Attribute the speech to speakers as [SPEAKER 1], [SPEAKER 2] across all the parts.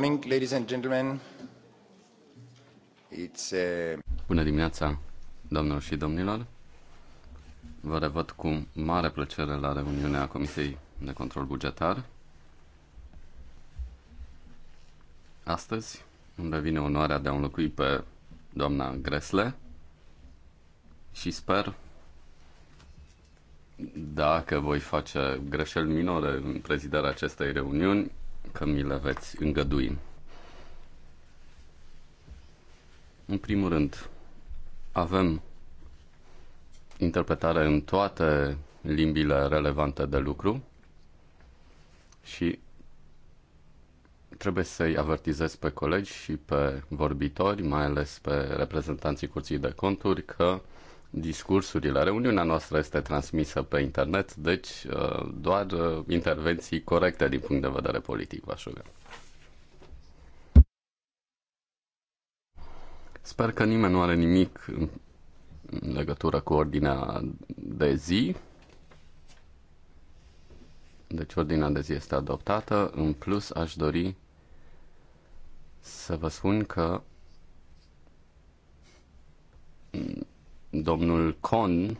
[SPEAKER 1] morning, ladies and gentlemen. It's uh,
[SPEAKER 2] Bună dimineața, domnilor și domnilor. Vă revăd cu mare plăcere la reuniunea Comisiei de Control Bugetar. Astăzi îmi revine onoarea de a înlocui pe doamna Gresle și sper dacă voi face greșeli minore în prezidarea acestei reuniuni, că mi le veți îngădui. În primul rând, avem interpretare în toate limbile relevante de lucru și trebuie să-i avertizez pe colegi și pe vorbitori, mai ales pe reprezentanții curții de conturi, că discursurile. Reuniunea noastră este transmisă pe internet, deci uh, doar uh, intervenții corecte din punct de vedere politic, vă așa. Sper că nimeni nu are nimic în legătură cu ordinea de zi. Deci ordinea de zi este adoptată. În plus, aș dori să vă spun că Domnul Con, uh,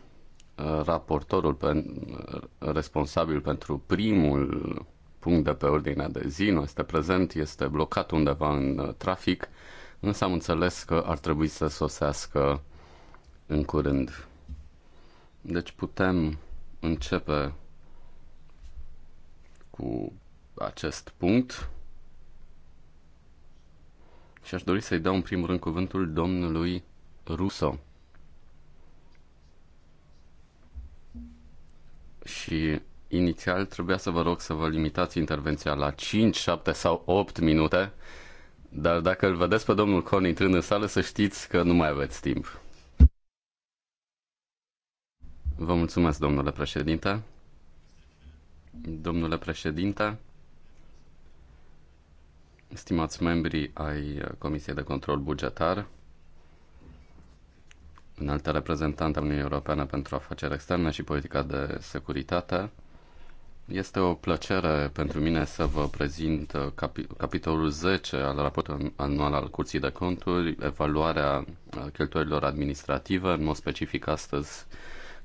[SPEAKER 2] raportorul pe, uh, responsabil pentru primul punct de pe ordinea de zi, nu este prezent, este blocat undeva în uh, trafic, însă am înțeles că ar trebui să sosească în curând. Deci putem începe cu acest punct și aș dori să-i dau în primul rând cuvântul domnului Russo. și inițial trebuia să vă rog să vă limitați intervenția la 5, 7 sau 8 minute, dar dacă îl vedeți pe domnul Corn intrând în sală, să știți că nu mai aveți timp. Vă mulțumesc, domnule președinte. Domnule președinte, stimați membrii ai Comisiei de Control Bugetar, un reprezentantă a Uniunii Europene pentru afaceri externe și politica de securitate. Este o plăcere pentru mine să vă prezint capi- capitolul 10 al raportului anual al Curții de Conturi, evaluarea cheltuielilor administrative, în mod specific astăzi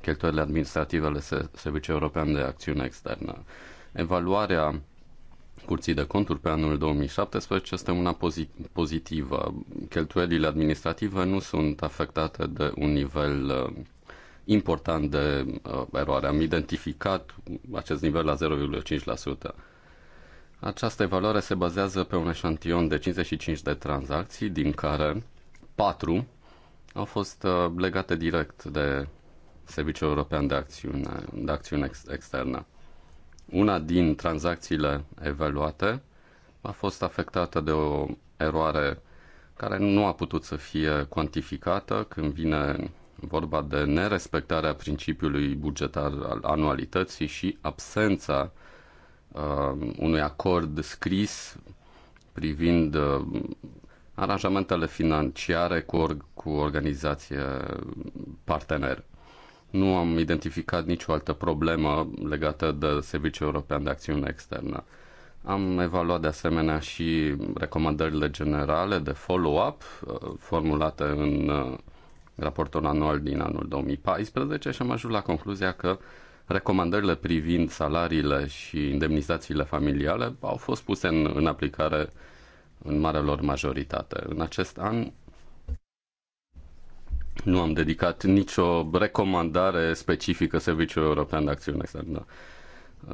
[SPEAKER 2] cheltuielile administrative ale Serviciului European de Acțiune Externă. Evaluarea Curții de Conturi pe anul 2017 este una pozitivă. Cheltuielile administrative nu sunt afectate de un nivel uh, important de uh, eroare. Am identificat acest nivel la 0,5%. Această evaluare se bazează pe un eșantion de 55 de tranzacții, din care 4 au fost uh, legate direct de Serviciul European de Acțiune, de acțiune Externă. Una din tranzacțiile evaluate a fost afectată de o eroare care nu a putut să fie cuantificată când vine vorba de nerespectarea principiului bugetar al anualității și absența uh, unui acord scris privind uh, aranjamentele financiare cu, or- cu organizație partener nu am identificat nicio altă problemă legată de Serviciul European de Acțiune Externă. Am evaluat de asemenea și recomandările generale de follow-up uh, formulate în uh, raportul anual din anul 2014 și am ajuns la concluzia că recomandările privind salariile și indemnizațiile familiale au fost puse în, în aplicare în marelor majoritate. În acest an nu am dedicat nicio recomandare specifică Serviciului European de Acțiune Externă.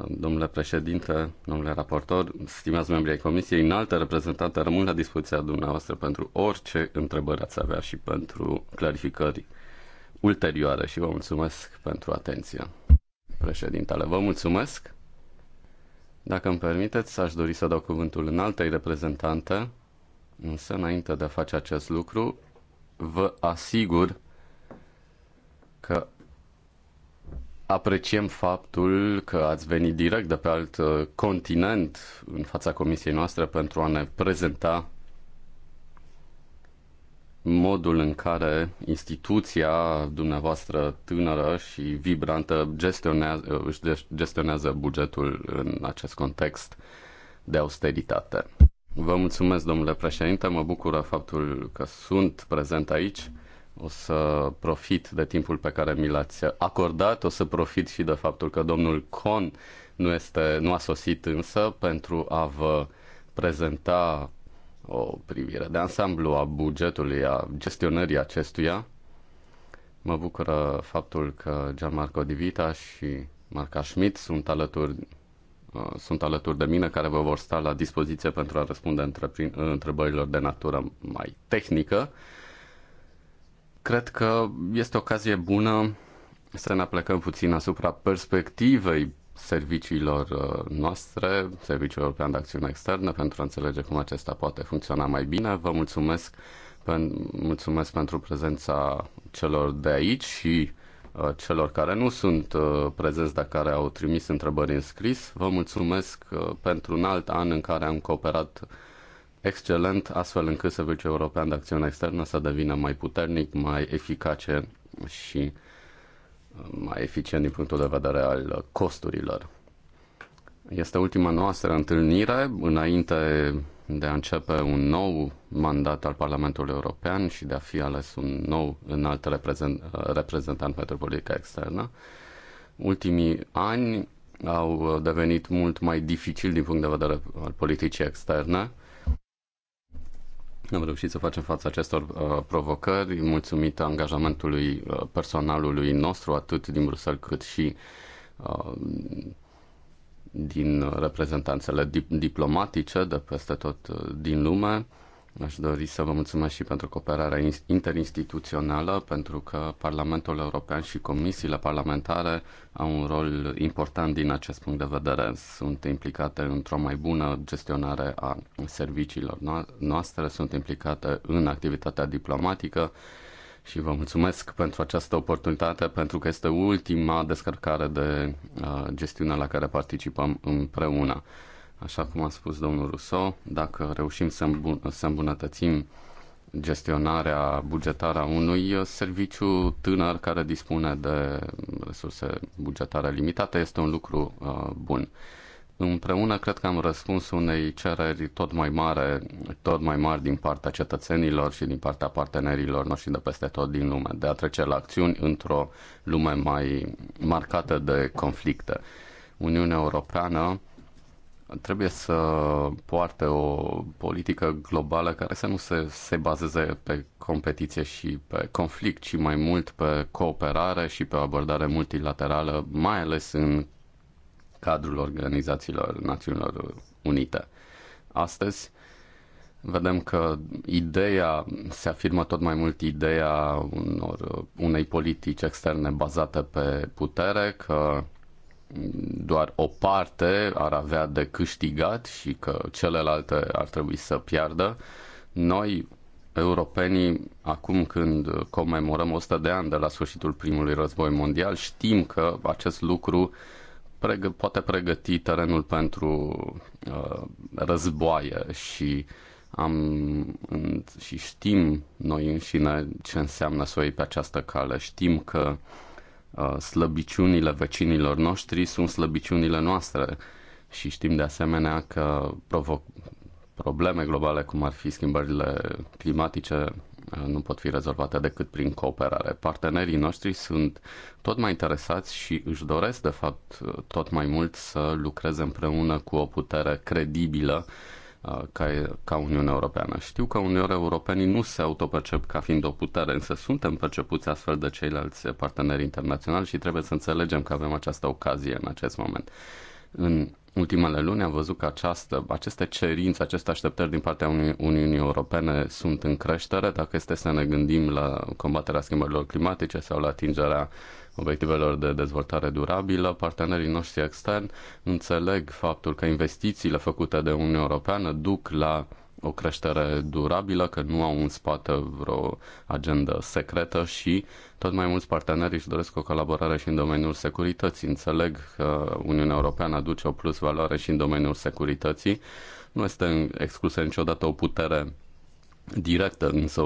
[SPEAKER 2] Domnule președinte, domnule raportor, stimați membrii ai Comisiei, înaltă reprezentantă rămân la dispoziția dumneavoastră pentru orice întrebări ați avea și pentru clarificări ulterioare și vă mulțumesc pentru atenție. Președintele, vă mulțumesc. Dacă îmi permiteți, aș dori să dau cuvântul în altei reprezentante, însă înainte de a face acest lucru, vă asigur că apreciem faptul că ați venit direct de pe alt uh, continent în fața comisiei noastre pentru a ne prezenta modul în care instituția dumneavoastră tânără și vibrantă gestionează, uh, gestionează bugetul în acest context de austeritate. Vă mulțumesc, domnule președinte. Mă bucură faptul că sunt prezent aici. O să profit de timpul pe care mi l-ați acordat. O să profit și de faptul că domnul Con nu, este, nu a sosit însă pentru a vă prezenta o privire de ansamblu a bugetului, a gestionării acestuia. Mă bucură faptul că Gianmarco Divita și Marca Schmidt sunt alături Uh, sunt alături de mine, care vă vor sta la dispoziție pentru a răspunde uh, întrebărilor de natură mai tehnică. Cred că este o ocazie bună să ne aplecăm puțin asupra perspectivei serviciilor uh, noastre, Serviciul European de Acțiune Externă, pentru a înțelege cum acesta poate funcționa mai bine. Vă mulțumesc, pen, mulțumesc pentru prezența celor de aici și Uh, celor care nu sunt uh, prezenți, dar care au trimis întrebări în scris. Vă mulțumesc uh, pentru un alt an în care am cooperat excelent, astfel încât Serviciul European de Acțiune Externă să devină mai puternic, mai eficace și mai eficient din punctul de vedere al costurilor. Este ultima noastră întâlnire înainte de a începe un nou mandat al Parlamentului European și de a fi ales un nou înalt reprezent, reprezentant pentru politica externă. Ultimii ani au devenit mult mai dificil din punct de vedere al politicii externe. Am reușit să facem față acestor uh, provocări, mulțumită angajamentului uh, personalului nostru, atât din Bruxelles cât și uh, din reprezentanțele diplomatice de peste tot uh, din lume. Aș dori să vă mulțumesc și pentru cooperarea interinstituțională, pentru că Parlamentul European și comisiile parlamentare au un rol important din acest punct de vedere. Sunt implicate într-o mai bună gestionare a serviciilor noastre, sunt implicate în activitatea diplomatică, și vă mulțumesc pentru această oportunitate, pentru că este ultima descărcare de uh, gestiune la care participăm împreună. Așa cum a spus domnul Rousseau, dacă reușim să, îmbunătățim gestionarea bugetară a unui serviciu tânăr care dispune de resurse bugetare limitate, este un lucru uh, bun. Împreună cred că am răspuns unei cereri tot mai mare, tot mai mari din partea cetățenilor și din partea partenerilor noștri de peste tot din lume, de a trece la acțiuni într-o lume mai marcată de conflicte. Uniunea Europeană trebuie să poarte o politică globală care să nu se, se bazeze pe competiție și pe conflict, ci mai mult pe cooperare și pe o abordare multilaterală, mai ales în cadrul organizațiilor Națiunilor Unite. Astăzi, vedem că ideea, se afirmă tot mai mult ideea unor, unei politici externe bazate pe putere, că doar o parte ar avea de câștigat și că celelalte ar trebui să piardă. Noi, europenii, acum când comemorăm 100 de ani de la sfârșitul primului război mondial, știm că acest lucru uh, preg- poate pregăti terenul pentru uh, războaie și am și știm noi înșine ce înseamnă să o iei pe această cale. Știm că uh, slăbiciunile vecinilor noștri sunt slăbiciunile noastre și știm de asemenea că provoc probleme globale cum ar fi schimbările climatice nu pot fi rezolvate decât prin cooperare. Partenerii noștri sunt tot mai interesați și își doresc, de fapt, tot mai mult să lucreze împreună cu o putere credibilă uh, ca, ca Uniunea Europeană. Știu că uneori europenii nu se autopercep ca fiind o putere, însă suntem percepuți astfel de ceilalți parteneri internaționali și trebuie să înțelegem că avem această ocazie în acest moment. În ultimele luni am văzut că această, aceste cerințe, aceste așteptări din partea Uni- Uniunii Europene sunt în creștere. Dacă este să ne gândim la combaterea schimbărilor climatice sau la atingerea obiectivelor de dezvoltare durabilă, partenerii noștri externi înțeleg faptul că investițiile făcute de Uniunea Europeană duc la o creștere durabilă, că nu au în spate vreo agendă secretă și tot mai mulți parteneri își doresc o colaborare și în domeniul securității. Înțeleg că Uniunea Europeană aduce o plus valoare și în domeniul securității. Nu este exclusă niciodată o putere directă, însă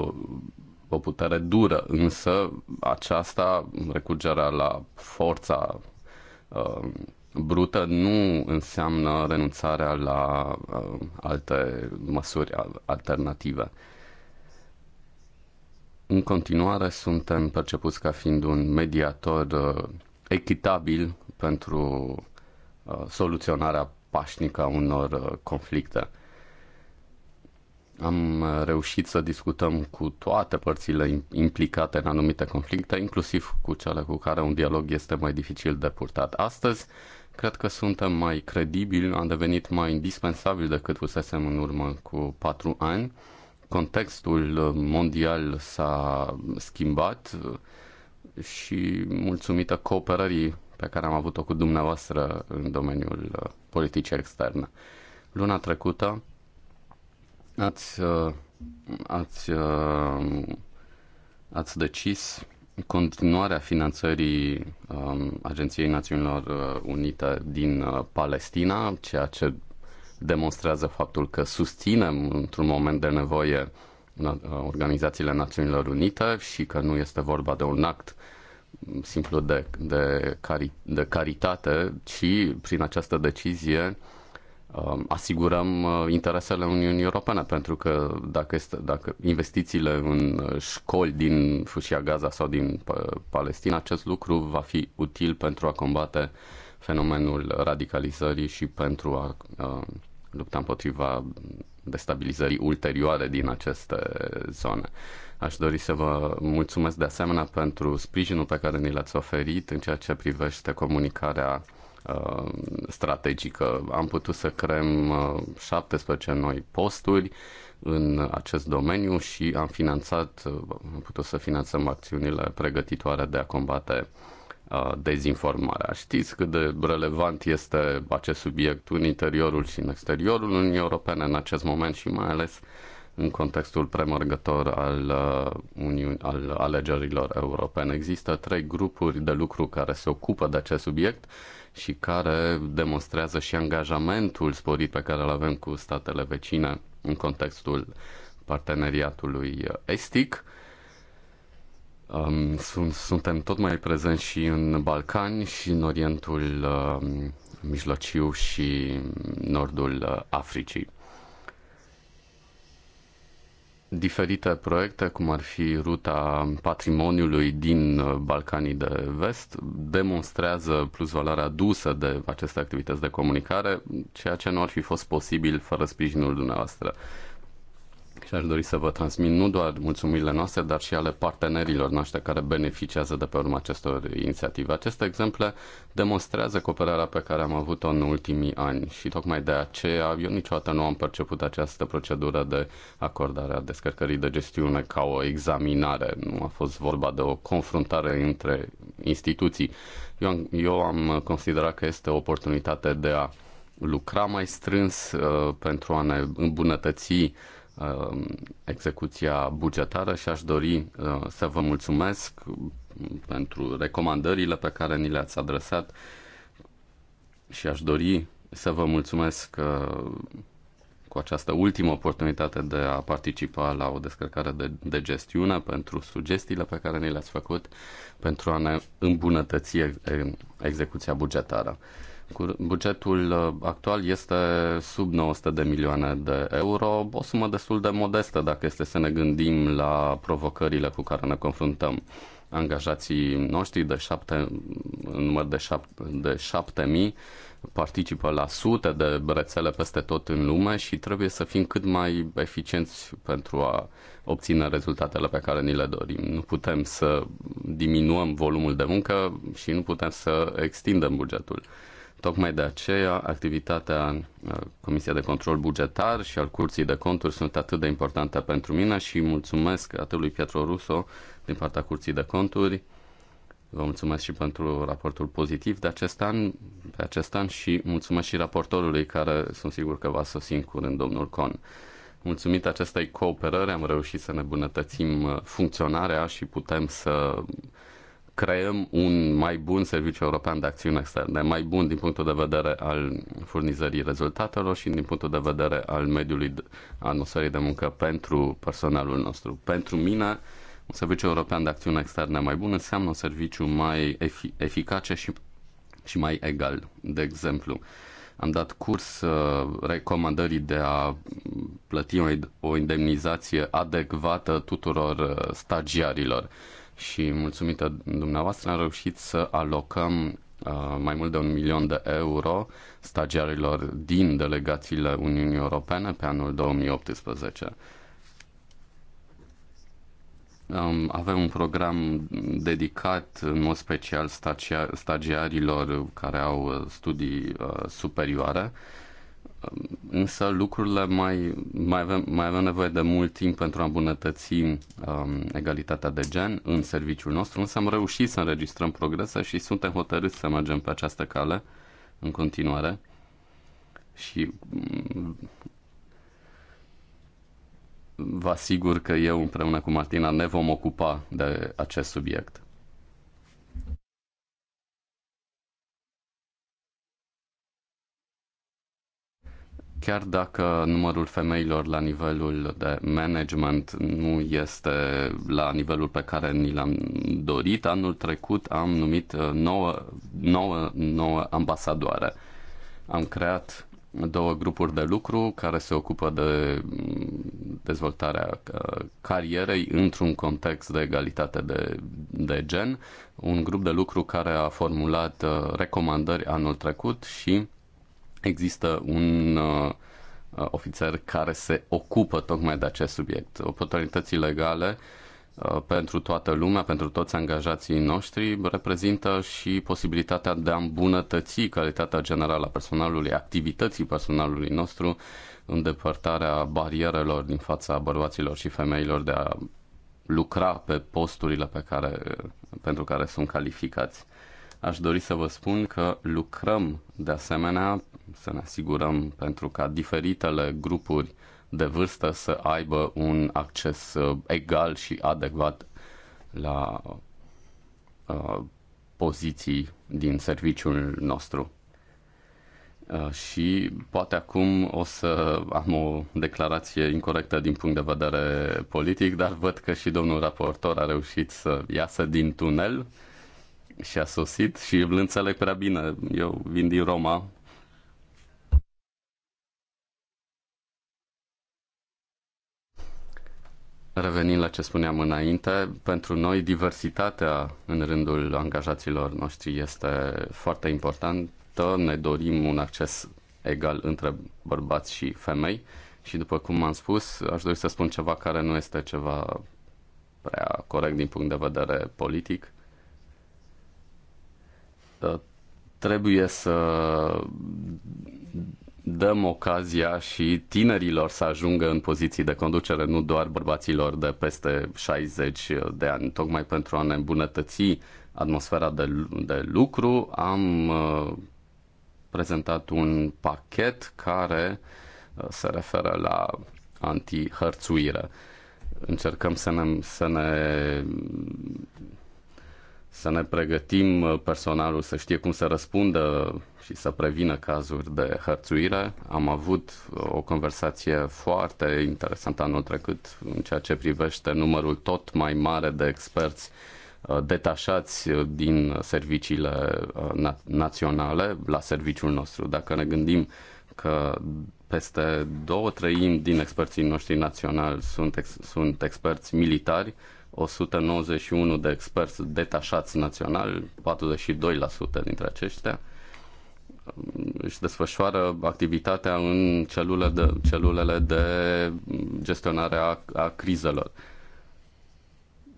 [SPEAKER 2] o putere dură, însă aceasta, recurgerea la forța uh, brută nu înseamnă renunțarea la uh, alte măsuri alternative. În continuare, suntem percepuți ca fiind un mediator uh, echitabil pentru uh, soluționarea pașnică a unor conflicte. Am reușit să discutăm cu toate părțile implicate în anumite conflicte, inclusiv cu cele cu care un dialog este mai dificil de purtat. Astăzi, Cred că suntem mai credibili, am devenit mai indispensabil decât fusesem în urmă cu patru ani. Contextul mondial s-a schimbat uh, și mulțumită cooperării pe care am avut-o cu dumneavoastră în domeniul uh, politicii externe. Luna trecută ați, uh, ați, ați decis continuarea finanțării um, Agenției Națiunilor uh, Unite din uh, Palestina, ceea ce demonstrează faptul că susținem într-un moment de nevoie uh, organizațiile Națiunilor Unite și că nu este vorba de un act mm, simplu de, de, cari, de caritate, ci prin această decizie Um, asigurăm uh, interesele Uniunii Europene, pentru că dacă, este, dacă investițiile în uh, școli din Fâșia Gaza sau din uh, Palestina, acest lucru va fi util pentru a combate fenomenul radicalizării și pentru a, a lupta împotriva destabilizării ulterioare din aceste zone. Aș dori să vă mulțumesc de asemenea pentru sprijinul pe care ni l-ați oferit în ceea ce privește comunicarea Uh, strategică. Am putut să creăm 17 uh, noi posturi în acest domeniu și am finanțat, uh, am putut să finanțăm acțiunile pregătitoare de a combate dezinformarea. Știți cât de relevant este acest subiect în interiorul și în exteriorul Uniunii Europene în acest moment și mai ales în contextul premărgător al, Uniun- al alegerilor europene. Există trei grupuri de lucru care se ocupă de acest subiect și care demonstrează și angajamentul sporit pe care îl avem cu statele vecine în contextul parteneriatului estic. Um, suntem tot mai prezenți și în Balcani și în Orientul um, Mijlociu și Nordul Africii diferite proiecte, cum ar fi ruta patrimoniului din uh, Balcanii de Vest, demonstrează plus valoarea adusă de aceste activități de comunicare, ceea ce nu ar fi fost posibil fără sprijinul dumneavoastră. Și aș dori să vă transmit nu doar mulțumirile noastre, dar și ale partenerilor noștri care beneficiază de pe urma acestor inițiative. Aceste exemple demonstrează cooperarea pe care am avut-o în ultimii ani și tocmai de aceea eu niciodată nu am perceput această procedură de acordare a descărcării de gestiune ca o examinare. Nu a fost vorba de o confruntare între instituții. Eu am, eu am considerat că este o oportunitate de a lucra mai strâns uh, pentru a ne îmbunătăți Um, execuția bugetară și aș dori uh, să vă mulțumesc pentru recomandările pe care ni le-ați adresat și aș dori să vă mulțumesc uh, cu această ultimă oportunitate de a participa la o descărcare de, de gestiune pentru sugestiile pe care ni le-ați făcut pentru a ne îmbunătăți uh, execuția bugetară. Bugetul uh, actual este sub 900 de milioane de euro, o sumă destul de modestă dacă este să ne gândim la provocările cu care ne confruntăm. Angajații noștri de șapte, în număr de, șapte, de șapte mii participă la sute de rețele peste tot în lume și trebuie să fim cât mai eficienți pentru a obține rezultatele pe care ni le dorim. Nu putem să diminuăm volumul de muncă și nu putem să extindem bugetul. Tocmai de aceea, activitatea uh, Comisia de Control Bugetar și al Curții de Conturi sunt atât de importante pentru mine și mulțumesc atât lui Pietro Russo din partea Curții de Conturi. Vă mulțumesc și pentru raportul pozitiv de acest an, pe acest an și mulțumesc și raportorului care sunt sigur că va sosi în curând domnul Con. Mulțumit acestei cooperări am reușit să ne bunătățim uh, funcționarea și putem să creăm un mai bun serviciu european de acțiune externe, mai bun din punctul de vedere al furnizării rezultatelor și din punctul de vedere al mediului atmosferii de muncă pentru personalul nostru. Pentru mine, un serviciu european de acțiune externe mai bun înseamnă un serviciu mai efic- eficace și, și mai egal. De exemplu, am dat curs uh, recomandării de a plăti o indemnizație adecvată tuturor uh, stagiarilor și mulțumită dumneavoastră am reușit să alocăm uh, mai mult de un milion de euro stagiarilor din delegațiile Uniunii Europene pe anul 2018. Um, avem un program dedicat în mod special stagiarilor care au uh, studii uh, superioare însă lucrurile mai, mai, avem, mai avem nevoie de mult timp pentru a îmbunătăți um, egalitatea de gen în serviciul nostru, însă am reușit să înregistrăm progrese și suntem hotărâți să mergem pe această cale în continuare. Și mm, vă asigur că eu împreună cu Martina ne vom ocupa de acest subiect. chiar dacă numărul femeilor la nivelul de management nu este la nivelul pe care ni l-am dorit, anul trecut am numit 9, 9, 9 ambasadoare. Am creat două grupuri de lucru care se ocupă de mm, dezvoltarea uh, carierei într-un context de egalitate de, de gen, un grup de lucru care a formulat uh, recomandări anul trecut și există un uh, uh, ofițer care se ocupă tocmai de acest subiect. Oportunității legale uh, pentru toată lumea, pentru toți angajații noștri, reprezintă și posibilitatea de a îmbunătăți calitatea generală a personalului, activității personalului nostru, îndepărtarea barierelor din fața bărbaților și femeilor de a lucra pe posturile pe care, pentru care sunt calificați. Aș dori să vă spun că lucrăm de asemenea să ne asigurăm pentru ca diferitele grupuri de vârstă să aibă un acces uh, egal și adecvat la uh, poziții din serviciul nostru. Uh, și poate acum o să am o declarație incorrectă din punct de vedere politic, dar văd că și domnul raportor a reușit să iasă din tunel și a sosit și îl înțeleg prea bine. Eu vin din Roma Revenind la ce spuneam înainte, pentru noi diversitatea în rândul angajaților noștri este foarte importantă. Ne dorim un acces egal între bărbați și femei și după cum am spus, aș dori să spun ceva care nu este ceva prea corect din punct de vedere politic. Trebuie să dăm ocazia și tinerilor să ajungă în poziții de conducere, nu doar bărbaților de peste 60 de ani, tocmai pentru a ne îmbunătăți atmosfera de, de lucru, am uh, prezentat un pachet care uh, se referă la antihărțuire. Încercăm să ne, să ne să ne pregătim uh, personalul să știe cum să răspundă și să prevină cazuri de hărțuire. Am avut uh, o conversație foarte interesantă anul trecut în ceea ce privește numărul tot mai mare de experți uh, detașați din serviciile na- naționale la serviciul nostru. Dacă ne gândim că peste două treimi din experții noștri naționali sunt, ex- sunt experți militari, 191 de experți detașați național, 42% dintre aceștia, um, își desfășoară activitatea în celule de, celulele de gestionare a, a crizelor.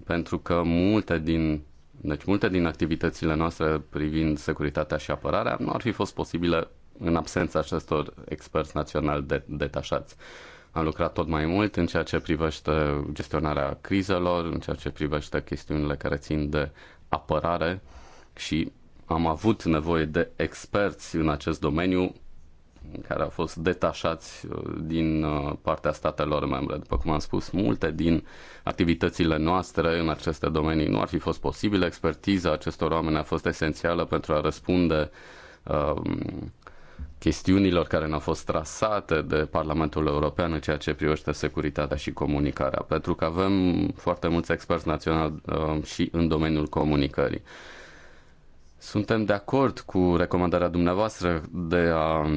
[SPEAKER 2] Pentru că multe din, deci multe din activitățile noastre privind securitatea și apărarea nu ar fi fost posibile în absența acestor experți naționali de, detașați. Am lucrat tot mai mult în ceea ce privește gestionarea crizelor, în ceea ce privește chestiunile care țin de apărare și am avut nevoie de experți în acest domeniu care au fost detașați uh, din uh, partea statelor membre. După cum am spus, multe din activitățile noastre în aceste domenii nu ar fi fost posibile. Expertiza acestor oameni a fost esențială pentru a răspunde uh, chestiunilor care n-au fost trasate de Parlamentul European în ceea ce privește securitatea și comunicarea, pentru că avem foarte mulți experți naționali uh, și în domeniul comunicării. Suntem de acord cu recomandarea dumneavoastră de a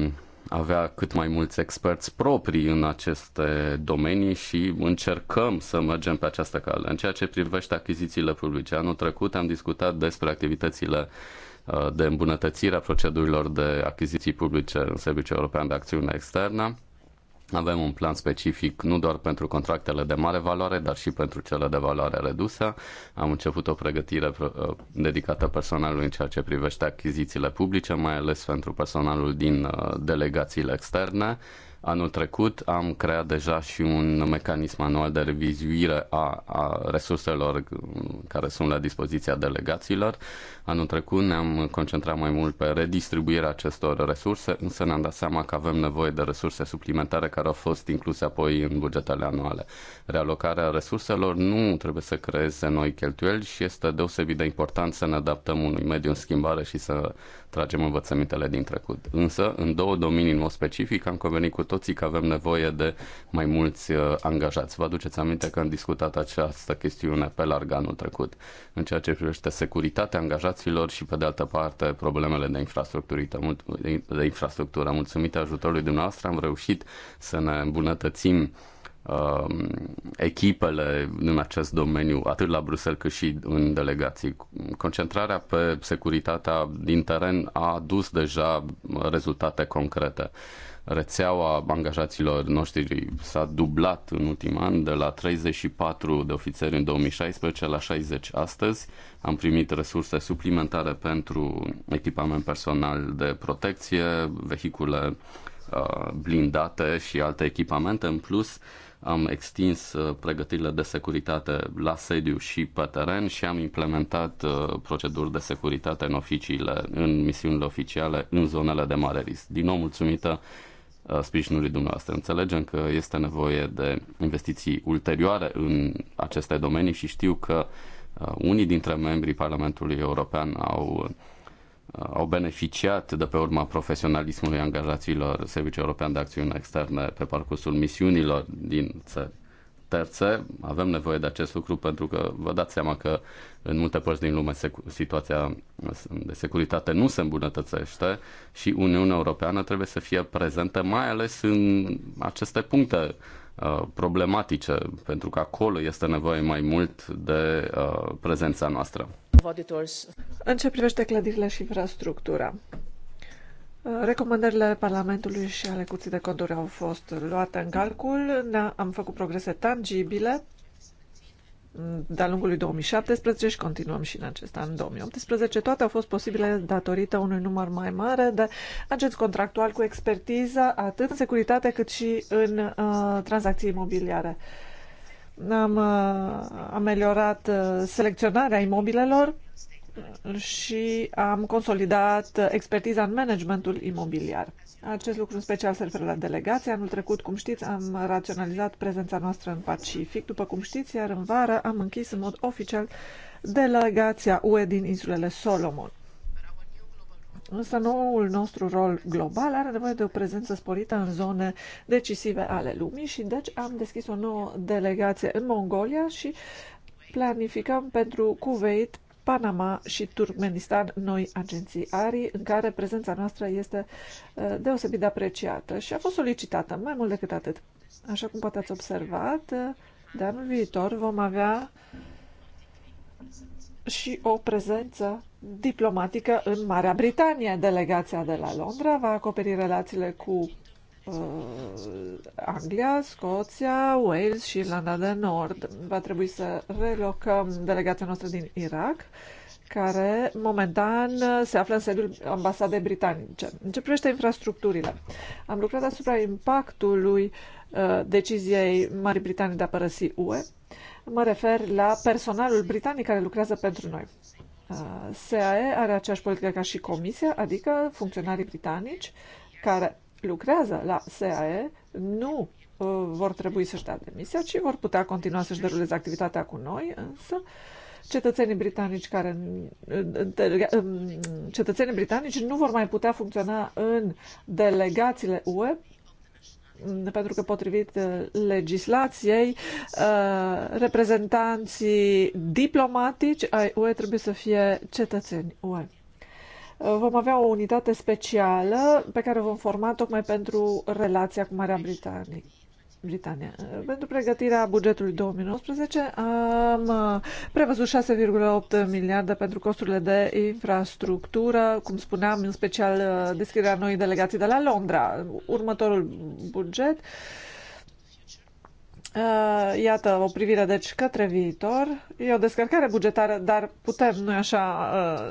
[SPEAKER 2] avea cât mai mulți experți proprii în aceste domenii și încercăm să mergem pe această cale. În ceea ce privește achizițiile publice, anul trecut am discutat despre activitățile Uh, de îmbunătățire a procedurilor de achiziții publice în Serviciul European de Acțiune Externă. Avem un plan specific nu doar pentru contractele de mare valoare, dar și pentru cele de valoare redusă. Am început o pregătire uh, dedicată personalului în ceea ce privește achizițiile publice, mai ales pentru personalul din uh, delegațiile externe Anul trecut am creat deja și un mecanism anual de revizuire a, a resurselor care sunt la dispoziția delegațiilor. Anul trecut ne-am concentrat mai mult pe redistribuirea acestor resurse, însă ne-am dat seama că avem nevoie de resurse suplimentare care au fost incluse apoi în bugetele anuale. Realocarea resurselor nu trebuie să creeze noi cheltuieli și este deosebit de important să ne adaptăm unui mediu în schimbare și să tragem învățămintele din trecut. Însă, în două domenii în mod specific, am convenit cu toții că avem nevoie de mai mulți uh, angajați. Vă aduceți aminte că am discutat această chestiune pe larg anul trecut în ceea ce privește securitatea angajaților și, pe de altă parte, problemele de infrastructură. De infrastructură. Mulțumită ajutorului dumneavoastră am reușit să ne îmbunătățim um, echipele în acest domeniu, atât la Bruxelles cât și în delegații. Concentrarea pe securitatea din teren a adus deja rezultate concrete rețeaua angajaților noștri s-a dublat în ultimul an, de la 34 de ofițeri în 2016 la 60 astăzi. Am primit resurse suplimentare pentru echipament personal de protecție, vehicule uh, blindate și alte echipamente. În plus, am extins uh, pregătirile de securitate la sediu și pe teren și am implementat uh, proceduri de securitate în oficiile, în misiunile oficiale, în zonele de mare risc. Din nou, mulțumită Uh, sprijinului dumneavoastră. Înțelegem că este nevoie de investiții ulterioare în aceste domenii și știu că uh, unii dintre membrii Parlamentului European au, uh, au beneficiat de pe urma profesionalismului angajaților Serviciului European de Acțiune Externe pe parcursul misiunilor din țări terțe. Avem nevoie de acest lucru pentru că vă dați seama că în multe părți din lume situația de securitate nu se îmbunătățește și Uniunea Europeană trebuie să fie prezentă mai ales în aceste puncte uh, problematice, pentru că acolo este nevoie mai mult de uh, prezența noastră.
[SPEAKER 3] În ce privește clădirile și infrastructura, Recomandările Parlamentului și ale Curții de Conturi au fost luate în calcul. Ne am făcut progrese tangibile de-a lungul lui 2017 și continuăm și în acest an 2018. Toate au fost posibile datorită unui număr mai mare de agenți contractuali cu expertiză atât în securitate cât și în uh, tranzacții imobiliare. Am uh, ameliorat uh, selecționarea imobilelor și am consolidat expertiza în managementul imobiliar. Acest lucru în special se referă la delegație. Anul trecut, cum știți, am raționalizat prezența noastră în Pacific, după cum știți, iar în vară am închis în mod oficial delegația UE din insulele Solomon. Însă noul nostru rol global are nevoie de o prezență sporită în zone decisive ale lumii și deci am deschis o nouă delegație în Mongolia și planificăm pentru Kuwait Panama și Turkmenistan, noi agenții ARI, în care prezența noastră este uh, deosebit de apreciată și a fost solicitată mai mult decât atât. Așa cum poate ați observat, uh, de anul viitor vom avea și o prezență diplomatică în Marea Britanie. Delegația de la Londra va acoperi relațiile cu Uh, Anglia, Scoția, Wales și Irlanda de Nord. Va trebui să relocăm delegația noastră din Irak, care momentan se află în sediul ambasadei britanice. În ce privește infrastructurile, am lucrat asupra impactului uh, deciziei Marii Britanii de a părăsi UE. Mă refer la personalul britanic care lucrează pentru noi. Uh, SAE are aceeași politică ca și Comisia, adică funcționarii britanici care lucrează la SAE nu uh, vor trebui să-și dea demisia, ci vor putea continua să-și deruleze activitatea cu noi, însă cetățenii britanici care uh, uh, uh, cetățenii britanici nu vor mai putea funcționa în delegațiile UE mm, pentru că potrivit legislației, reprezentanții diplomatici ai UE trebuie să fie cetățeni UE. Uh, vom avea o unitate specială pe care o vom forma tocmai pentru relația cu Marea Britanie. Britania. Uh, pentru pregătirea bugetului 2019 am uh, prevăzut 6,8 miliarde pentru costurile de infrastructură, cum spuneam, în special deschiderea noii delegații de la Londra. Următorul buget Uh, iată o privire, deci, către viitor. E o descărcare bugetară, dar putem, nu așa,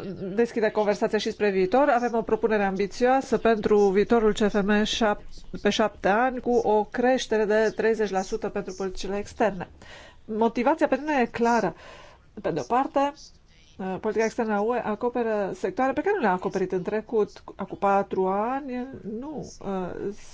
[SPEAKER 3] uh, deschide conversația și spre viitor. Avem o propunere ambițioasă pentru viitorul CFM pe șapte ani cu o creștere de 30% pentru politicile externe. Motivația pentru noi e clară. Pe de-o parte, Uh, politica externă a UE acoperă sectoare pe care nu le-a acoperit în trecut. Acum patru ani nu uh,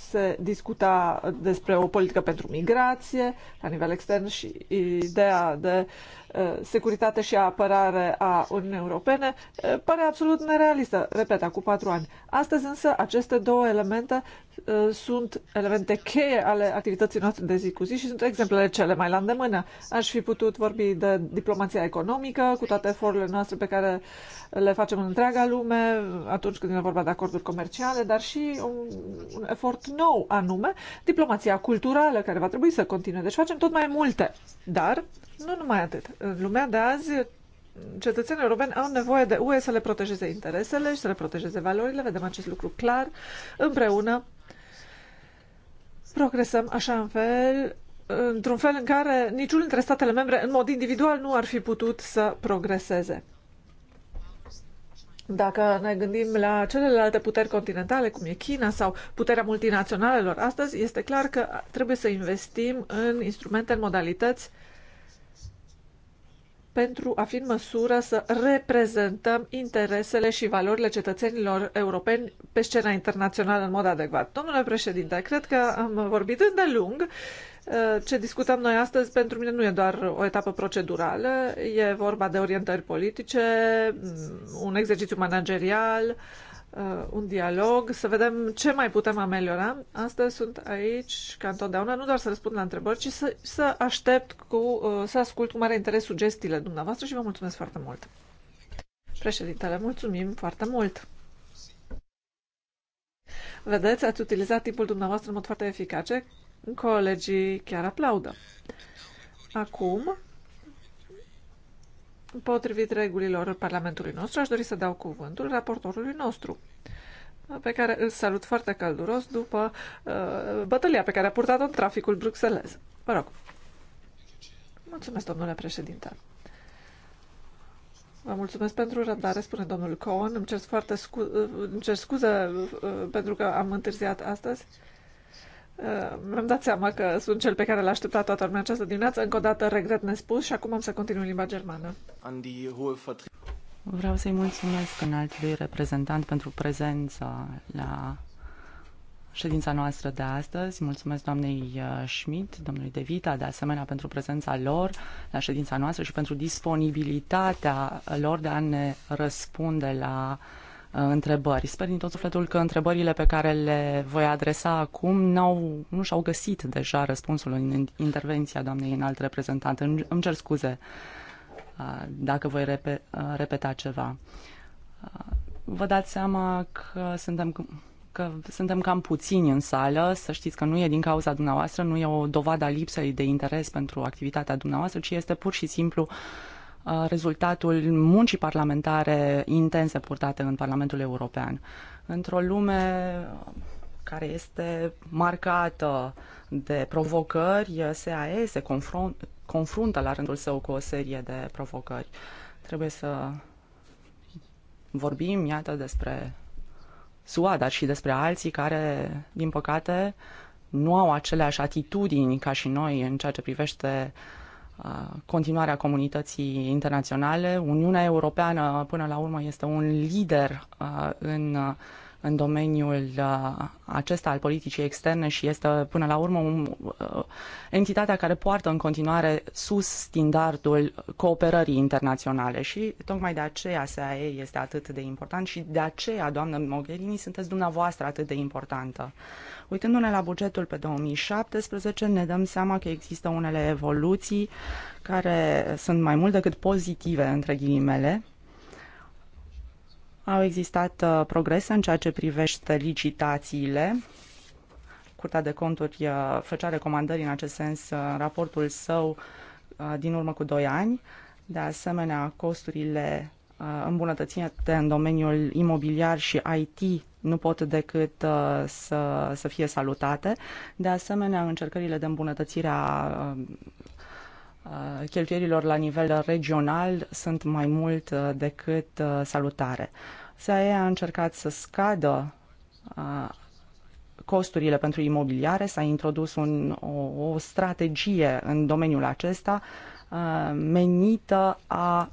[SPEAKER 3] se discuta despre o politică pentru migrație la nivel extern și ideea de Uh, securitate și apărare a Uniunii Europene uh, pare absolut nerealistă, repet, acum patru ani. Astăzi însă aceste două elemente uh, sunt elemente cheie ale activității noastre de zi cu zi și sunt exemplele cele mai la îndemână. Aș fi putut vorbi de diplomația economică, cu toate eforturile noastre pe care le facem în întreaga lume, atunci când e vorba de acorduri comerciale, dar și un, un efort nou anume, diplomația culturală, care va trebui să continue. Deci facem tot mai multe. Dar nu numai atât în lumea de azi, cetățenii europeni au nevoie de UE să le protejeze interesele și să le protejeze valorile. Vedem acest lucru clar. Împreună progresăm așa în fel, într-un fel în care niciunul dintre statele membre în mod individual nu ar fi putut să progreseze. Dacă ne gândim la celelalte puteri continentale, cum e China sau puterea multinaționalelor, astăzi este clar că trebuie să investim în instrumente, în modalități pentru a fi în măsură să reprezentăm interesele și valorile cetățenilor europeni pe scena internațională în mod adecvat. Domnule președinte, cred că am vorbit îndelung. Uh, ce discutăm noi astăzi pentru mine nu e doar o etapă procedurală, e vorba de orientări politice, mm, un exercițiu managerial, uh, un dialog, să vedem ce mai putem ameliora. Astăzi sunt aici, ca întotdeauna, nu doar să răspund la întrebări, ci să, să aștept cu, uh, să ascult cu mare interes sugestiile dumneavoastră și vă mulțumesc foarte mult. Președintele, mulțumim foarte mult! Vedeți, ați utilizat timpul dumneavoastră în mod foarte eficace. Colegii chiar aplaudă. Acum Potrivit regulilor Parlamentului nostru, aș dori să dau cuvântul raportorului nostru, pe care îl salut foarte călduros după uh, bătălia pe care a purtat-o în traficul bruxelez. Vă rog. Mulțumesc, domnule președinte. Vă mulțumesc pentru răbdare, spune domnul Cohen. Îmi cer, foarte scu- îmi cer scuze uh, pentru că am întârziat astăzi. Uh, mi-am dat seama că sunt cel pe care l-a așteptat toată lumea această dimineață. Încă o dată regret nespus și acum am să continui limba germană.
[SPEAKER 1] Vreau să-i mulțumesc înaltului reprezentant pentru prezența la ședința noastră de astăzi. Mulțumesc doamnei uh, Schmidt, domnului De Vita, de asemenea pentru prezența lor la ședința noastră și pentru disponibilitatea lor de a ne răspunde la uh, Uh, întrebări. Sper din tot sufletul că întrebările pe care le voi adresa acum -au, nu și-au găsit deja răspunsul în intervenția doamnei înalt reprezentant. Îmi cer scuze uh, dacă voi uh, repeta ceva. Vă dați seama că suntem că suntem cam puțini în sală, să știți că nu e din cauza dumneavoastră, nu e o dovadă a lipsei de interes pentru activitatea dumneavoastră, ci este pur și simplu uh, rezultatul muncii parlamentare intense purtate în Parlamentul European. Într-o lume care este marcată de provocări, SAE se confruntă, confruntă la rândul său cu o serie de provocări. Trebuie să vorbim, iată, despre SUA, dar și despre alții care, din păcate, nu au aceleași atitudini ca și noi în ceea ce privește uh, continuarea comunității internaționale. Uniunea Europeană, până la urmă, este un lider în în domeniul uh, acesta al politicii externe și este până la urmă un, uh, entitatea care poartă în continuare sus standardul cooperării internaționale și tocmai de aceea SAE este atât de important și de aceea, doamnă Mogherini, sunteți dumneavoastră atât de importantă. Uitându-ne la bugetul pe 2017, ne dăm seama că există unele evoluții care sunt mai mult decât pozitive, între ghilimele, au existat uh, progrese în ceea ce privește licitațiile. Curtea de Conturi uh, făcea recomandări în acest sens în raportul său uh, din urmă cu 2 ani. De asemenea, costurile îmbunătățite în domeniul imobiliar și IT nu pot decât să, să fie salutate. De asemenea, încercările de îmbunătățire a Uh, cheltuielilor la nivel regional sunt mai mult uh, decât uh, salutare. SAE a încercat să scadă costurile pentru imobiliare, s-a introdus un, o, o strategie în domeniul acesta menită a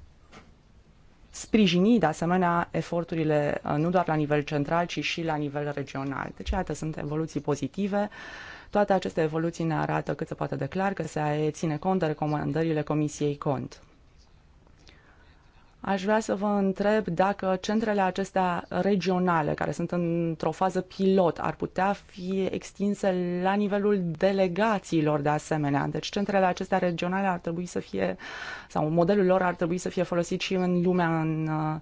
[SPEAKER 1] sprijini, de asemenea, eforturile nu doar la nivel central, ci și la nivel regional. Deci, iată, sunt evoluții pozitive. Uh, toate aceste evoluții ne arată cât se poate de clar că se ține cont de recomandările Comisiei Cont. Aș vrea să vă întreb dacă centrele acestea regionale, care sunt într-o fază pilot, ar putea fi extinse la nivelul delegațiilor de asemenea. Deci centrele acestea regionale ar trebui să fie, sau modelul lor ar trebui să fie folosit și în lumea în, uh,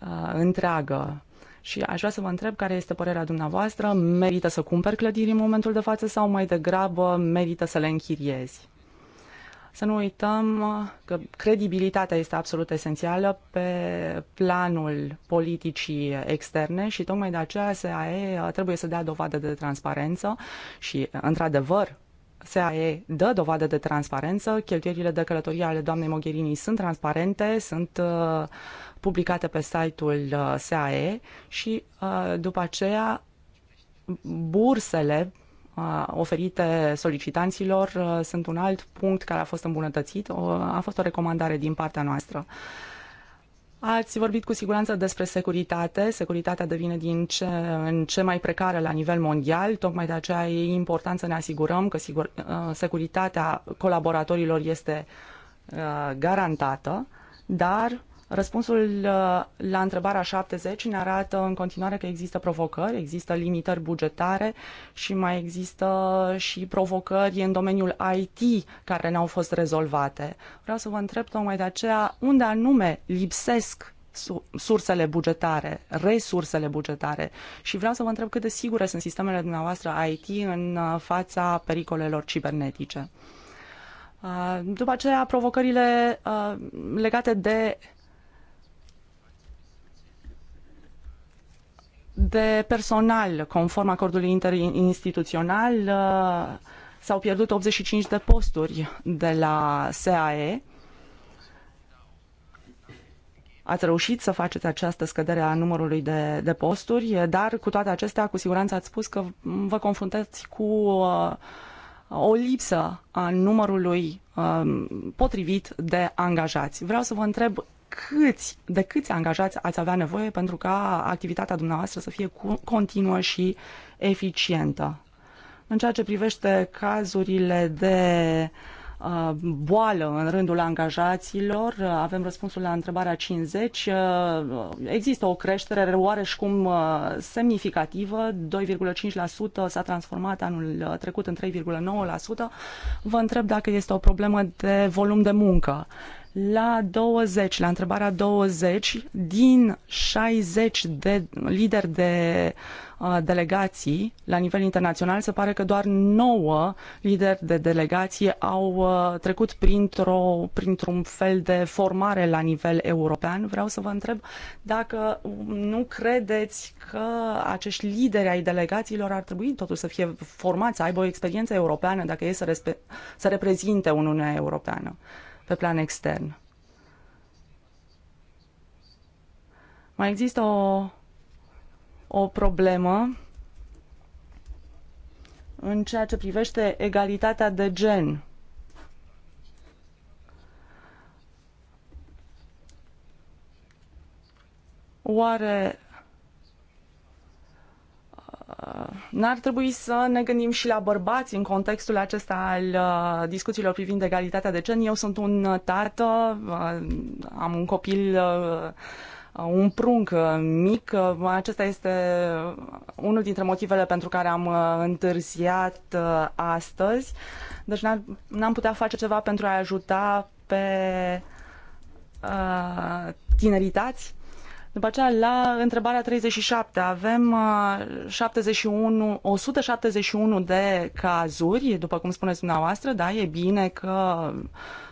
[SPEAKER 1] uh întreagă. Și aș vrea să vă întreb care este părerea dumneavoastră. Merită să cumperi clădiri în momentul de față sau mai degrabă merită să le închiriezi? Să nu uităm că credibilitatea este absolut esențială pe planul politicii externe și tocmai de aceea SAE trebuie să dea dovadă de transparență și, într-adevăr, SAE dă dovadă de transparență, cheltuielile de călătorie ale doamnei Mogherini sunt transparente, sunt uh, publicate pe site-ul uh, SAE și uh, după aceea bursele oferite solicitanților sunt un alt punct care a fost îmbunătățit, a fost o recomandare din partea noastră. Ați vorbit cu siguranță despre securitate. Securitatea devine din ce în ce mai precară la nivel mondial. Tocmai de aceea e important să ne asigurăm că sigur, uh, securitatea colaboratorilor este uh, garantată, dar Răspunsul uh, la întrebarea 70 ne arată în continuare că există provocări, există limitări bugetare și mai există și provocări în domeniul IT care n-au fost rezolvate. Vreau să vă întreb tocmai de aceea unde anume lipsesc sursele bugetare, resursele bugetare și vreau să vă întreb cât de sigure sunt sistemele dumneavoastră IT în uh, fața pericolelor cibernetice. Uh, după aceea, provocările legate de de personal, conform acordului interinstituțional, uh, s-au pierdut 85 de posturi de la SAE. Ați reușit să faceți această scădere a numărului de, de posturi, dar cu toate acestea, cu siguranță ați spus că vă confruntați cu uh, o lipsă a numărului uh, potrivit de angajați. Vreau să vă întreb câți, de câți angajați ați avea nevoie pentru ca activitatea dumneavoastră să fie continuă și eficientă. În ceea ce privește cazurile de uh, boală în rândul angajaților, avem răspunsul la întrebarea 50. Uh, există o creștere oareșcum cum uh, semnificativă, 2,5% s-a transformat anul trecut în 3,9%. Vă întreb dacă este o problemă de volum de muncă. La 20, la întrebarea 20, din 60 de lideri de uh, delegații la nivel internațional, se pare că doar 9 lideri de delegații au uh, trecut printr-o, printr-un fel de formare la nivel european. Vreau să vă întreb dacă nu credeți că acești lideri ai delegațiilor ar trebui totuși să fie formați, să aibă o experiență europeană, dacă e să, să reprezinte Uniunea Europeană pe plan extern. Mai există o, o problemă în ceea ce privește egalitatea de gen. Oare n-ar trebui să ne gândim și la bărbați în contextul acesta al uh, discuțiilor privind egalitatea de gen. Eu sunt un tată, uh, am un copil uh, un prunc mic. Acesta este unul dintre motivele pentru care am întârziat astăzi. Deci n-am putea face ceva pentru a ajuta pe uh, tineritați după aceea, la întrebarea 37, avem 71, uh, 171 de cazuri, după cum spuneți dumneavoastră, da, e bine că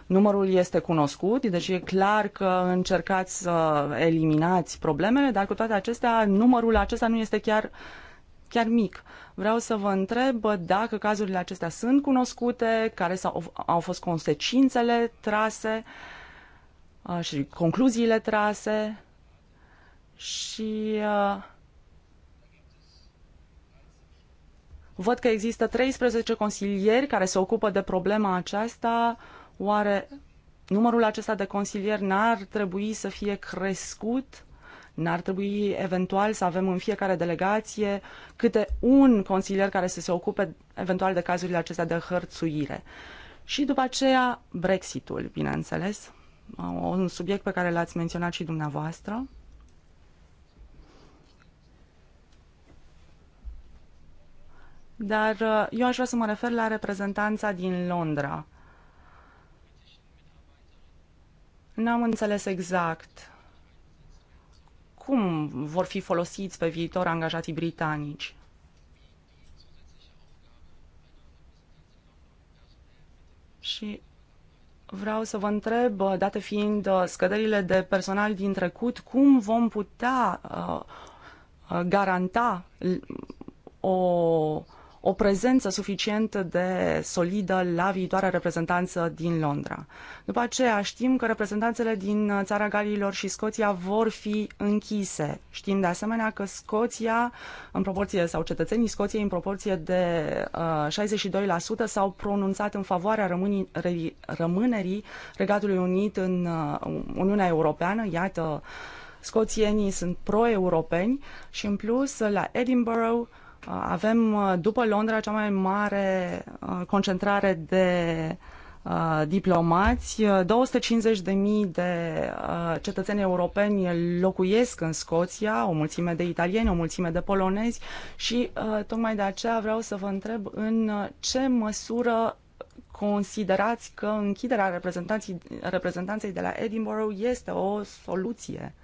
[SPEAKER 1] numărul este cunoscut, deci e clar că încercați să eliminați problemele, dar cu toate acestea, numărul acesta nu este chiar, chiar mic. Vreau să vă întreb dacă cazurile acestea sunt cunoscute, care s-au, au fost consecințele trase uh, și concluziile trase și uh, văd că există 13 consilieri care se ocupă de problema aceasta. Oare numărul acesta de consilieri n-ar trebui să fie crescut? N-ar trebui eventual să avem în fiecare delegație câte un consilier care să se ocupe eventual de cazurile acestea de hărțuire. Și după aceea Brexitul, bineînțeles, uh, un subiect pe care l-ați menționat și dumneavoastră. dar uh, eu aș vrea să mă refer la reprezentanța din Londra. N-am înțeles exact cum vor fi folosiți pe viitor angajații britanici. Și vreau să vă întreb, uh, date fiind uh, scăderile de personal din trecut, cum vom putea uh, garanta o o prezență suficient de solidă la viitoarea reprezentanță din Londra. După aceea știm că reprezentanțele din țara Galilor și Scoția vor fi închise. Știm de asemenea că Scoția, în proporție, sau cetățenii Scoției, în proporție de uh, 62%, s-au pronunțat în favoarea rămânii, re, rămânerii Regatului Unit în uh, Uniunea Europeană. Iată, scoțienii sunt pro-europeni și, în plus, la Edinburgh, Uh, avem, uh, după Londra, cea mai mare uh, concentrare de diplomați. 250.000 de cetățeni europeni locuiesc în Scoția, o mulțime de italieni, o mulțime de polonezi și tocmai de aceea vreau să vă întreb în ce măsură considerați că închiderea reprezentanței de la Edinburgh este o soluție.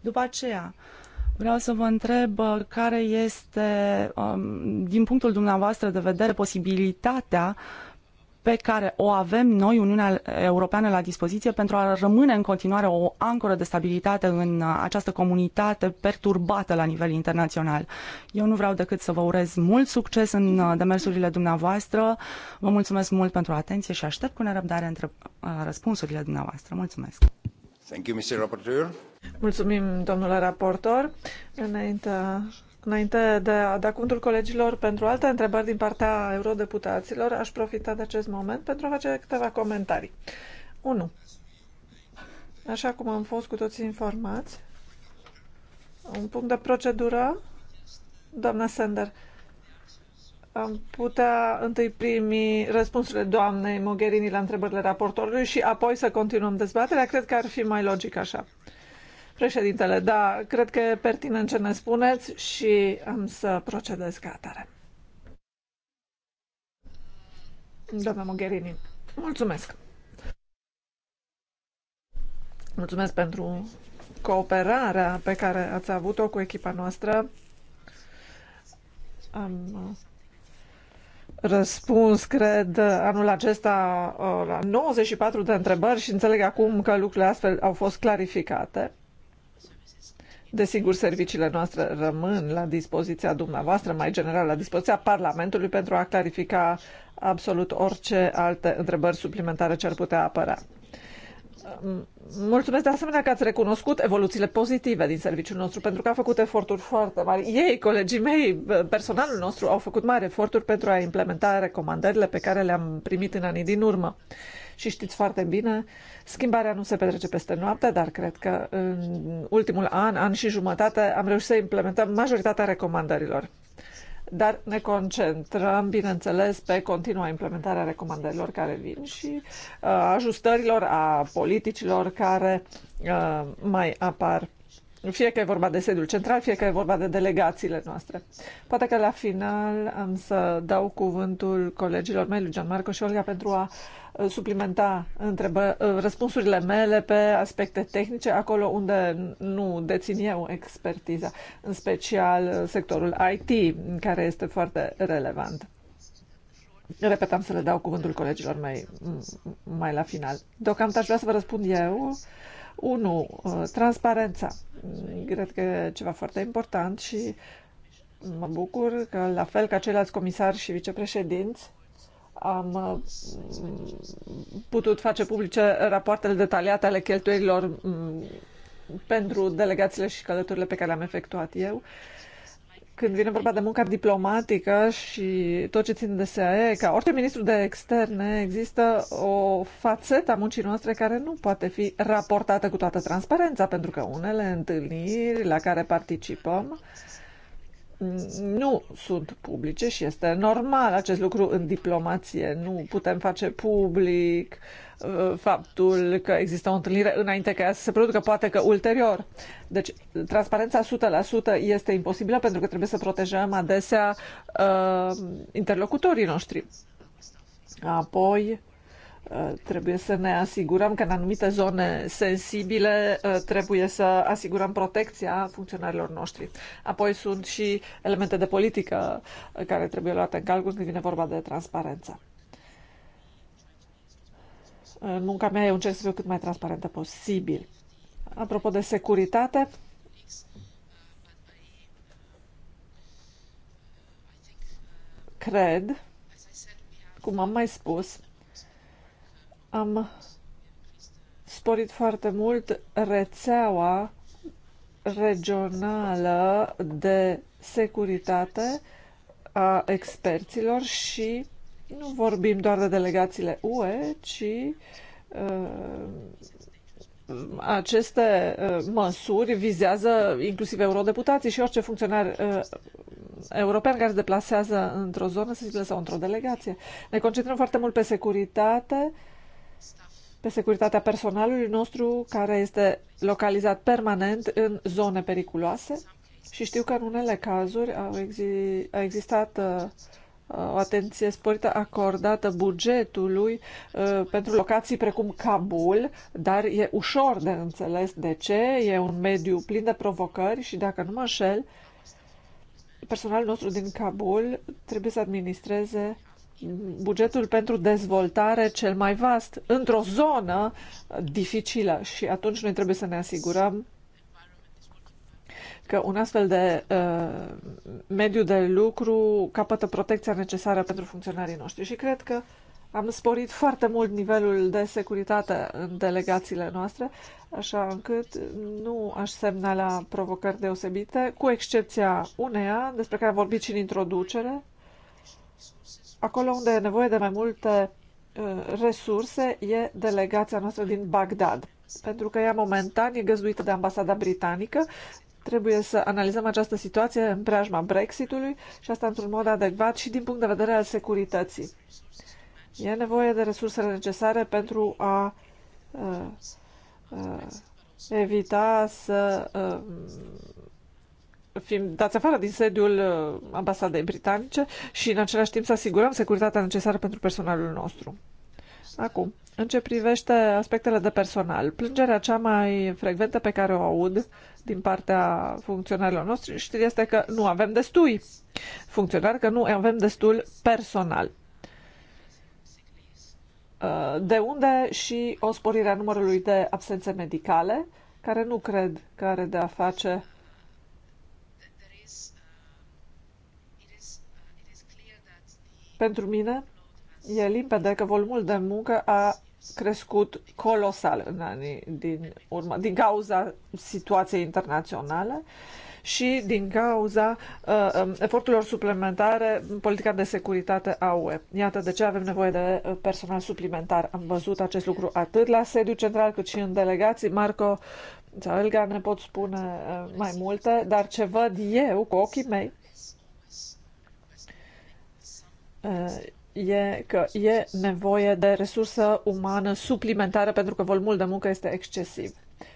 [SPEAKER 1] După aceea, uh, Vreau să vă întreb uh, care este, um, din punctul dumneavoastră de vedere, posibilitatea pe care o avem noi, Uniunea Europeană, la dispoziție pentru a rămâne în continuare o ancoră de stabilitate în uh, această comunitate perturbată la nivel internațional. Eu nu vreau decât să vă urez mult succes în uh, demersurile dumneavoastră. Vă mulțumesc mult pentru atenție și aștept cu nerăbdare între răspunsurile dumneavoastră. Mulțumesc! Thank you, Mr. Mulțumim,
[SPEAKER 3] domnule raportor. Înainte, înainte de a da cuvântul colegilor pentru alte întrebări din partea eurodeputaților, aș profita de acest moment pentru a face câteva comentarii. 1. Așa cum am fost cu toții informați, un punct de procedură, doamna Sender, am putea întâi primi răspunsurile doamnei Mogherini la întrebările raportorului și apoi să continuăm dezbaterea. Cred că ar fi mai logic așa. Președintele, da, cred că e pertinent ce ne spuneți și am să procedez ca atare. Doamna Mogherini, mulțumesc! Mulțumesc pentru cooperarea pe care ați avut-o cu echipa noastră. Am uh, răspuns, cred, anul acesta uh, la 94 de întrebări și înțeleg acum că lucrurile astfel au fost clarificate. Desigur, serviciile noastre rămân la dispoziția dumneavoastră, mai general la dispoziția Parlamentului, pentru a clarifica absolut orice alte întrebări suplimentare ce ar putea apărea. Mulțumesc de asemenea că ați recunoscut evoluțiile pozitive din serviciul nostru, pentru că a făcut eforturi foarte mari. Ei, colegii mei, personalul nostru, au făcut mari eforturi pentru a implementa recomandările pe care le-am primit în anii din urmă. Și știți foarte bine, schimbarea nu se petrece peste noapte, dar cred că în ultimul an, an și jumătate, am reușit să implementăm majoritatea recomandărilor. Dar ne concentrăm, bineînțeles, pe continua implementare a recomandărilor care vin și uh, ajustărilor a politicilor care uh, mai apar fie că e vorba de sediul central, fie că e vorba de delegațiile noastre. Poate că la final am să dau cuvântul colegilor mei, lui Gianmarco și Olga, pentru a Uh, suplimenta întrebă, uh, răspunsurile mele pe aspecte tehnice, acolo unde nu dețin eu expertiza, în special uh, sectorul IT, care este foarte relevant. Repetam să le dau cuvântul colegilor mei mai la final. Deocamdată aș vrea să vă răspund eu. 1. Transparența. Cred că e ceva foarte important și mă bucur că, la fel ca ceilalți comisari și vicepreședinți, am uh, putut face publice rapoartele detaliate ale cheltuielilor mm, pentru delegațiile și călătorile pe care le-am efectuat eu. Când vine vorba de munca diplomatică și tot ce ține de SAE, ca orice ministru de externe, există o fațetă a muncii noastre care nu poate fi raportată cu toată transparența, pentru că unele întâlniri la care participăm uh, nu sunt publice și este normal acest lucru în diplomație. Nu putem face public uh, faptul că există o întâlnire înainte ca ea să se producă, poate că ulterior. Deci, transparența 100% este imposibilă pentru că trebuie să protejăm adesea uh, interlocutorii noștri. Apoi, Trebuie să ne asigurăm că în anumite zone sensibile uh, trebuie să asigurăm protecția funcționarilor noștri. Apoi sunt și elemente de politică uh, care trebuie luate în calcul când vine vorba de transparență. În uh, munca mea eu încerc să fiu cât mai transparentă posibil. Apropo de securitate, cred, cum am mai spus, am sporit foarte mult rețeaua regională de securitate a experților și nu vorbim doar de delegațiile UE, ci uh, aceste uh, măsuri vizează inclusiv eurodeputații și orice funcționar uh, european care se deplasează într-o zonă, să zicem, sau într-o delegație. Ne concentrăm foarte mult pe securitate uh, pe securitatea personalului nostru care este localizat permanent în zone periculoase și știu că în unele cazuri au exi- a existat uh, uh, o atenție sporită acordată bugetului uh, pentru locații precum Kabul, dar e ușor de înțeles de ce, e un mediu plin de provocări și dacă nu mă înșel, personalul nostru din Kabul trebuie să administreze bugetul pentru dezvoltare cel mai vast într-o zonă dificilă și atunci noi trebuie să ne asigurăm că un astfel de uh, mediu de lucru capătă protecția necesară pentru funcționarii noștri și cred că am sporit foarte mult nivelul de securitate în delegațiile noastre, așa încât nu aș semna la provocări deosebite, cu excepția uneia, despre care am vorbit și în introducere, acolo unde e nevoie de mai multe uh, resurse e delegația noastră din Bagdad. Pentru că ea momentan e găzduită de ambasada britanică, trebuie să analizăm această situație în preajma Brexitului și asta într-un mod adecvat și din punct de vedere al securității. E nevoie de resursele necesare pentru a uh, uh, evita să uh, fim dați afară din sediul uh, ambasadei britanice și în același timp să asigurăm securitatea necesară pentru personalul nostru. Acum, în ce privește aspectele de personal, plângerea cea mai frecventă pe care o aud din partea funcționarilor noștri știri este că nu avem destui funcționari, că nu avem destul personal. Uh, de unde și o sporire a numărului de absențe medicale, care nu cred că are de a face Pentru mine e limpede că volumul de muncă a crescut colosal în anii din urmă, din cauza situației internaționale și din cauza uh, um, eforturilor suplimentare în politica de securitate a UE. Iată de ce avem nevoie de uh, personal suplimentar. Am văzut acest lucru atât la sediu central cât și în delegații. Marco sau Elga ne pot spune uh, mai multe, dar ce văd eu cu ochii mei Eh, e că e nevoie de resursă umană suplimentară pentru că volumul de muncă este excesiv.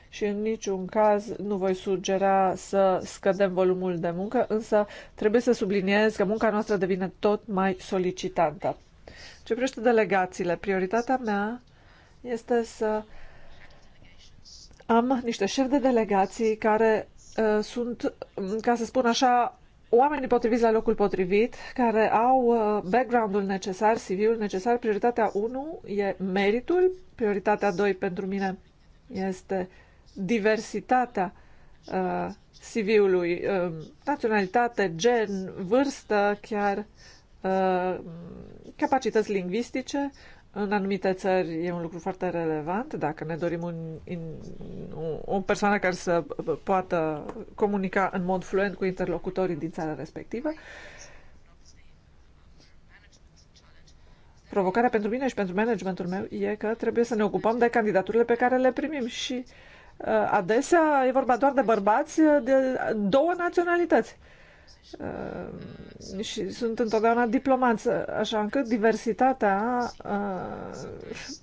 [SPEAKER 3] Și în niciun caz nu voi sugera să scădem volumul de muncă, însă trebuie să subliniez că munca noastră devine tot mai solicitantă. Ce privește delegațiile, prioritatea mea este să am niște șefi de delegații care uh, sunt, ca să spun așa, oamenii potriviți la locul potrivit, care au uh, background-ul necesar, CV-ul necesar. Prioritatea 1 e meritul, prioritatea 2 pentru mine este diversitatea uh, CV-ului, uh, naționalitate, gen, vârstă, chiar uh, capacități lingvistice în anumite țări e un lucru foarte relevant. Dacă ne dorim un, in, o persoană care să poată comunica în mod fluent cu interlocutorii din țara respectivă, provocarea pentru mine și pentru managementul meu e că trebuie să ne ocupăm de candidaturile pe care le primim și uh, adesea e vorba doar de bărbați uh, de două naționalități. Uh, Ehm, și sunt întotdeauna diplomați, așa încât diversitatea ehm,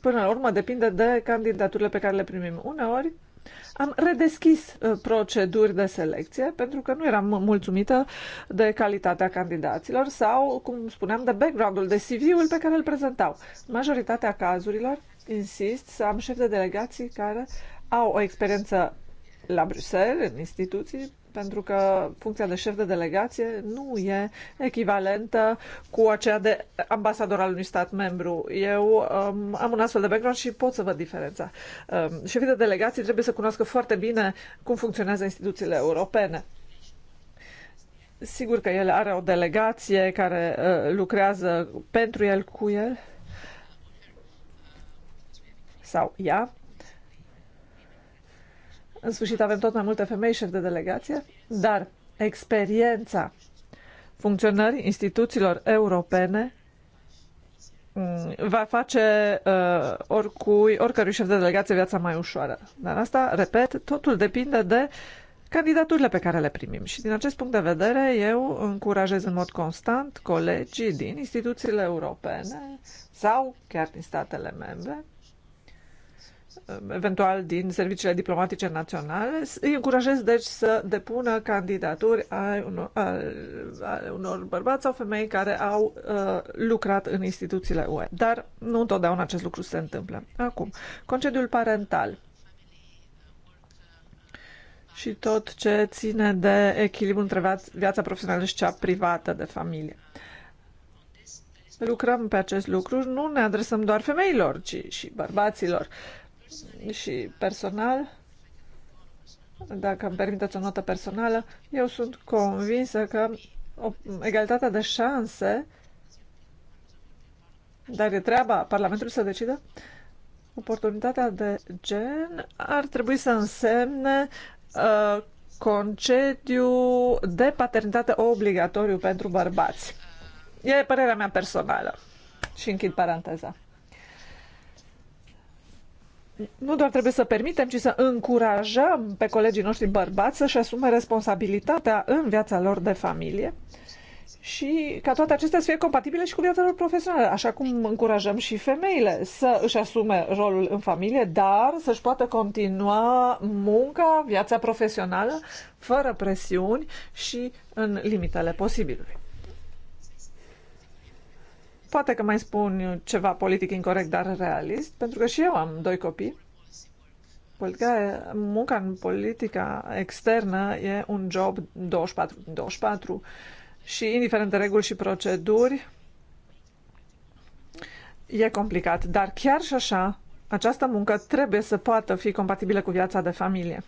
[SPEAKER 3] până la urmă depinde de candidaturile pe care le primim. Uneori am redeschis proceduri de selecție pentru că nu eram mulțumită de calitatea candidaților sau, cum spuneam, de background-ul, de CV-ul pe care îl prezentau. Majoritatea cazurilor, insist, să am șef de delegații care au o experiență la Bruxelles, în instituții, pentru că funcția de șef de delegație nu e echivalentă cu aceea de ambasador al unui stat membru. Eu um, am un astfel de background și pot să văd diferența. Um, șefii de delegații trebuie să cunoască foarte bine cum funcționează instituțiile europene. Sigur că el are o delegație care uh, lucrează pentru el, cu el sau ea în sfârșit avem tot mai multe femei șef de delegație, dar experiența funcționării instituțiilor europene mm, va face uh, oricui, oricărui șef de delegație viața mai ușoară. Dar asta, repet, totul depinde de candidaturile pe care le primim. Și din acest punct de vedere, eu încurajez în mod constant colegii din instituțiile europene sau chiar din statele membre eventual din serviciile diplomatice naționale. Îi încurajez, deci, să depună candidaturi a unor, ale unor bărbați sau femei care au uh, lucrat în instituțiile UE. Dar nu întotdeauna acest lucru se întâmplă. Acum, concediul parental și tot ce ține de echilibru între viața profesională și cea privată de familie. Lucrăm pe acest lucru, nu ne adresăm doar femeilor, ci și bărbaților. Uh, și personal, dacă îmi permiteți o notă personală, eu sunt convinsă că o, egalitatea de șanse, dar e treaba Parlamentului să decidă, oportunitatea de gen ar trebui să însemne uh, concediu de paternitate obligatoriu pentru bărbați. E părerea mea personală. Și închid paranteza nu doar trebuie să permitem, ci să încurajăm pe colegii noștri bărbați să-și asume responsabilitatea în viața lor de familie și ca toate acestea să fie compatibile și cu viața lor profesională, așa cum încurajăm și femeile să își asume rolul în familie, dar să-și poată continua munca, viața profesională, fără presiuni și în limitele posibilului. Poate că mai spun ceva politic incorrect, dar realist, pentru că și eu am doi copii. Politica, munca în politica externă e un job 24 din 24 și indiferent de reguli și proceduri e complicat, dar chiar și așa această muncă trebuie să poată fi compatibilă cu viața de familie.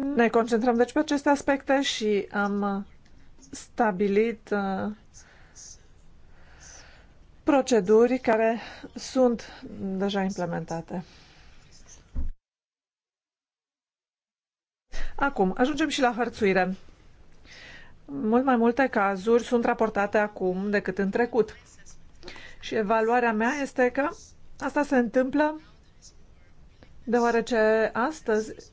[SPEAKER 3] Ne concentrăm deci pe aceste aspecte și am uh, stabilit uh, proceduri care sunt deja implementate. Acum, ajungem și la hărțuire. Mult mai multe cazuri sunt raportate acum decât în trecut. Și evaluarea mea este că asta se întâmplă deoarece astăzi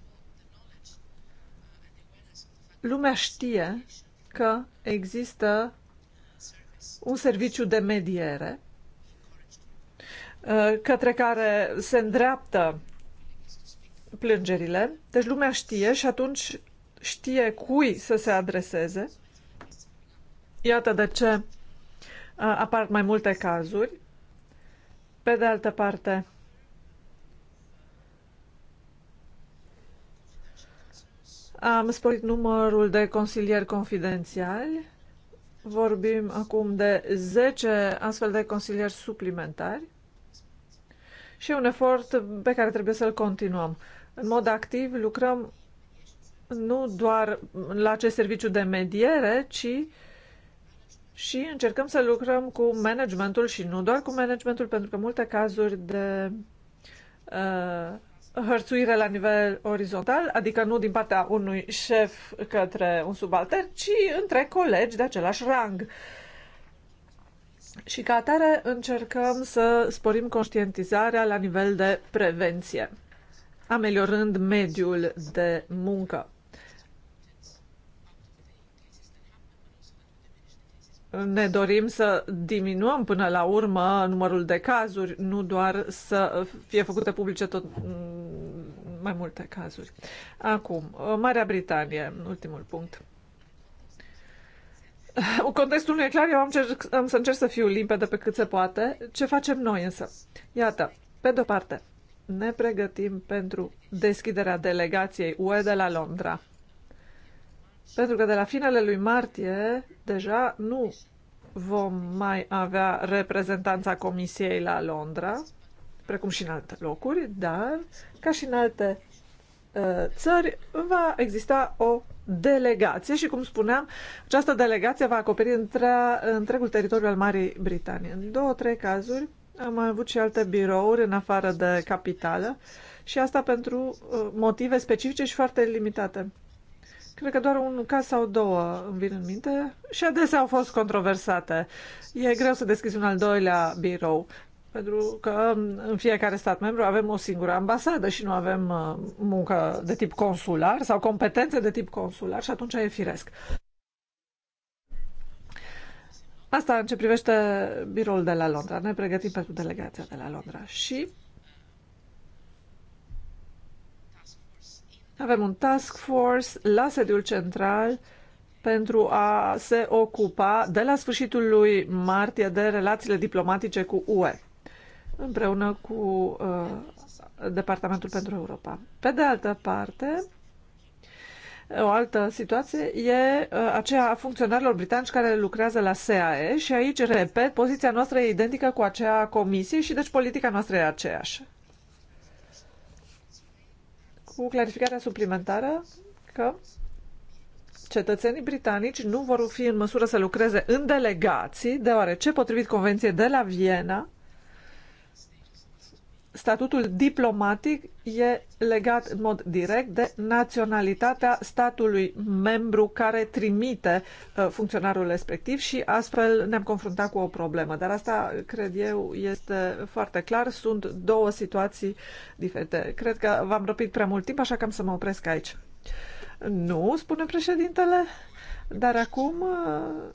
[SPEAKER 3] Lumea știe că există un serviciu de mediere uh, către care se îndreaptă plângerile. Deci lumea știe și atunci știe cui să se adreseze. Iată de ce uh, apar mai multe cazuri. Pe de altă parte, Am sporit numărul de consilieri confidențiali. Vorbim acum de 10 astfel de consilieri suplimentari și un efort pe care trebuie să-l continuăm. În mod activ lucrăm nu doar la acest serviciu de mediere, ci și încercăm să lucrăm cu managementul și nu doar cu managementul, pentru că multe cazuri de uh, hărțuire la nivel orizontal, adică nu din partea unui șef către un subaltern, ci între colegi de același rang. Și ca atare încercăm să sporim conștientizarea la nivel de prevenție, ameliorând mediul de muncă. ne dorim să diminuăm până la urmă numărul de cazuri, nu doar să fie făcute publice tot mm, mai multe cazuri. Acum, Marea Britanie, ultimul punct. Contextul nu e clar, eu am, cer, am să încerc să fiu limpede pe cât se poate. Ce facem noi însă? Iată, pe de-o parte, ne pregătim pentru deschiderea delegației UE de la Londra pentru că de la finele lui martie deja nu vom mai avea reprezentanța Comisiei la Londra, precum și în alte locuri, dar, ca și în alte uh, țări, va exista o delegație și, cum spuneam, această delegație va acoperi între, întregul teritoriu al Marii Britanii. În două, trei cazuri am avut și alte birouri în afară de capitală și asta pentru uh, motive specifice și foarte limitate. Cred că doar un caz sau două îmi vin în minte și adesea au fost controversate. E greu să deschizi un al doilea birou, pentru că în fiecare stat membru avem o singură ambasadă și nu avem uh, muncă de tip consular sau competențe de tip consular și atunci e firesc. Asta în ce privește biroul de la Londra. Ne pregătim pentru delegația de la Londra și Avem un task force la sediul central pentru a se ocupa de la sfârșitul lui martie de relațiile diplomatice cu UE, împreună cu uh, Departamentul pentru Europa. Pe de altă parte, o altă situație e uh, aceea a funcționarilor britanici care lucrează la SAE și aici, repet, poziția noastră e identică cu aceea a Comisiei și deci politica noastră e aceeași cu clarificarea suplimentară că cetățenii britanici nu vor fi în măsură să lucreze în delegații, deoarece, potrivit Convenției de la Viena, statutul diplomatic e legat în mod direct de naționalitatea statului membru care trimite uh, funcționarul respectiv și astfel ne-am confruntat cu o problemă. Dar asta, cred eu, este foarte clar. Sunt două situații diferite. Cred că v-am răpit prea mult timp, așa că am să mă opresc aici. Nu, spune președintele, dar acum uh,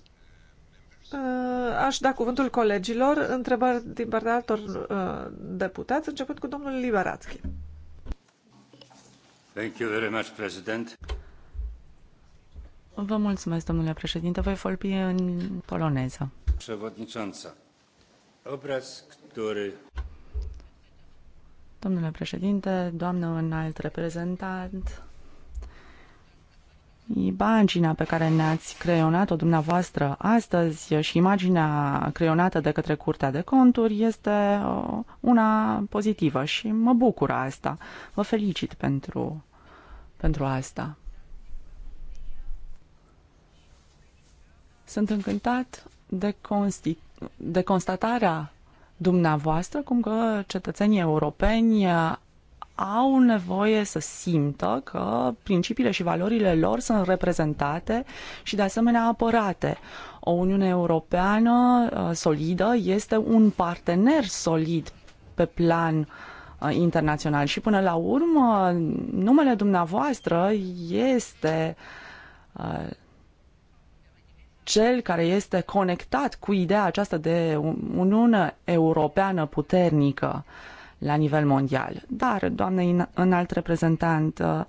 [SPEAKER 3] Uh, aș da cuvântul colegilor, întrebări din partea altor uh, deputați, începând cu domnul Liberațchi.
[SPEAKER 1] Thank you very much, President. Vă mulțumesc, domnule președinte. Voi vorbi în poloneză.
[SPEAKER 2] Przewodnicząca, obraz, który...
[SPEAKER 1] Domnule președinte, doamnă înalt reprezentant, Imaginea pe care ne-ați creionat-o dumneavoastră astăzi și imaginea creionată de către Curtea de Conturi este uh, una pozitivă și mă bucură asta. Vă felicit pentru, pentru asta. Sunt încântat de, consti- de constatarea dumneavoastră cum că cetățenii europeni au nevoie să simtă că principiile și valorile lor sunt reprezentate și de asemenea apărate. O Uniune Europeană uh, solidă este un partener solid pe plan uh, internațional. Și până la urmă, numele dumneavoastră este uh, cel care este conectat cu ideea aceasta de Uniune Europeană puternică. Uh, la nivel mondial. Dar, doamne înalt reprezentant, uh,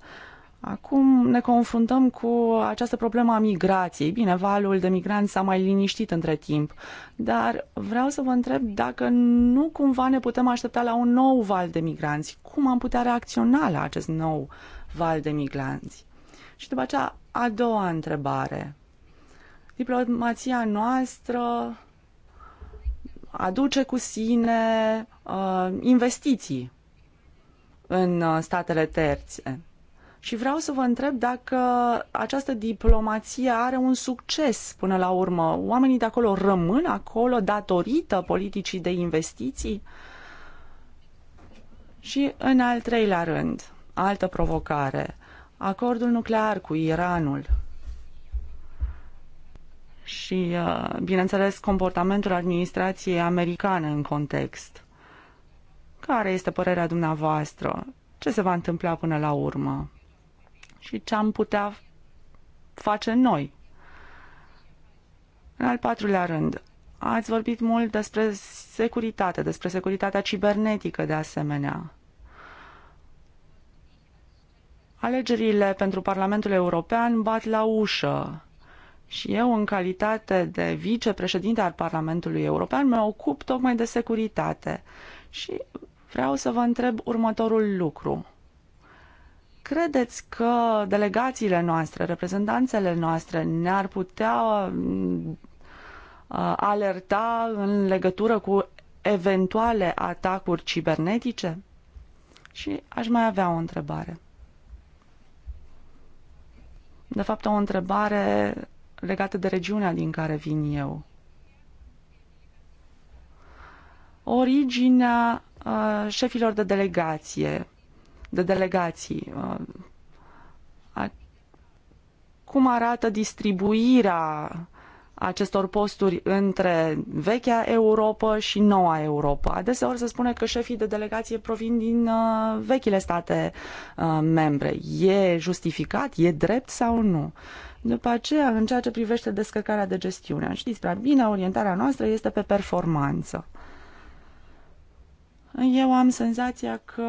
[SPEAKER 1] acum ne confruntăm cu această problemă a migrației. Bine, valul de migranți s-a mai liniștit între timp, dar vreau să vă întreb dacă nu cumva ne putem aștepta la un nou val de migranți. Cum am putea reacționa la acest nou val de migranți? Și după aceea, a doua întrebare. Diplomația noastră aduce cu sine uh, investiții în uh, statele terțe. Și vreau să vă întreb dacă această diplomație are un succes până la urmă. Oamenii de acolo rămân acolo datorită politicii de investiții? Și în al treilea rând, altă provocare, acordul nuclear cu Iranul și, uh, bineînțeles, comportamentul administrației americane în context. Care este părerea dumneavoastră? Ce se va întâmpla până la urmă? Și ce am putea face noi? În al patrulea rând, ați vorbit mult despre securitate, despre securitatea cibernetică de asemenea. Alegerile pentru Parlamentul European bat la ușă și eu, în calitate de vicepreședinte al Parlamentului European, mă ocup tocmai de securitate. Și vreau să vă întreb următorul lucru. Credeți că delegațiile noastre, reprezentanțele noastre ne-ar putea uh, alerta în legătură cu eventuale atacuri cibernetice? Și aș mai avea o întrebare. De fapt, o întrebare legate de regiunea din care vin eu. Originea uh, șefilor de delegație, de delegații, uh, a, cum arată distribuirea acestor posturi între vechea Europa și noua Europa. Adeseori se spune că șefii de delegație provin din uh, vechile state uh, membre. E justificat? E drept sau nu? După aceea, în ceea ce privește descărcarea de gestiune, știți prea bine, orientarea noastră este pe performanță. Eu am senzația că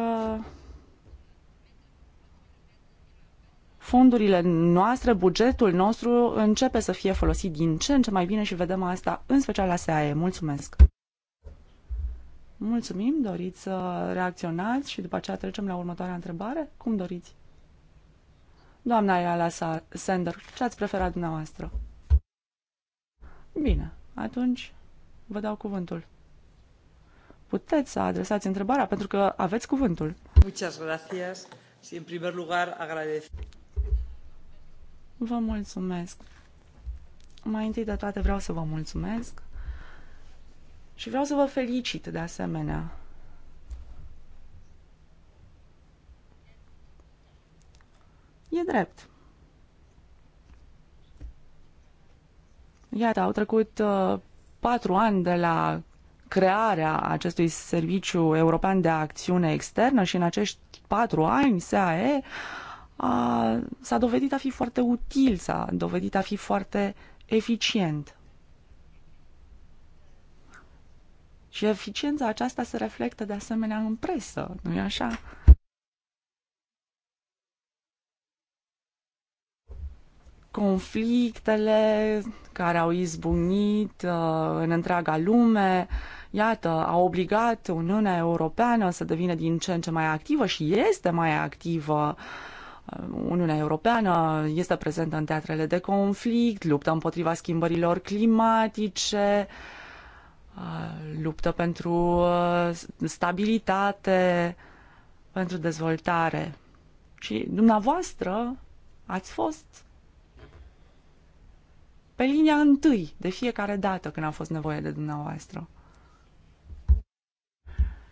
[SPEAKER 1] fondurile noastre, bugetul nostru începe să fie folosit din ce în ce mai bine și vedem asta în special la SAE. Mulțumesc! Mulțumim, doriți să reacționați și după aceea trecem la următoarea întrebare? Cum doriți? Doamna Iala Sender, ce ați preferat dumneavoastră? Bine, atunci vă dau cuvântul. Puteți să adresați întrebarea pentru că aveți cuvântul. Muchas
[SPEAKER 3] gracias. Si en primer lugar, agradezco.
[SPEAKER 1] Vă mulțumesc. Mai întâi de toate vreau să vă mulțumesc și vreau să vă felicit de asemenea. E drept. Iată, au trecut uh, patru ani de la crearea acestui serviciu european de acțiune externă și în acești patru ani SAE uh, a, s-a dovedit a fi foarte util, s-a dovedit a fi foarte eficient. Și eficiența aceasta se reflectă de asemenea în presă, nu-i așa? conflictele care au izbunit uh, în întreaga lume, iată, au obligat Uniunea Europeană să devină din ce în ce mai activă și este mai activă uh, Uniunea Europeană este prezentă în teatrele de conflict, luptă împotriva schimbărilor climatice, luptă pentru uh, stabilitate, pentru dezvoltare. Și dumneavoastră ați fost pe linia întâi de fiecare dată când a fost nevoie de dumneavoastră.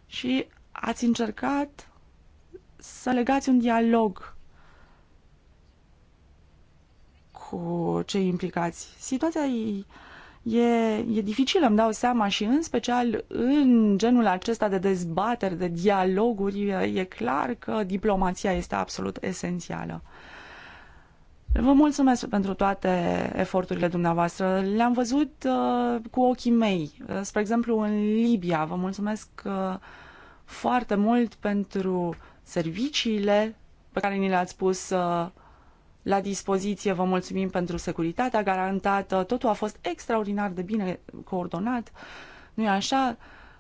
[SPEAKER 1] Și ați încercat să legați un dialog cu cei implicați. Situația e e, e dificil, îmi dau seama și în special în genul acesta de dezbateri, de dialoguri, e clar că diplomația este absolut esențială. Vă mulțumesc pentru toate eforturile dumneavoastră. Le-am văzut uh, cu ochii mei, uh, spre exemplu în Libia. Vă mulțumesc uh, foarte mult pentru serviciile pe care ni le-ați pus uh, la dispoziție. Vă mulțumim pentru securitatea garantată. Totul a fost extraordinar de bine coordonat. Nu-i așa?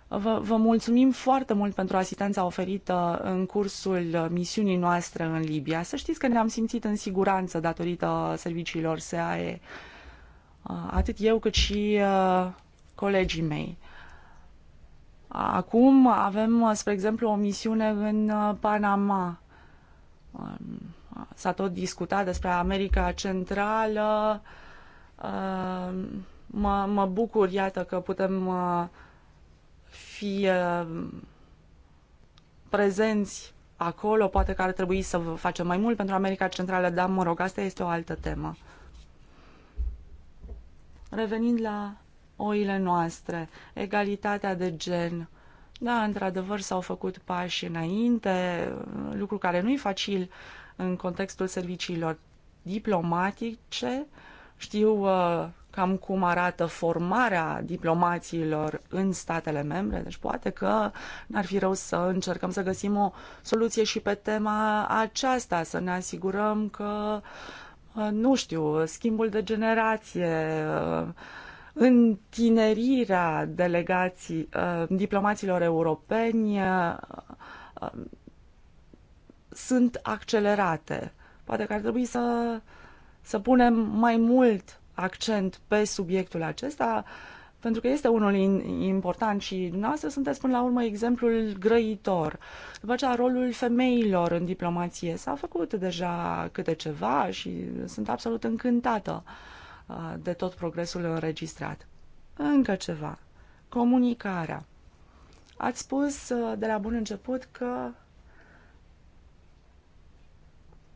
[SPEAKER 1] Vă, vă mulțumim foarte mult pentru asistența oferită în cursul misiunii noastre în Libia. Să știți că ne-am simțit în siguranță datorită serviciilor SAE, atât eu cât și uh, colegii mei. Acum avem, spre exemplu, o misiune în uh, Panama um, S-a tot discutat despre America Centrală. Uh, mă, mă bucur, iată, că putem uh, fi uh, prezenți acolo. Poate că ar trebui să facem mai mult pentru America Centrală, dar, mă rog, asta este o altă temă. Revenind la oile noastre, egalitatea de gen. Da, într-adevăr s-au făcut pași înainte, lucru care nu e facil în contextul serviciilor diplomatice, știu uh, cam cum arată formarea diplomaților în statele membre, deci poate că n-ar fi rău să încercăm să găsim o soluție și pe tema aceasta, să ne asigurăm că, uh, nu știu, schimbul de generație, uh, întinerirea delegații, uh, diplomaților europeni uh, uh, sunt accelerate. Poate că ar trebui să, să punem mai mult accent pe subiectul acesta, pentru că este unul important și dumneavoastră sunteți până la urmă exemplul grăitor. După aceea, rolul femeilor în diplomație s-a făcut deja câte ceva și sunt absolut încântată uh, de tot progresul înregistrat. Încă ceva. Comunicarea. Ați spus uh, de la bun început că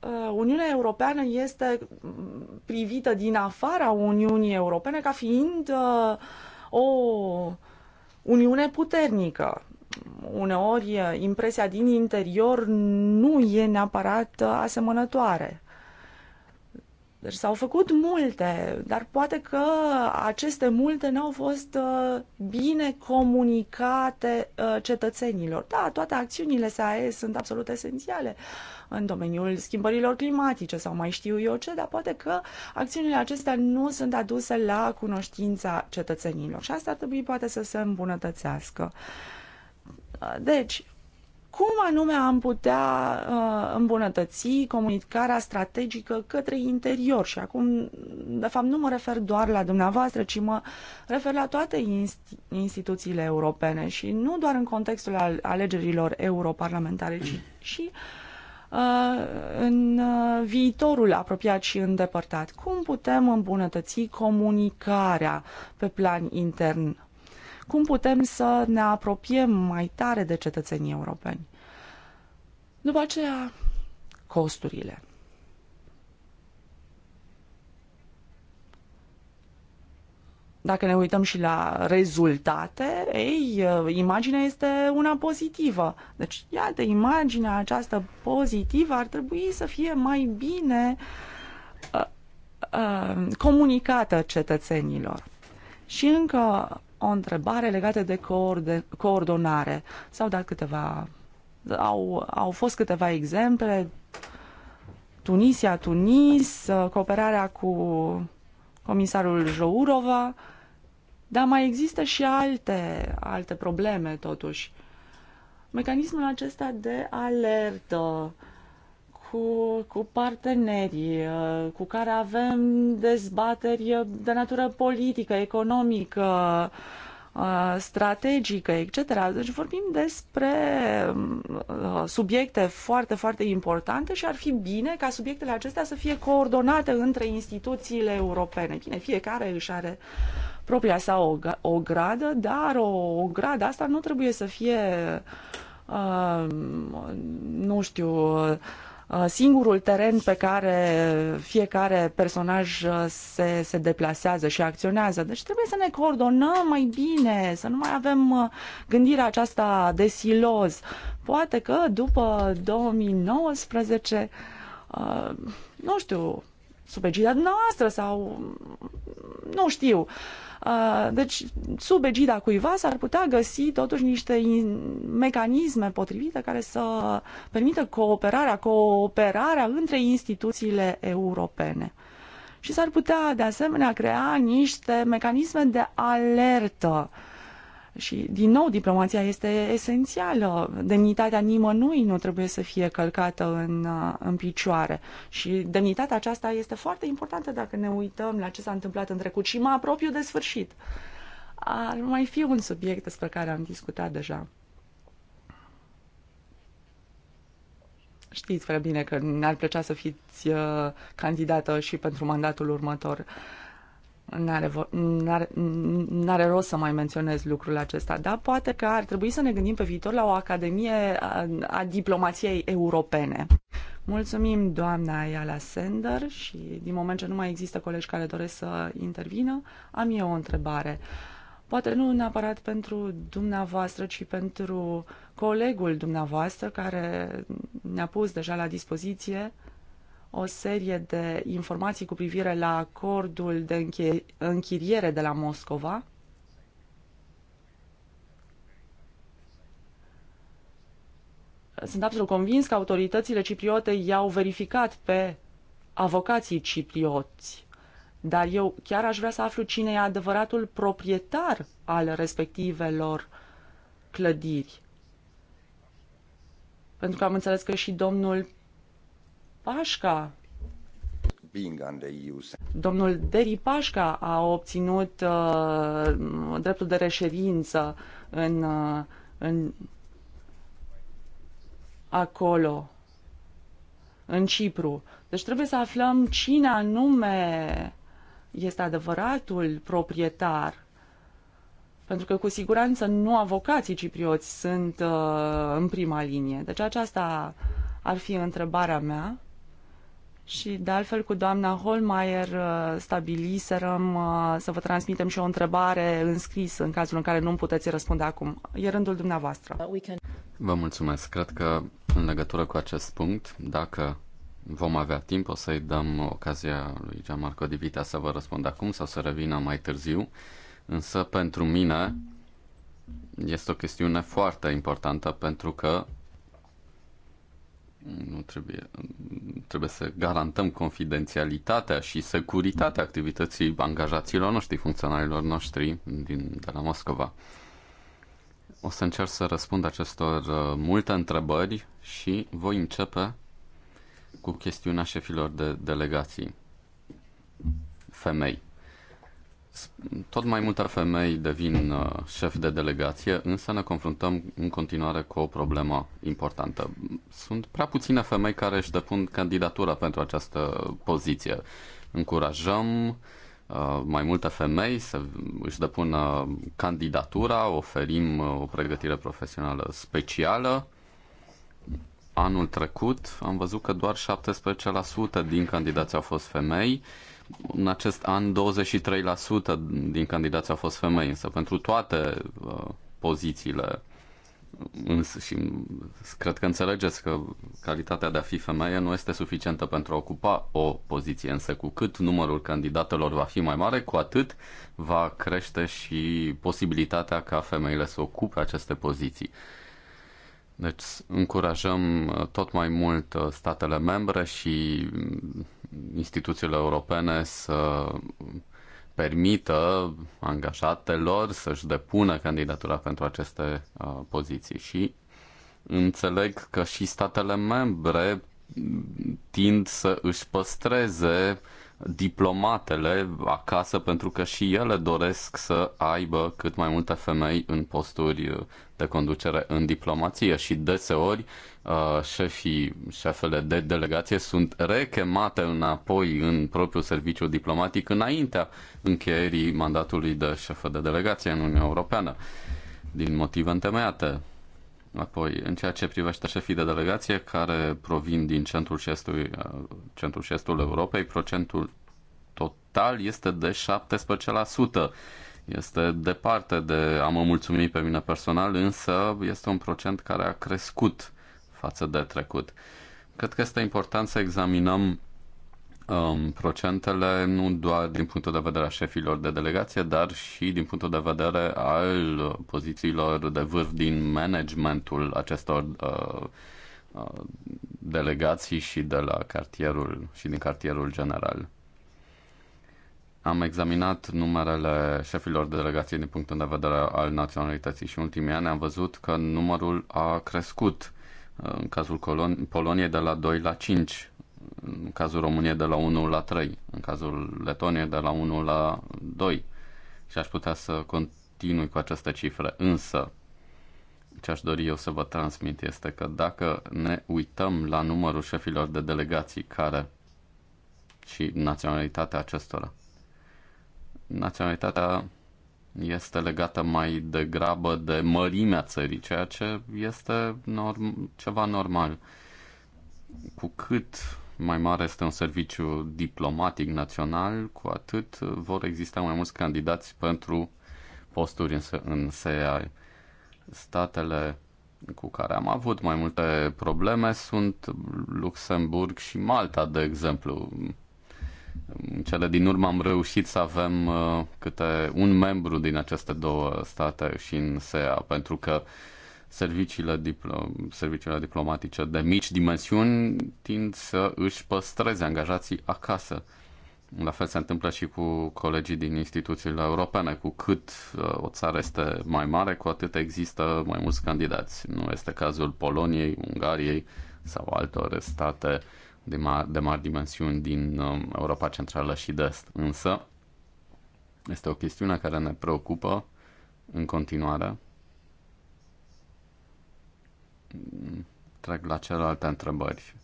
[SPEAKER 1] Uh, Uniunea Europeană este privită din afara Uniunii Europene ca fiind uh, o Uniune puternică. Uneori, uh, impresia din interior nu e neapărat asemănătoare. Deci s-au făcut multe, dar poate că aceste multe nu au fost bine comunicate cetățenilor. Da, toate acțiunile SAE sunt absolut esențiale în domeniul schimbărilor climatice sau mai știu eu ce, dar poate că acțiunile acestea nu sunt aduse la cunoștința cetățenilor și asta ar trebui poate să se îmbunătățească. Deci, cum anume am putea uh, îmbunătăți comunicarea strategică către interior și acum, de fapt, nu mă refer doar la dumneavoastră, ci mă refer la toate inst- instituțiile europene și nu doar în contextul al- alegerilor europarlamentare, ci și uh, Uh, în uh, viitorul apropiat și îndepărtat. Cum putem îmbunătăți comunicarea pe plan intern? Cum putem să ne apropiem mai tare de cetățenii europeni? După aceea, costurile. Dacă ne uităm și la rezultate, ei, uh, imaginea este una pozitivă. Deci, iată, imaginea aceasta pozitivă ar trebui să fie mai bine uh, uh, comunicată cetățenilor. Și încă o întrebare legată de coordonare. S-au dat câteva, au, au fost câteva exemple. Tunisia, Tunis, cooperarea cu comisarul Jourova, dar mai există și alte, alte probleme, totuși. Mecanismul acesta de alertă cu, cu partenerii uh, cu care avem dezbateri de natură politică, economică, uh, strategică, etc. Deci vorbim despre uh, subiecte foarte, foarte importante și ar fi bine ca subiectele acestea să fie coordonate între instituțiile europene. Bine, fiecare își are uh, propria sa ogradă, dar o ogradă asta nu trebuie să fie, uh, nu știu, uh, singurul teren pe care fiecare personaj uh, se, se deplasează și acționează. Deci trebuie să ne coordonăm mai bine, să nu mai avem uh, gândirea aceasta de siloz. Poate că după 2019, nu știu, sub egida noastră sau nu știu. Deci, sub egida cuiva s-ar putea găsi totuși niște mecanisme potrivite care să permită cooperarea, cooperarea între instituțiile europene. Și s-ar putea, de asemenea, crea niște mecanisme de alertă uh, și, din nou, diplomația este esențială. Demnitatea nimănui nu trebuie să fie călcată în, uh, în picioare. Și demnitatea aceasta este foarte importantă dacă ne uităm la ce s-a întâmplat în trecut și mă apropiu de sfârșit. Ar mai fi un subiect despre care am discutat deja. Știți prea bine că ne-ar plăcea să fiți uh, candidată și pentru mandatul următor. Uh, N-are, n-are, n-are rost să mai menționez lucrul acesta, dar poate că ar trebui să ne gândim pe viitor la o academie a, a diplomației europene. Mulțumim, doamna Ayala Sender, și din moment ce nu mai există colegi care doresc să intervină, am eu o întrebare. Poate nu neapărat pentru dumneavoastră, ci pentru colegul dumneavoastră care ne-a pus deja la dispoziție o serie de informații cu privire la acordul de închiriere de la Moscova. Sunt absolut convins că autoritățile cipriote i-au verificat pe avocații ciprioți dar eu chiar aș vrea să aflu cine e adevăratul proprietar al respectivelor clădiri. Pentru că am înțeles că și domnul Pașca. Domnul Deri Pașca a obținut uh, dreptul de reședință în, uh, în acolo, în Cipru. Deci trebuie să aflăm cine anume este adevăratul proprietar. Pentru că cu siguranță nu avocații ciprioți sunt uh, în prima linie. Deci aceasta ar fi întrebarea mea. Și de altfel cu doamna Holmeier uh, stabiliserăm uh, să vă transmitem și o întrebare în scris în cazul în care nu puteți răspunde acum. E rândul dumneavoastră. Uh,
[SPEAKER 2] vă mulțumesc. Cred că în legătură cu acest punct, dacă vom avea timp, o să-i dăm ocazia lui Gianmarco Divita să vă răspundă acum sau să revină mai târziu. Însă pentru mine este o chestiune foarte importantă pentru că nu trebuie, trebuie să garantăm confidențialitatea și securitatea activității angajaților noștri, funcționarilor noștri din, de la Moscova. O să încerc să răspund acestor uh, multe întrebări și voi începe cu chestiunea șefilor de delegații femei. Tot mai multe femei devin uh, șef de delegație, însă ne confruntăm în continuare cu o problemă importantă. Sunt prea puține femei care își depun candidatura pentru această poziție. Încurajăm uh, mai multe femei să își depună candidatura, oferim uh, o pregătire profesională specială. Anul trecut am văzut că doar 17% din candidați au fost femei în acest an, 23% din candidați au fost femei, însă pentru toate uh, pozițiile însă și cred că înțelegeți că calitatea de a fi femeie nu este suficientă pentru a ocupa o poziție, însă cu cât numărul candidatelor va fi mai mare, cu atât va crește și posibilitatea ca femeile să ocupe aceste poziții. Deci încurajăm uh, tot mai mult uh, statele membre și instituțiile europene să permită angajatelor să-și depună candidatura pentru aceste uh, poziții și înțeleg că și statele membre tind să își păstreze diplomatele acasă pentru că și ele doresc să aibă cât mai multe femei în posturi de conducere în diplomație și deseori uh, șefii, șefele de delegație sunt rechemate înapoi în propriul serviciu diplomatic înaintea încheierii mandatului de șefă de delegație în Uniunea Europeană din motive întemeiate Apoi, în ceea ce privește șefii de delegație care provin din centrul și estul, uh, centrul și estul Europei, procentul total este de 17%. Este departe de a mă mulțumi pe mine personal, însă este un procent care a crescut față de trecut. Cred că este important să examinăm um, procentele nu doar din punctul de vedere a șefilor de delegație, dar și din punctul de vedere al pozițiilor de vârf din managementul acestor uh, uh, delegații și de la cartierul și din cartierul general. Am examinat numerele șefilor de delegație din punctul de vedere al naționalității și în ultimii ani am văzut că numărul a crescut uh, în cazul Poloniei de la 2 la 5 în cazul României de la 1 la 3, în cazul Letoniei de la 1 la 2 și aș putea să continui cu aceste cifre. Însă, ce aș dori eu să vă transmit este că dacă ne uităm la numărul șefilor de delegații care și naționalitatea acestora, naționalitatea este legată mai degrabă de mărimea țării, ceea ce este norm- ceva normal. Cu cât mai mare este un serviciu diplomatic național, cu atât vor exista mai mulți candidați pentru posturi în, în Statele cu care am avut mai multe probleme sunt Luxemburg și Malta, de exemplu. În cele din urmă am reușit să avem uh, câte un membru din aceste două state și în SEA, pentru că uh, serviciile, diplo- serviciile diplomatice de mici dimensiuni tind să își păstreze angajații acasă. La fel se întâmplă și cu colegii din instituțiile europene. Cu cât uh, o țară este mai mare, cu atât există mai mulți candidați. Nu este cazul Poloniei, Ungariei sau altor state de mari, de mari dimensiuni din um, Europa Centrală și de Est. Însă, este o chestiune care ne preocupă în continuare trec la celelalte întrebări.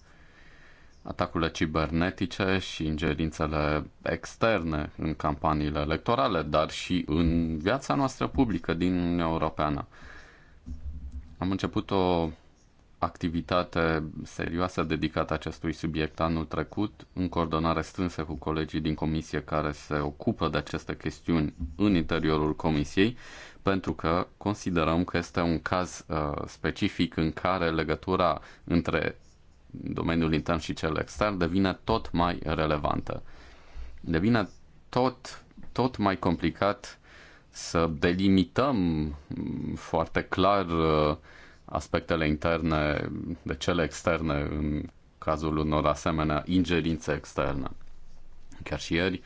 [SPEAKER 2] Atacurile cibernetice și ingerințele externe în campaniile electorale, dar și în viața noastră publică din Uniunea Europeană. Am început o activitate serioasă dedicată acestui subiect anul trecut, în coordonare strânsă cu colegii din comisie care se ocupă de aceste chestiuni în interiorul comisiei pentru că considerăm că este un caz uh, specific în care legătura între domeniul intern și cel extern devine tot mai relevantă. Devine tot, tot mai complicat să delimităm mm, foarte clar uh, aspectele interne de cele externe în cazul unor asemenea ingerințe externe. Chiar și ieri, uh,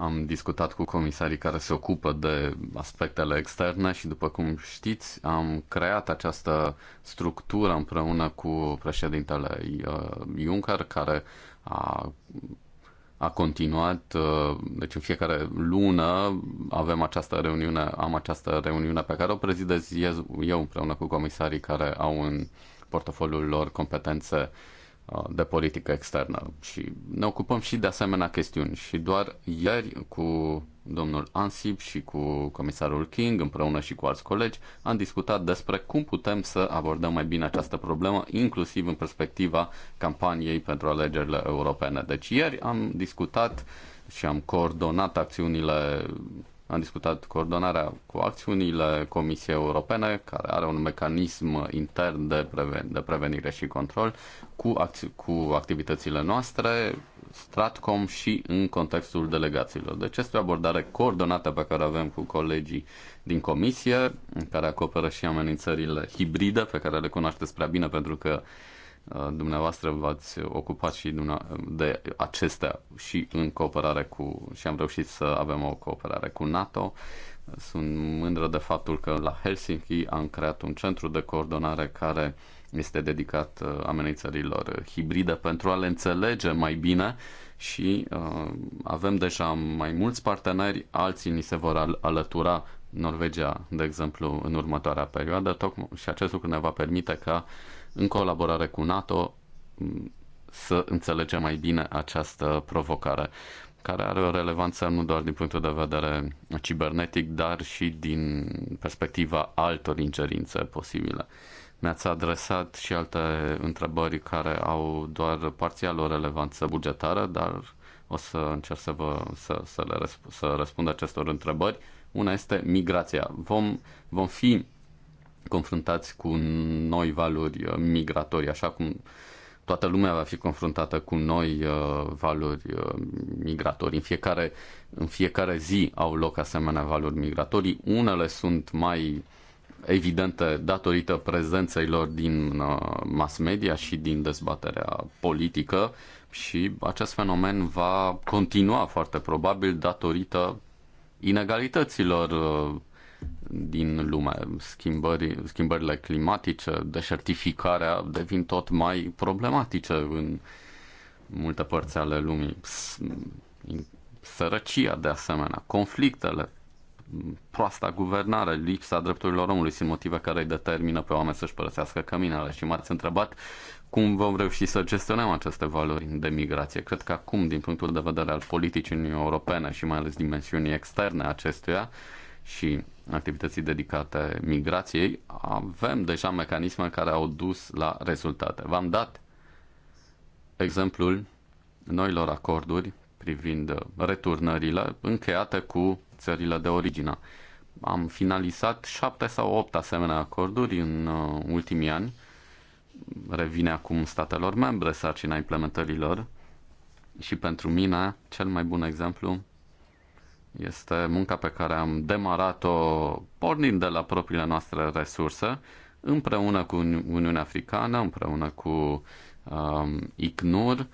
[SPEAKER 2] am discutat cu comisarii care se ocupă de aspectele externe și, după cum știți, am creat această structură împreună cu președintele uh, Juncker, care a, a continuat. Uh, deci, în fiecare lună avem această reuniune, am această reuniune pe care o prezidez eu împreună cu comisarii care au în portofoliul lor competențe uh, Uh, de politică externă și ne ocupăm și de asemenea chestiuni și doar ieri cu domnul Ansip și cu comisarul King împreună și cu alți colegi am discutat despre cum putem să abordăm mai bine această problemă inclusiv în perspectiva campaniei pentru alegerile europene. Deci ieri am discutat și am coordonat acțiunile am discutat coordonarea cu acțiunile Comisiei Europene, care are un mecanism intern de, preven- de prevenire și control, cu, acți- cu activitățile noastre, Stratcom și în contextul delegațiilor. Deci este o abordare coordonată pe care avem cu colegii din Comisie, care acoperă și amenințările hibride, pe care le cunoașteți prea bine pentru că uh, Uh, dumneavoastră v-ați ocupat și de acestea și în cooperare cu și am reușit să avem o cooperare cu NATO. Sunt mândră de faptul că la Helsinki am creat un centru de coordonare care este dedicat uh, amenințărilor hibride pentru a le înțelege mai bine și uh, avem deja mai mulți parteneri, alții ni se vor al- alătura Norvegia, de exemplu, în următoarea perioadă, tocmai și acest lucru ne va permite ca uh, în colaborare cu NATO, să înțelegem mai bine această provocare, care are o relevanță nu doar din punctul de vedere cibernetic, dar și din perspectiva altor ingerințe posibile. Mi-ați adresat și alte întrebări care au doar parțial o relevanță bugetară, dar o să încerc să, vă, să, să, le răsp- să răspund acestor întrebări. Una este migrația. Vom, vom fi confruntați cu noi valuri uh, migratorii, așa cum toată lumea va fi confruntată cu noi uh, valuri uh, migratorii. În fiecare, în fiecare zi au loc asemenea valuri migratorii. Unele sunt mai evidente datorită prezenței lor din mass media și din dezbaterea politică și acest fenomen va continua foarte probabil datorită inegalităților din lume. Schimbări, schimbările climatice, deșertificarea devin tot mai problematice în multe părți ale lumii. Sărăcia, de asemenea, conflictele, proasta guvernare, lipsa drepturilor omului sunt motive care îi determină pe oameni să-și părăsească căminele și m-ați întrebat cum vom reuși să gestionăm aceste valori de migrație. Cred că acum, din punctul de vedere al politicii Europene și mai ales dimensiunii externe acestuia, și activității dedicate migrației, avem deja mecanisme care au dus la rezultate. V-am dat exemplul noilor acorduri privind returnările încheiate cu țările de origine. Am finalizat șapte sau opt asemenea acorduri în uh, ultimii ani. Revine acum statelor membre sarcina implementărilor și pentru mine cel mai bun exemplu este munca pe care am demarat-o pornind de la propriile noastre resurse, împreună cu Uniunea Africană, împreună cu um, ICNUR,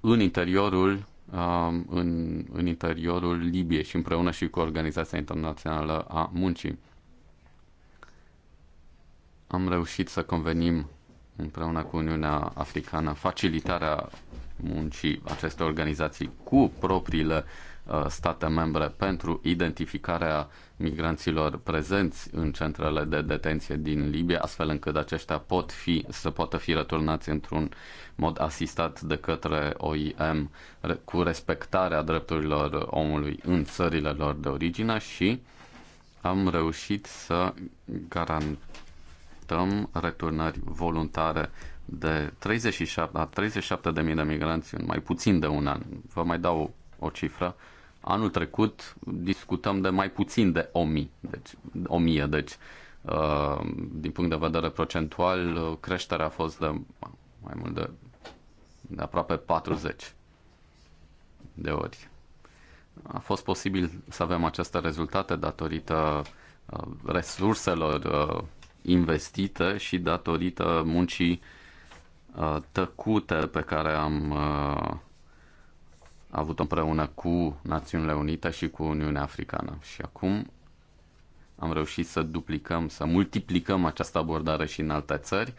[SPEAKER 2] în interiorul um, în, în interiorul Libiei și împreună și cu Organizația Internațională a Muncii. Am reușit să convenim împreună cu Uniunea Africană facilitarea muncii acestor organizații cu propriile uh, state membre pentru identificarea migranților prezenți în centrele de detenție din Libia, astfel încât aceștia pot fi, să poată fi returnați într-un mod asistat de către OIM cu respectarea drepturilor omului în țările lor de origine și am reușit să garantăm raportăm returnări voluntare de 37, la 37.000 de migranți în mai puțin de un an. Vă mai dau o cifră. Anul trecut discutăm de mai puțin de 1.000, deci, 1000, deci uh, din punct de vedere procentual, creșterea a fost de mai mult de, de aproape 40 de ori. A fost posibil să avem aceste rezultate datorită uh, resurselor uh, investită și datorită muncii uh, tăcute pe care am uh, avut împreună cu Națiunile Unite și cu Uniunea Africană. Și acum am reușit să duplicăm, să multiplicăm această abordare și în alte țări.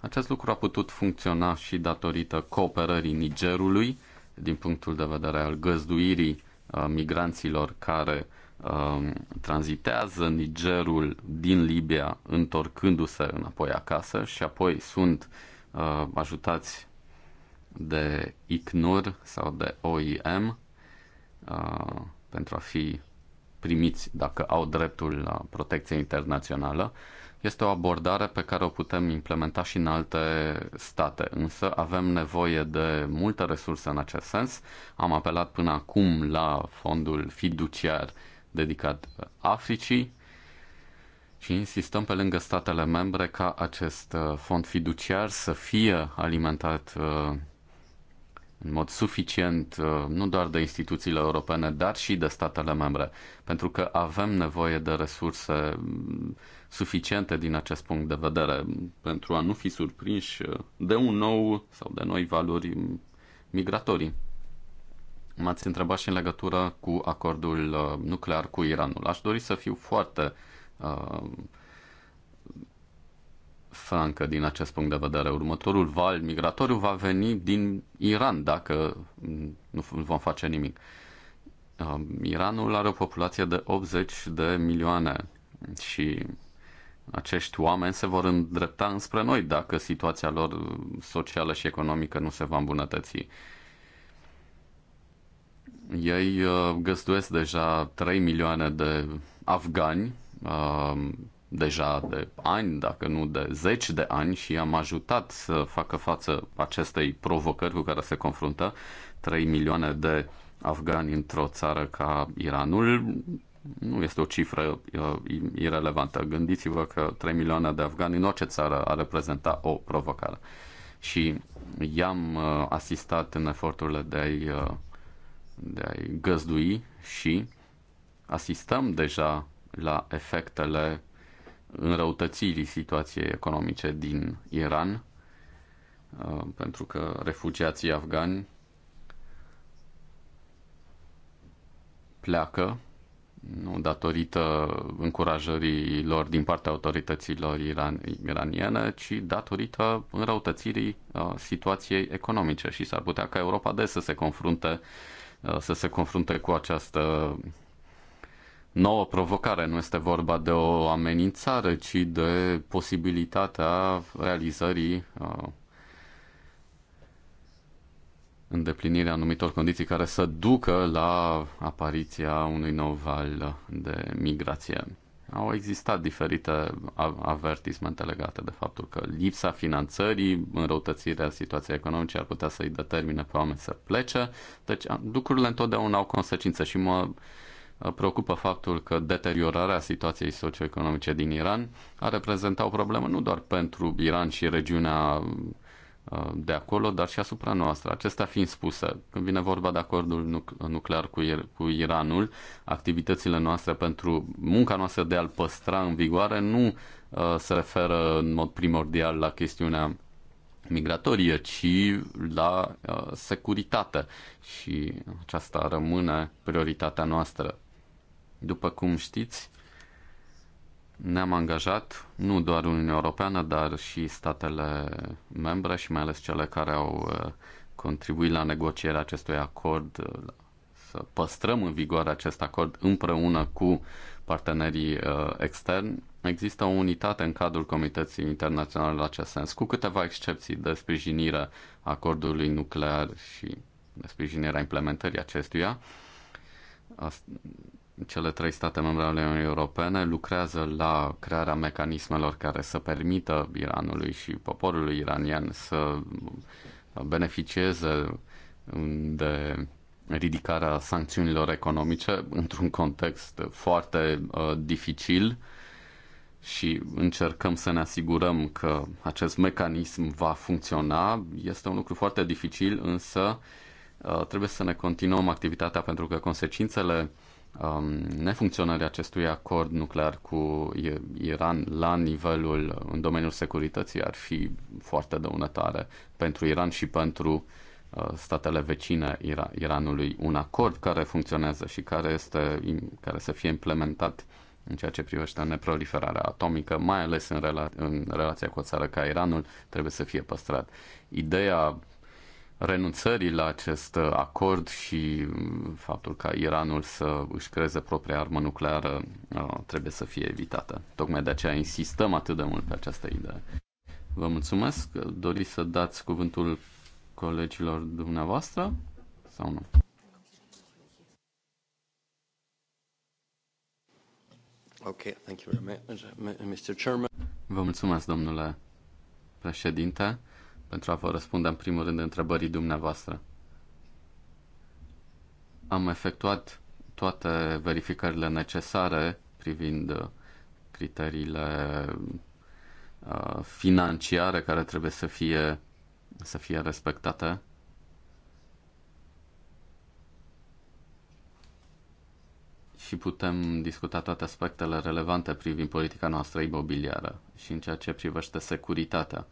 [SPEAKER 2] Acest lucru a putut funcționa și datorită cooperării Nigerului din punctul de vedere al găzduirii uh, migranților care Um, tranzitează Nigerul din Libia întorcându-se înapoi acasă și apoi sunt uh, ajutați de ICNUR sau de OIM uh, pentru a fi primiți dacă au dreptul la protecție internațională. Este o abordare pe care o putem implementa și în alte state, însă avem nevoie de multe resurse în acest sens. Am apelat până acum la fondul fiduciar uh, dedicat Africii și insistăm pe lângă statele membre ca acest uh, fond fiduciar să fie alimentat uh, în mod suficient uh, nu doar de instituțiile europene, dar și de statele membre, pentru că avem nevoie de resurse mm, suficiente din acest punct de vedere pentru a nu fi surprinși de un nou sau de noi valori mm, migratorii m-ați întrebat și în legătură cu acordul uh, nuclear cu Iranul. Aș dori să fiu foarte uh, francă din acest punct de vedere. Următorul val migratoriu va veni din Iran dacă mm, nu vom face nimic. Uh, Iranul are o populație de 80 de milioane și acești oameni se vor îndrepta înspre noi dacă situația lor uh, socială și economică nu se va îmbunătăți. Uh, ei uh, găstuiesc deja 3 milioane de afgani, uh, deja de ani, dacă nu de zeci de ani și am ajutat să facă față acestei provocări cu care se confruntă 3 milioane de afgani într-o țară ca Iranul. Nu este o cifră uh, irelevantă. Gândiți-vă că 3 milioane de afgani în orice țară ar reprezenta o provocare. Și i-am asistat în eforturile de a-i de a-i găzdui și asistăm deja la efectele înrăutățirii situației economice din Iran, uh, pentru că refugiații afgani pleacă nu datorită încurajării lor din partea autorităților iran- iraniene, ci datorită înrăutățirii uh, situației economice și s-ar putea ca Europa des să se confrunte Uh, să se confrunte cu această nouă provocare. Nu este vorba de o amenințare, ci de posibilitatea realizării uh, îndeplinirea anumitor condiții care să ducă la apariția unui nou val de migrație. Au existat diferite avertismente legate de faptul că lipsa finanțării, înrăutățirea situației economice ar putea să-i determine pe oameni să plece. Deci lucrurile întotdeauna au consecință și mă preocupă faptul că deteriorarea situației socioeconomice din Iran a reprezentat o problemă nu doar pentru Iran și regiunea Uh, de acolo, dar și asupra noastră. Acesta fiind spusă, când vine vorba de acordul nuclear cu, cu Iranul, activitățile noastre pentru munca noastră de a-l păstra în vigoare nu uh, se referă în mod primordial la chestiunea migratorie, ci la uh, securitate și aceasta rămâne prioritatea noastră. După cum știți, ne-am angajat, nu doar Uniunea Europeană, dar și statele membre și mai ales cele care au uh, contribuit la negocierea acestui acord, uh, să păstrăm în vigoare acest acord împreună cu partenerii uh, externi. Există o unitate în cadrul Comității Internaționale la acest sens, cu câteva excepții de sprijinire acordului nuclear și de sprijinirea implementării acestuia cele trei state membre ale Uniunii Europene lucrează la crearea mecanismelor care să permită Iranului și poporului iranian să beneficieze mm, de ridicarea sancțiunilor economice într-un context foarte uh, dificil și încercăm să ne asigurăm că acest mecanism va funcționa. Este un lucru foarte dificil, însă uh, trebuie să ne continuăm activitatea pentru că consecințele uh, Um, nefuncționării acestui acord nuclear cu Iran la nivelul, în domeniul securității, ar fi foarte dăunătoare pentru Iran și pentru uh, statele vecine Iranului. Un acord care funcționează și care, este, care să fie implementat în ceea ce privește neproliferarea atomică, mai ales în, rela- în relația cu o țară ca Iranul, trebuie să fie păstrat. Ideea renunțării la acest acord și faptul ca Iranul să își creeze propria armă nucleară uh, trebuie să fie evitată. Tocmai de aceea insistăm atât de mult pe această idee. Vă mulțumesc. Doriți să dați cuvântul colegilor dumneavoastră sau nu? Okay, thank you very much, Mr. Chairman. Vă mulțumesc, domnule președinte pentru a vă răspunde în primul rând întrebării dumneavoastră. Am efectuat toate verificările necesare privind uh, criteriile uh, financiare care trebuie să fie, să fie respectate. Și putem discuta toate aspectele relevante privind politica noastră imobiliară și în ceea ce privește securitatea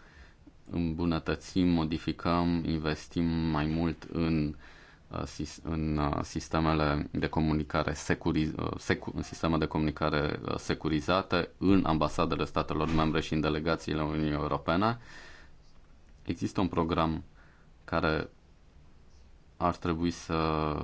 [SPEAKER 2] îmbunătățim, modificăm, investim mai mult în, uh, în uh, sistemele de comunicare securiz, uh, secu, în sisteme de comunicare securizate, în ambasadele statelor membre și în delegațiile Uniunii Europene. Există un program care ar trebui să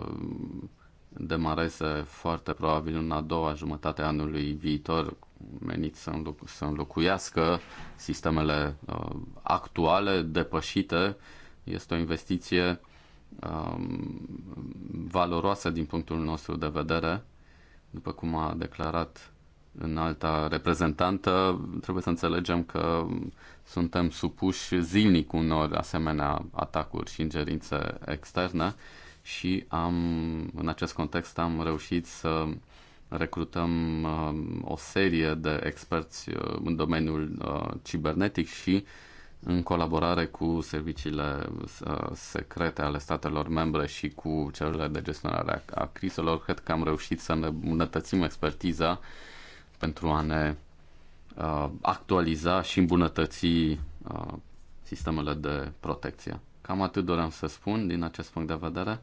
[SPEAKER 2] demareze foarte probabil în a doua jumătate a anului viitor, menit să, înloc- să înlocuiască sistemele uh, actuale, depășite. Este o investiție uh, valoroasă din punctul nostru de vedere. După cum a declarat în alta reprezentantă, trebuie să înțelegem că suntem supuși zilnic unor asemenea atacuri și ingerințe externe și am, în acest context am reușit să recrutăm uh, o serie de experți uh, în domeniul uh, cibernetic și în colaborare cu serviciile secrete ale statelor membre și cu celulele de gestionare a crizelor, cred că am reușit să ne îmbunătățim expertiza pentru a ne actualiza și îmbunătăți sistemele de protecție. Cam atât doream să spun din acest punct de vedere.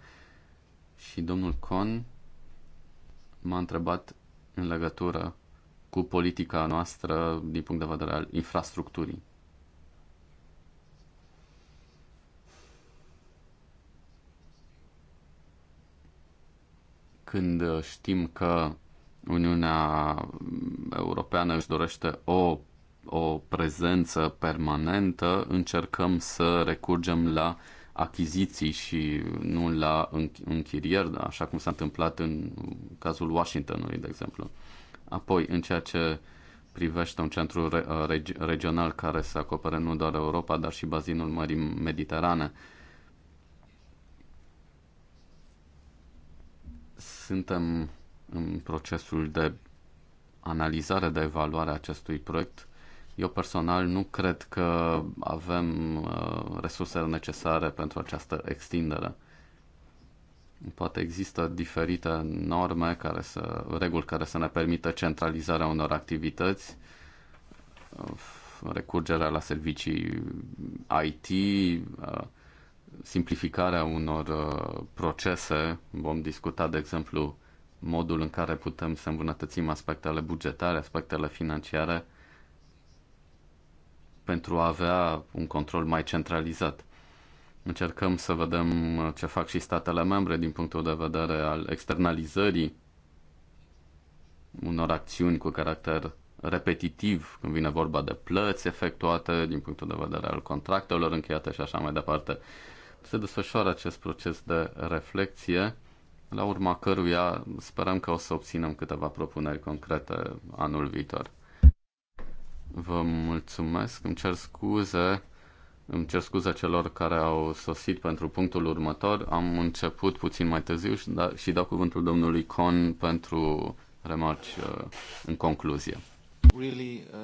[SPEAKER 2] Și domnul Con m-a întrebat în legătură cu politica noastră din punct de vedere al infrastructurii. Când știm că Uniunea Europeană își dorește o o prezență permanentă, încercăm să recurgem la achiziții și nu la închirieri, da, așa cum s-a întâmplat în cazul Washingtonului, de exemplu. Apoi, în ceea ce privește un centru regional care să acopere nu doar Europa, dar și bazinul Mării Mediterane, suntem în procesul de analizare, de evaluare a acestui proiect eu personal nu cred că avem uh, resursele necesare pentru această extindere. Poate există diferite norme, care să, reguli care să ne permită centralizarea unor activități, uh, recurgerea la servicii IT, uh, simplificarea unor procese. Vom discuta, de exemplu, modul în care putem să îmbunătățim aspectele bugetare, aspectele financiare, pentru a avea un control mai centralizat. Încercăm să vedem ce fac și statele membre din punctul de vedere al externalizării unor acțiuni cu caracter repetitiv când vine vorba de plăți efectuate din punctul de vedere al contractelor încheiate și așa mai departe. Se desfășoară acest proces de reflexie, la urma căruia sperăm că o să obținem câteva propuneri concrete anul viitor. Vă mulțumesc. Îmi cer scuze. Îmi cer scuze celor care au sosit pentru punctul următor. Am început puțin mai târziu și, da, dau cuvântul domnului Con pentru remarci uh, în concluzie. Really, uh,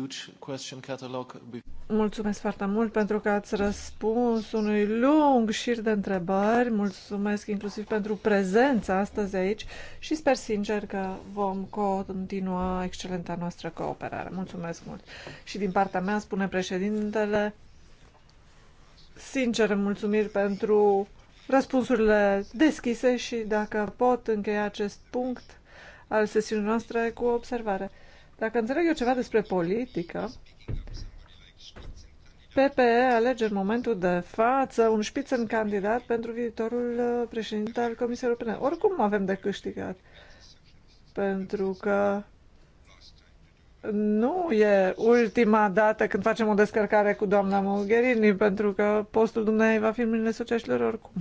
[SPEAKER 2] huge question catalog.
[SPEAKER 3] Mulțumesc foarte mult pentru că ați răspuns unui lung șir de întrebări. Mulțumesc inclusiv pentru prezența astăzi aici și sper sincer că vom continua excelenta noastră cooperare. Mulțumesc mult. Și din partea mea, spune președintele, sincere mulțumiri pentru răspunsurile deschise și dacă pot încheia acest punct al sesiunii noastre cu observare. Dacă înțeleg eu ceva despre politică, PPE alege în momentul de față un în candidat pentru viitorul uh, președinte al Comisiei Europene. Oricum avem de câștigat, pentru că nu e ultima dată când facem o descărcare cu doamna Mogherini, pentru că postul dumneavoastră va fi în mâinile socialiștilor oricum.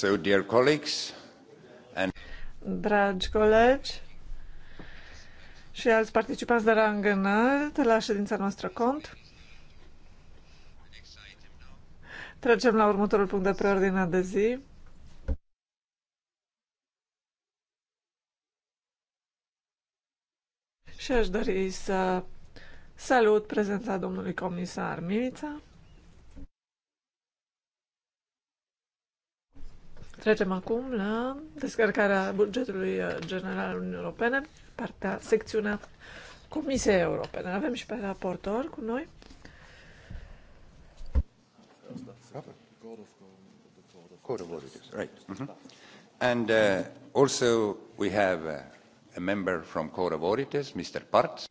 [SPEAKER 3] So,
[SPEAKER 1] dear colleagues, and...
[SPEAKER 3] Dragi colegi și alți participanți de rang înalt la ședința noastră cont, trecem la următorul punct de preordine de zi. Și aș dori să salut prezența domnului comisar Mimița. Trecem acum la descărcarea bugetului uh, general al Uniunii Europene, partea, secțiunea Comisiei Europene. Avem și pe raportor cu noi.
[SPEAKER 2] Code of Auditors, right.
[SPEAKER 1] Mm -hmm. And uh, also we have uh, a member from Court
[SPEAKER 2] of Auditors, Mr. Parks.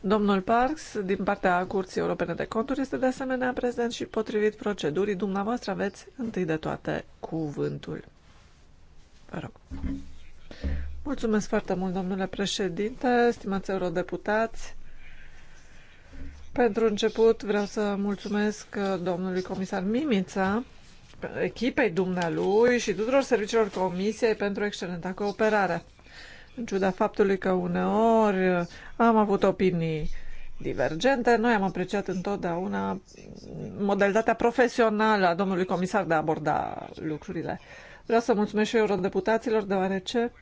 [SPEAKER 3] Domnul Parks, din partea Curții Europene de Conturi, este de asemenea prezent și potrivit procedurii. Dumneavoastră aveți întâi de toate cuvântul. Vă rog. Mulțumesc foarte mult, domnule președinte, stimați eurodeputați. Pentru început vreau să mulțumesc domnului comisar Mimița, echipei dumnealui și tuturor serviciilor comisiei pentru excelenta cooperare. În ciuda faptului că uneori am avut opinii divergente, noi am apreciat întotdeauna modalitatea profesională a domnului comisar de a aborda lucrurile. Vreau să mulțumesc și eurodeputaților, deoarece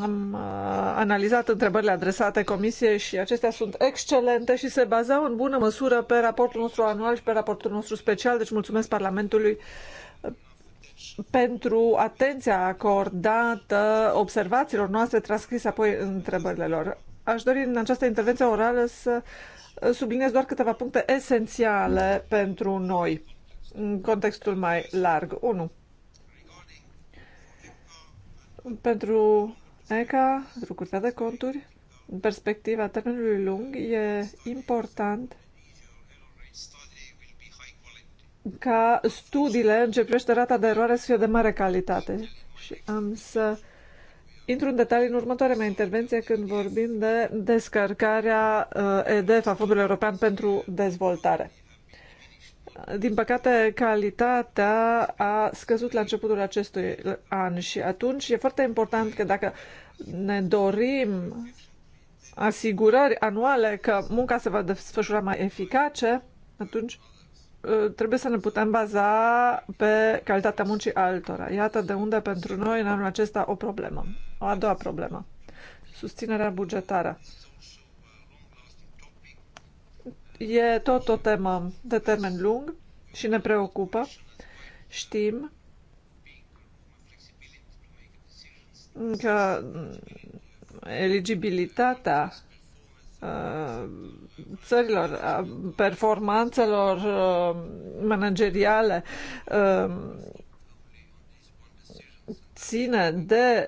[SPEAKER 3] am uh, analizat întrebările adresate Comisiei și acestea sunt excelente și se bazau în bună măsură pe raportul nostru anual și pe raportul nostru special, deci mulțumesc Parlamentului uh, pentru atenția acordată observațiilor noastre transcrise apoi întrebările lor. Aș dori în această intervenție orală să subliniez doar câteva puncte esențiale pentru noi în contextul mai larg. 1. Pentru ECA, pentru Curtea de Conturi, perspectiva termenului lung, e important ca studiile în ce privește rata de eroare să fie de mare calitate. Și am să intru în detalii în următoarea mea intervenție când vorbim de descărcarea uh, EDF a Fondului European pentru Dezvoltare. Din păcate, calitatea a scăzut la începutul acestui an și atunci e foarte important că dacă ne dorim asigurări anuale că munca se va desfășura mai eficace, atunci Uh, trebuie să ne putem baza pe calitatea muncii altora. Iată de unde pentru noi în anul acesta o problemă. O a doua problemă. Susținerea bugetară. E tot o temă de termen lung și ne preocupă. Știm că eligibilitatea Uh, țărilor, a uh, performanțelor uh, manageriale ține de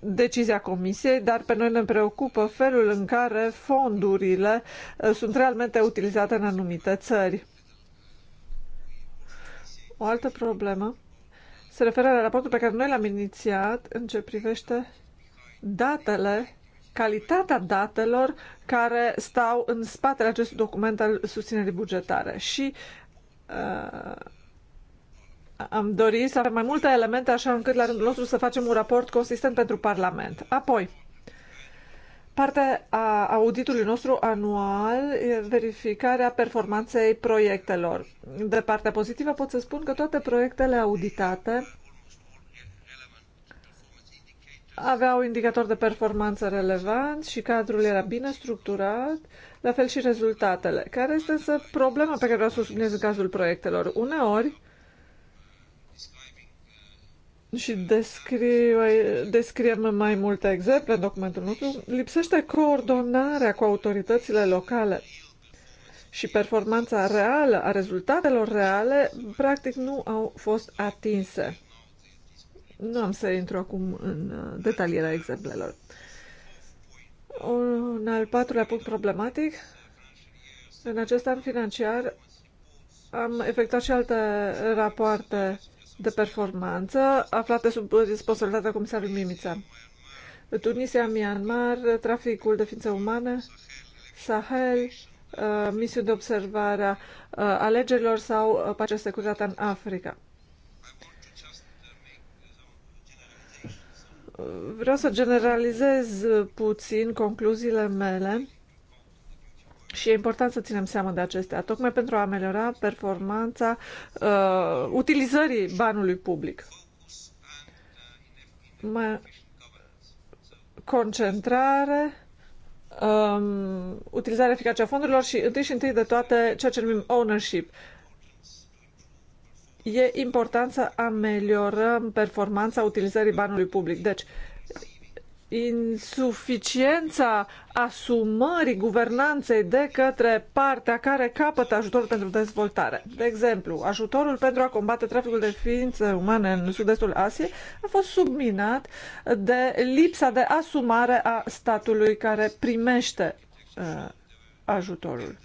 [SPEAKER 3] decizia Comisiei, dar pe noi ne preocupă felul în care fondurile sunt realmente utilizate în anumite țări. O altă problemă se referă la raportul pe care noi l-am inițiat în ce privește datele calitatea datelor care stau în spatele acestui document al susținerii bugetare. Și uh, am dorit să avem mai multe elemente așa încât la rândul nostru să facem un raport consistent pentru Parlament. Apoi, parte a auditului nostru anual e verificarea performanței proiectelor. De partea pozitivă pot să spun că toate proiectele auditate aveau indicator de performanță relevant și cadrul era bine structurat, la fel și rezultatele. Care este însă problema pe care vreau să o subliniez în cazul proiectelor? Uneori, și descriu, descriem mai multe exemple în documentul nostru, lipsește coordonarea cu autoritățile locale și performanța reală a rezultatelor reale practic nu au fost atinse. Nu am să intru acum în uh, detalierea exemplelor. Un al patrulea punct problematic. În acest an financiar am efectuat și alte rapoarte de performanță aflate sub responsabilitatea comisarului Mimița. Tunisia, Myanmar, traficul de ființe umane, Sahel, uh, misiuni de observare a uh, alegerilor sau pacea securitatea în Africa. Vreau să generalizez puțin concluziile mele și e important să ținem seama de acestea, tocmai pentru a ameliora performanța uh, utilizării banului public. Mă... concentrare, um, utilizarea eficace a fondurilor și întâi și întâi de toate ceea ce numim ownership, e important să ameliorăm performanța utilizării banului public. Deci, insuficiența asumării guvernanței de către partea care capătă ajutorul pentru dezvoltare. De exemplu, ajutorul pentru a combate traficul de ființe umane în sud-estul Asiei a fost subminat de lipsa de asumare a statului care primește uh, ajutorul.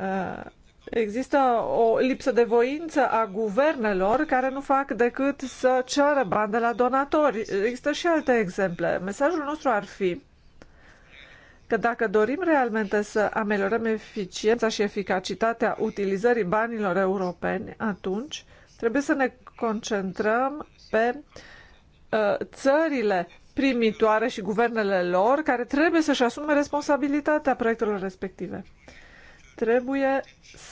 [SPEAKER 3] Uh, Există o lipsă de voință a guvernelor care nu fac decât să ceară bani de la donatori. Există și alte exemple. Mesajul nostru ar fi că dacă dorim realmente să ameliorăm eficiența și eficacitatea utilizării banilor europeni, atunci trebuie să ne concentrăm pe uh, țările primitoare și guvernele lor care trebuie să-și asume responsabilitatea proiectelor respective. Trebuie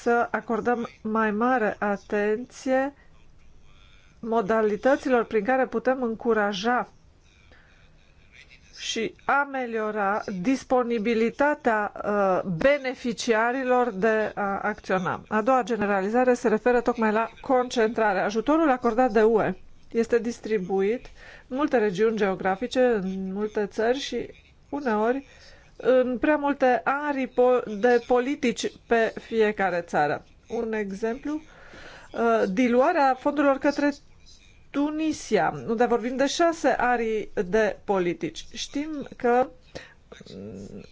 [SPEAKER 3] să acordăm mai mare atenție modalităților prin care putem încuraja și ameliora disponibilitatea uh, beneficiarilor de a acționa. A doua generalizare se referă tocmai la concentrare. Ajutorul acordat de UE este distribuit în multe regiuni geografice, în multe țări și uneori uh, în prea multe arii de politici pe fiecare țară. Un exemplu, uh, diluarea fondurilor către Tunisia, unde vorbim de șase arii de politici. Știm că mm,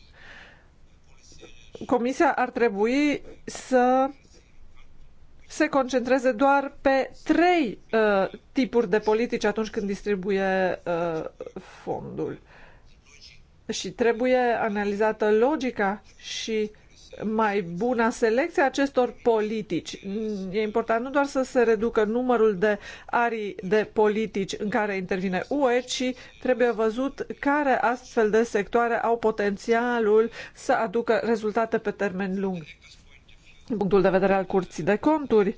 [SPEAKER 3] Comisia ar trebui să se concentreze doar pe trei uh, tipuri de politici atunci când distribuie uh, fondul și trebuie analizată logica și mai bună selecție acestor politici. E important nu doar să se reducă numărul de arii de politici în care intervine UE, ci trebuie văzut care astfel de sectoare au potențialul să aducă rezultate pe termen lung. Din punctul de vedere al curții de conturi,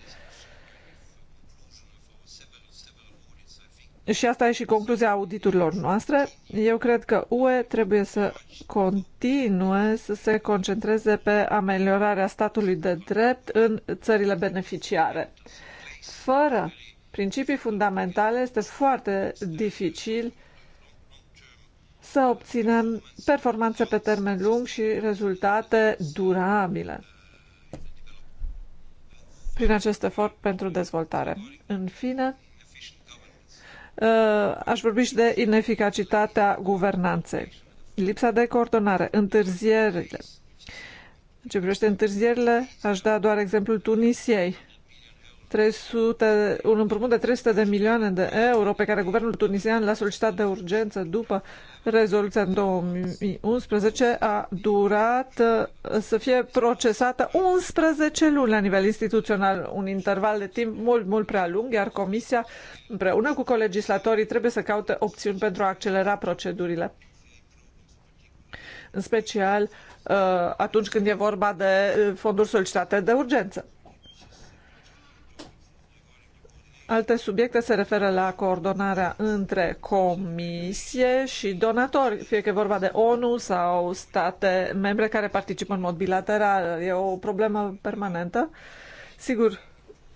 [SPEAKER 3] și asta e și concluzia auditurilor noastre, eu cred că UE trebuie să continue să se concentreze pe ameliorarea statului de drept în țările beneficiare. Fără principii fundamentale este foarte dificil să obținem performanțe pe termen lung și rezultate durabile prin acest efort pentru dezvoltare. În fine, Uh, aș vorbi și de ineficacitatea guvernanței, lipsa de coordonare, întârzierile. În ce privește întârzierile, aș da doar exemplul Tunisiei. 300, un împrumut de 300 de milioane de euro pe care guvernul tunisian l-a solicitat de urgență după rezoluția în 2011 a durat uh, să fie procesată 11 luni la nivel instituțional, un interval de timp mult, mult prea lung, iar Comisia, împreună cu colegislatorii, trebuie să caute opțiuni pentru a accelera procedurile. În special uh, atunci când e vorba de uh, fonduri solicitate de urgență. Alte subiecte se referă la coordonarea între comisie și donatori, fie că e vorba de ONU sau state membre care participă în mod bilateral. E o problemă permanentă. Sigur,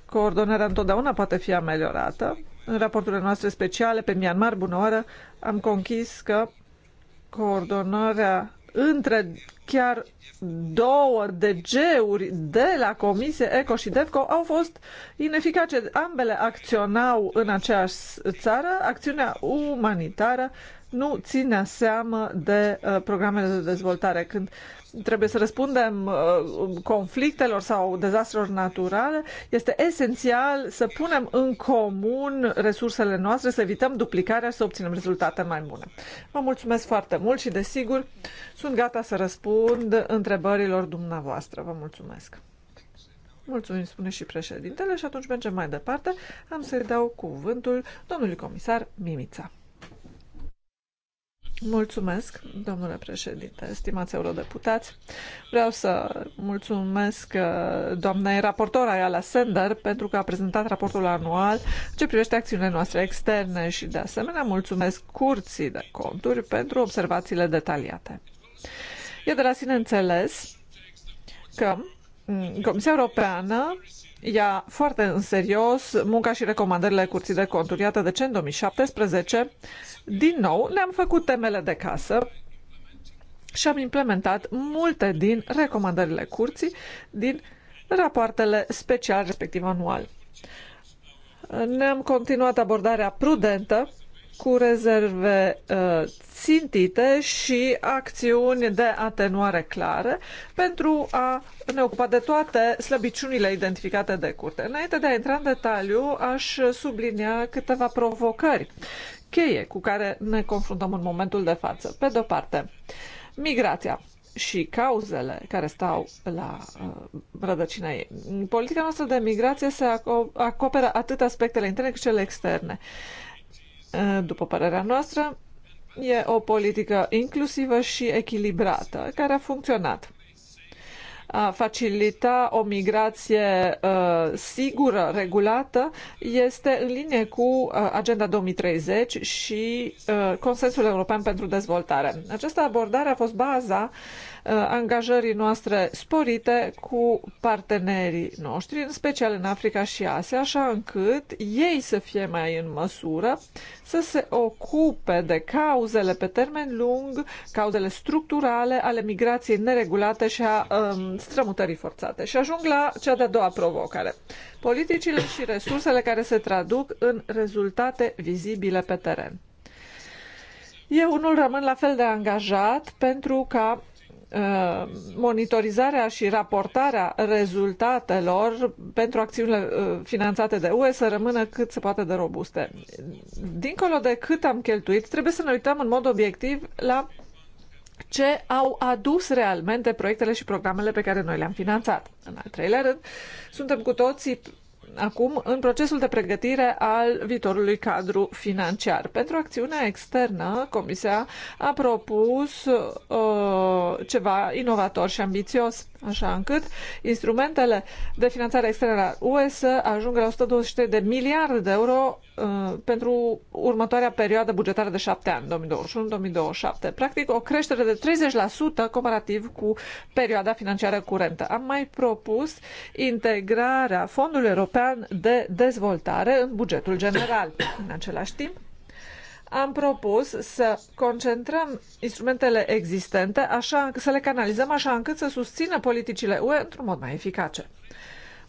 [SPEAKER 3] coordonarea întotdeauna poate fi ameliorată. În raporturile noastre speciale pe Myanmar, bună oară, am conchis că coordonarea între chiar două DG-uri de la Comisie ECO și DEFCO au fost ineficace. Ambele acționau în aceeași țară. Acțiunea umanitară nu ținea seamă de uh, programele de dezvoltare. Când trebuie să răspundem uh, conflictelor sau dezastrelor naturale, este esențial să punem în comun resursele noastre, să evităm duplicarea și să obținem rezultate mai bune. Vă mulțumesc foarte mult și, desigur, sunt gata să răspund întrebărilor dumneavoastră. Vă mulțumesc! Mulțumim, spune și președintele și atunci mergem mai departe. Am să-i dau cuvântul domnului comisar Mimița. Mulțumesc, domnule președinte, stimați eurodeputați. Vreau să mulțumesc uh, doamnei raportor Ayala Sender pentru că a prezentat raportul anual ce privește acțiunile noastre externe și de asemenea mulțumesc curții de conturi pentru observațiile detaliate. E de la sine înțeles că mm, Comisia Europeană ia foarte în serios munca și recomandările Curții de Conturi. Iată de ce în 2017, din nou, ne-am făcut temele de casă și am implementat multe din recomandările Curții din rapoartele special, respectiv anual. Ne-am continuat abordarea prudentă cu rezerve uh, țintite și acțiuni de atenuare clare pentru a ne ocupa de toate slăbiciunile identificate de curte. Înainte de a intra în detaliu, aș sublinia câteva provocări cheie cu care ne confruntăm în momentul de față. Pe de-o parte, migrația și cauzele care stau la uh, rădăcina ei. Politica noastră de migrație se acoperă atât aspectele interne cât și cele externe. Uh, după părerea noastră, e o politică inclusivă și echilibrată, care a funcționat. A facilita o migrație uh, sigură, regulată, este în linie cu uh, Agenda 2030 și uh, Consensul European pentru Dezvoltare. Această abordare a fost baza Uh, angajării noastre sporite cu partenerii noștri, în special în Africa și Asia, așa încât ei să fie mai în măsură să se ocupe de cauzele pe termen lung, cauzele structurale ale migrației neregulate și a um, strămutării forțate. Și ajung la cea de-a doua provocare. Politicile și resursele care se traduc în rezultate vizibile pe teren. Eu unul rămân la fel de angajat pentru ca Uh, monitorizarea și raportarea rezultatelor pentru acțiunile uh, finanțate de UE să rămână cât se poate de robuste. Dincolo de cât am cheltuit, trebuie să ne uităm în mod obiectiv la ce au adus realmente proiectele și programele pe care noi le-am finanțat. În al treilea rând, suntem cu toții acum în procesul de pregătire al viitorului cadru financiar. Pentru acțiunea externă, Comisia a propus uh, ceva inovator și ambițios, așa încât instrumentele de finanțare externă la UE ajung la 123 de miliarde de euro Uh, pentru următoarea perioadă bugetară de șapte ani, 2021-2027. Practic, o creștere de 30% comparativ cu perioada financiară curentă. Am mai propus integrarea Fondului European de Dezvoltare în bugetul general. În același timp, am propus să concentrăm instrumentele existente, așa, să le canalizăm așa încât să susțină politicile UE într-un mod mai eficace.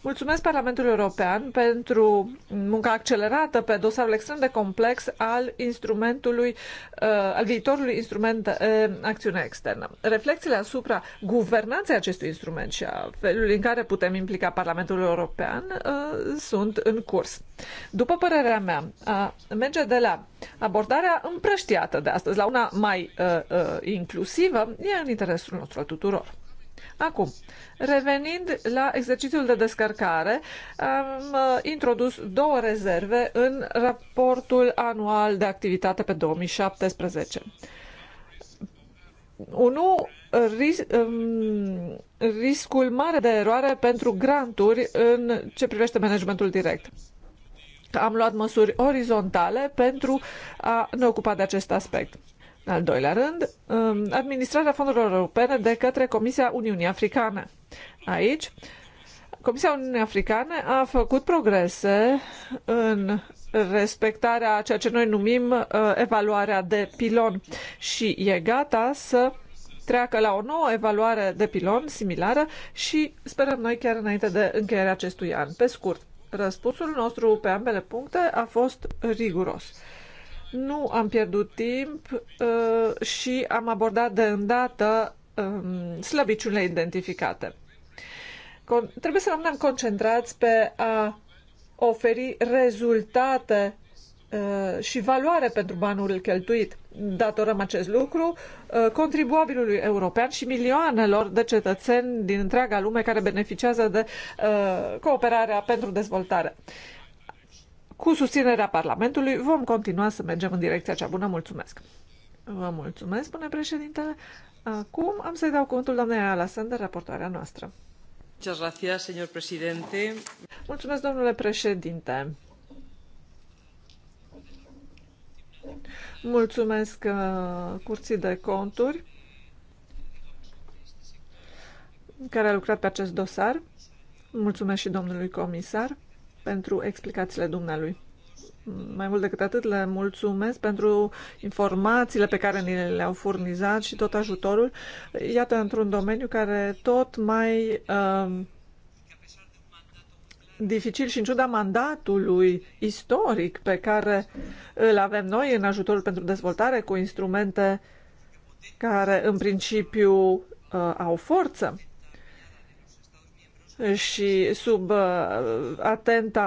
[SPEAKER 3] Mulțumesc Parlamentului European pentru munca accelerată pe dosarul extrem de complex al instrumentului, uh, al viitorului instrument acțiune externă. Reflexiile asupra guvernanței acestui instrument și a felului în care putem implica Parlamentul European uh, sunt în curs. După părerea mea, a merge de la abordarea împrăștiată de astăzi la una mai uh, inclusivă e în interesul nostru al tuturor. Acum, revenind la exercițiul de descărcare, am uh, introdus două rezerve în raportul anual de activitate pe 2017. Unu, Ris- um, riscul mare de eroare pentru granturi în ce privește managementul direct. Am luat măsuri orizontale pentru a ne ocupa de acest aspect. În al doilea rând, um, administrarea fondurilor europene de către Comisia Uniunii Africane. Aici, Comisia Uniunii Africane a făcut progrese în respectarea a ceea ce noi numim uh, evaluarea de pilon și e gata să treacă la o nouă evaluare de pilon similară și sperăm noi chiar înainte de încheierea acestui an. Pe scurt, răspunsul nostru pe ambele puncte a fost riguros nu am pierdut timp uh, și am abordat de îndată um, slăbiciunile identificate. Trebuie să rămânem concentrați pe a oferi rezultate uh, și valoare pentru banul cheltuit. Datorăm acest lucru uh, contribuabilului european și milioanelor de cetățeni din întreaga lume care beneficiază de cooperarea pentru dezvoltare. Cu susținerea Parlamentului vom continua să mergem în direcția cea bună. Mulțumesc! Vă mulțumesc, spune președintele. Acum am să-i dau cuvântul doamnei Alasander, raportoarea noastră. Mulțumesc, domnule președinte. Mulțumesc uh, Curții de Conturi care a lucrat pe acest dosar. Mulțumesc și domnului comisar pentru explicațiile dumnealui. Mai mult decât atât, le mulțumesc pentru informațiile pe care ni le-au furnizat și tot ajutorul. Iată, într-un domeniu care tot mai uh, dificil și în ciuda mandatului istoric pe care îl avem noi în ajutorul pentru dezvoltare cu instrumente care în principiu uh, au forță și sub uh, atenta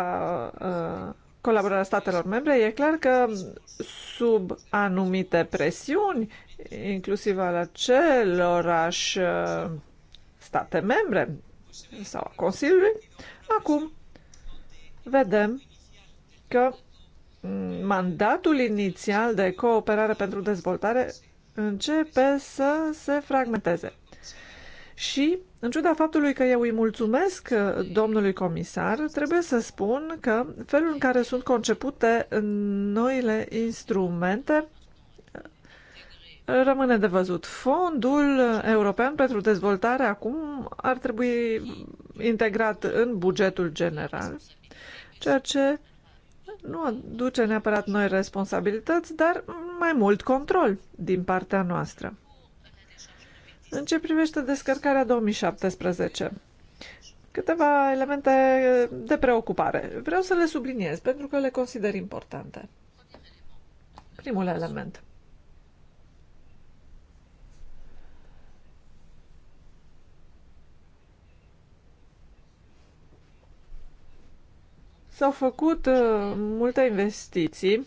[SPEAKER 3] uh, colaborarea statelor membre, e clar că sub anumite presiuni, inclusiv al acelorași uh, state membre sau a Consiliului, acum vedem că mm, mandatul inițial de cooperare pentru dezvoltare începe să se fragmenteze. Și, în ciuda faptului că eu îi mulțumesc uh, domnului comisar, trebuie să spun că felul în care sunt concepute noile instrumente uh, rămâne de văzut. Fondul european pentru dezvoltare acum ar trebui integrat în bugetul general, ceea ce nu aduce neapărat noi responsabilități, dar mai mult control din partea noastră. În ce privește descărcarea 2017, câteva elemente de preocupare. Vreau să le subliniez pentru că le consider importante. Primul element. S-au făcut uh, multe investiții.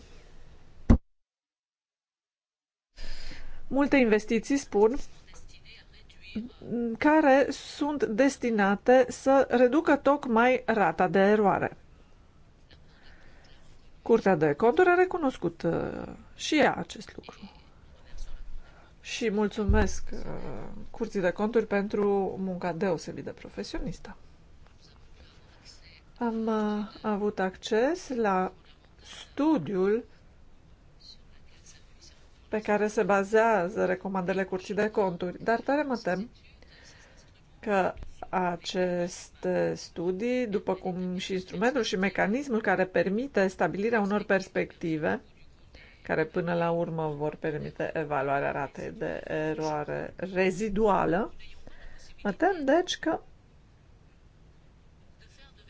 [SPEAKER 3] Multe investiții, spun, care sunt destinate să reducă tocmai rata de eroare. Curtea de conturi a recunoscut uh, și ea acest lucru. Și mulțumesc uh, Curții de conturi pentru munca deosebit de profesionistă. Am uh, avut acces la studiul pe care se bazează recomandările curții de conturi, dar tare mă tem că aceste studii, după cum și instrumentul și mecanismul care permite stabilirea unor perspective, care până la urmă vor permite evaluarea ratei de eroare reziduală, mă tem deci că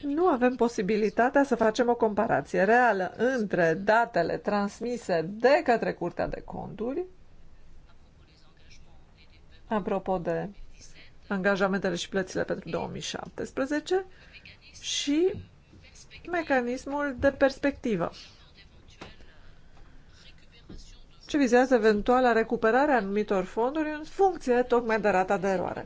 [SPEAKER 3] nu avem posibilitatea să facem o comparație reală între datele transmise de către Curtea de Conturi, apropo de angajamentele și plățile pentru 2017, și mecanismul de perspectivă, ce vizează eventuala recuperare a anumitor fonduri în funcție tocmai de rata de eroare.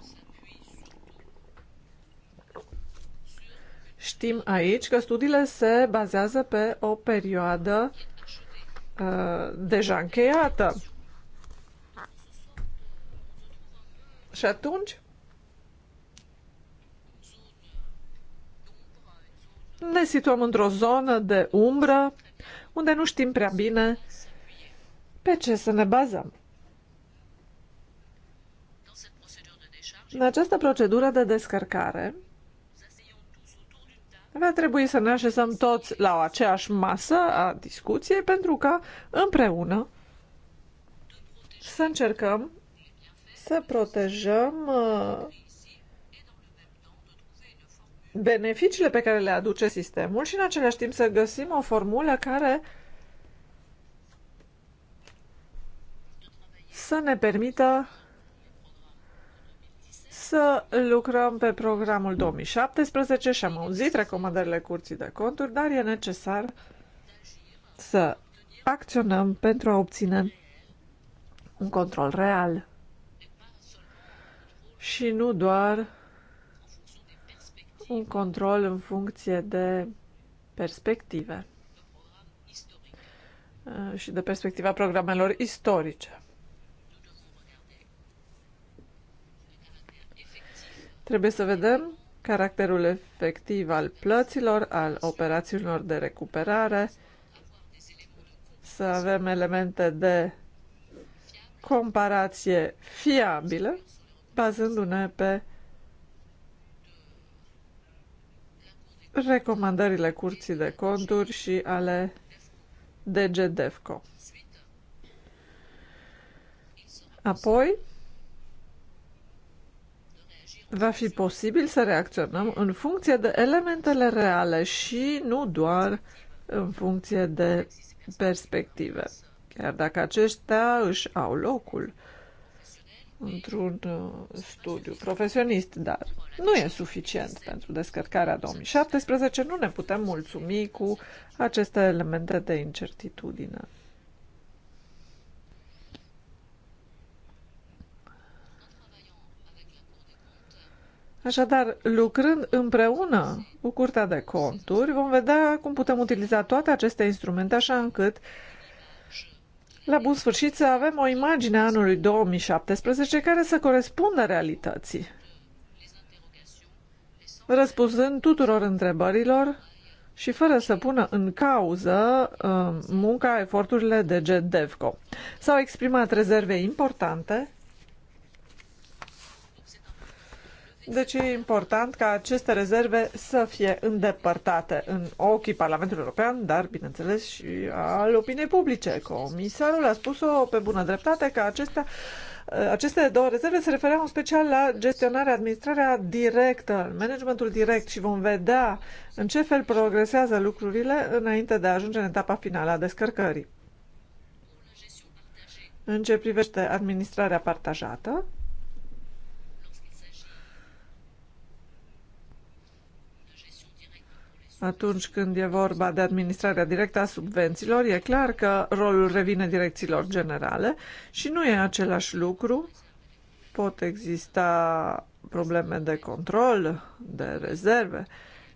[SPEAKER 3] Știm aici că studiile se bazează pe o perioadă uh, deja încheiată. Și atunci ne situăm într-o zonă de umbră unde nu știm prea bine pe ce să ne bazăm. În această procedură de descărcare, va trebui să ne așezăm toți la o aceeași masă a discuției pentru ca împreună să încercăm să protejăm uh, beneficiile pe care le aduce sistemul și în același timp să găsim o formulă care să ne permită să lucrăm pe programul 2017 și am auzit recomandările Curții de Conturi, dar e necesar să acționăm pentru a obține un control real și nu doar un control în funcție de perspective uh, și de perspectiva programelor istorice. Trebuie să vedem caracterul efectiv al plăților, al operațiunilor de recuperare, să avem elemente de comparație fiabilă, bazându-ne pe recomandările curții de conturi și ale DGDEFCO. Apoi, va fi posibil să reacționăm în funcție de elementele reale și nu doar în funcție de perspective. Chiar dacă aceștia își au locul într-un uh, studiu profesionist, dar nu e suficient pentru descărcarea 2017. Nu ne putem mulțumi cu aceste elemente de incertitudine. Așadar, lucrând împreună cu Curtea de Conturi, vom vedea cum putem utiliza toate aceste instrumente așa încât la bun sfârșit să avem o imagine a anului 2017 care să corespundă realității, răspunzând tuturor întrebărilor și fără să pună în cauză uh, munca, eforturile de GDEVCO. S-au exprimat rezerve importante Deci e important ca aceste rezerve să fie îndepărtate în ochii Parlamentului European, dar, bineînțeles, și al opiniei publice. Comisarul a spus-o pe bună dreptate că acestea aceste două rezerve se refereau în special la gestionarea, administrarea directă, managementul direct și vom vedea în ce fel progresează lucrurile înainte de a ajunge în etapa finală a descărcării. În ce privește administrarea partajată, Atunci când e vorba de administrarea directă a subvențiilor, e clar că rolul revine direcțiilor generale și nu e același lucru. Pot exista probleme de control, de rezerve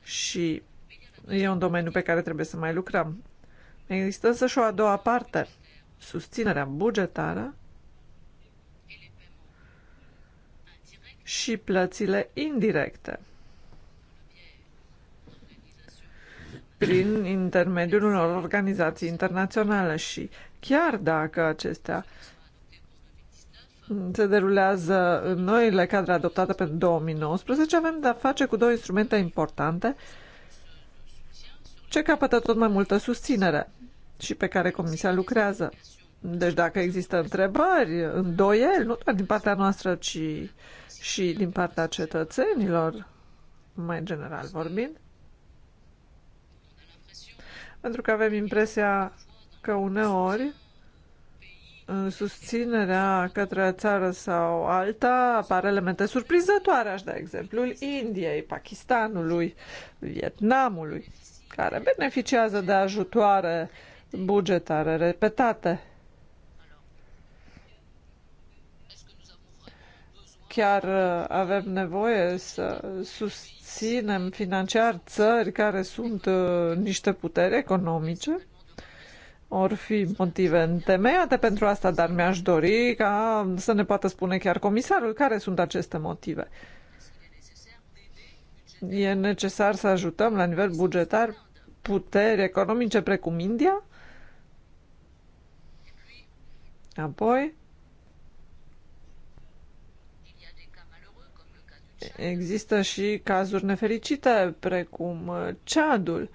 [SPEAKER 3] și e un domeniu pe care trebuie să mai lucrăm. Există însă și o a doua parte, susținerea bugetară și plățile indirecte. prin intermediul unor organizații internaționale și chiar dacă acestea se derulează în noile cadre adoptate pentru 2019, avem de-a face cu două instrumente importante ce capătă tot mai multă susținere și pe care Comisia lucrează. Deci dacă există întrebări, îndoieli, nu doar din partea noastră, ci și din partea cetățenilor, mai general vorbind, pentru că avem impresia că uneori în susținerea către o țară sau alta apar elemente surprinzătoare, aș da exemplul Indiei, Pakistanului, Vietnamului, care beneficiază de ajutoare bugetare repetate. chiar uh, avem nevoie să susținem financiar țări care sunt uh, niște puteri economice? Or fi motive întemeiate pentru asta, dar mi-aș dori ca să ne poată spune chiar comisarul care sunt aceste motive. E necesar să ajutăm la nivel bugetar puteri economice precum India? Apoi, există și cazuri nefericite, precum uh, Ceadul.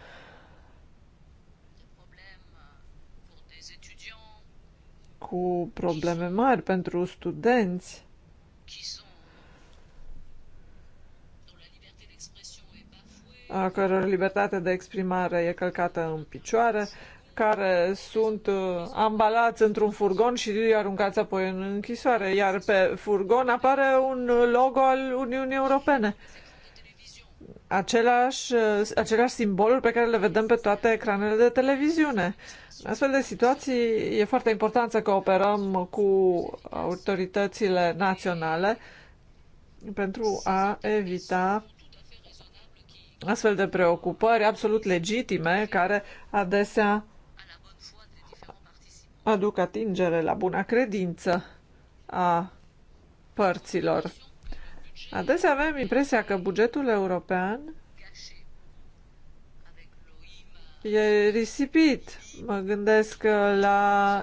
[SPEAKER 3] cu probleme mari pentru studenți a căror libertate de exprimare e călcată în picioare, care sunt uh, ambalați într-un furgon și aruncați apoi în închisoare, iar pe furgon apare un logo al Uniunii Europene. Același, uh, același simbolul pe care le vedem pe toate ecranele de televiziune. În astfel de situații e foarte important să cooperăm cu autoritățile naționale pentru a evita astfel de preocupări absolut legitime care adesea aduc atingere la buna credință a părților. Adesea avem impresia că bugetul european E risipit. Mă gândesc la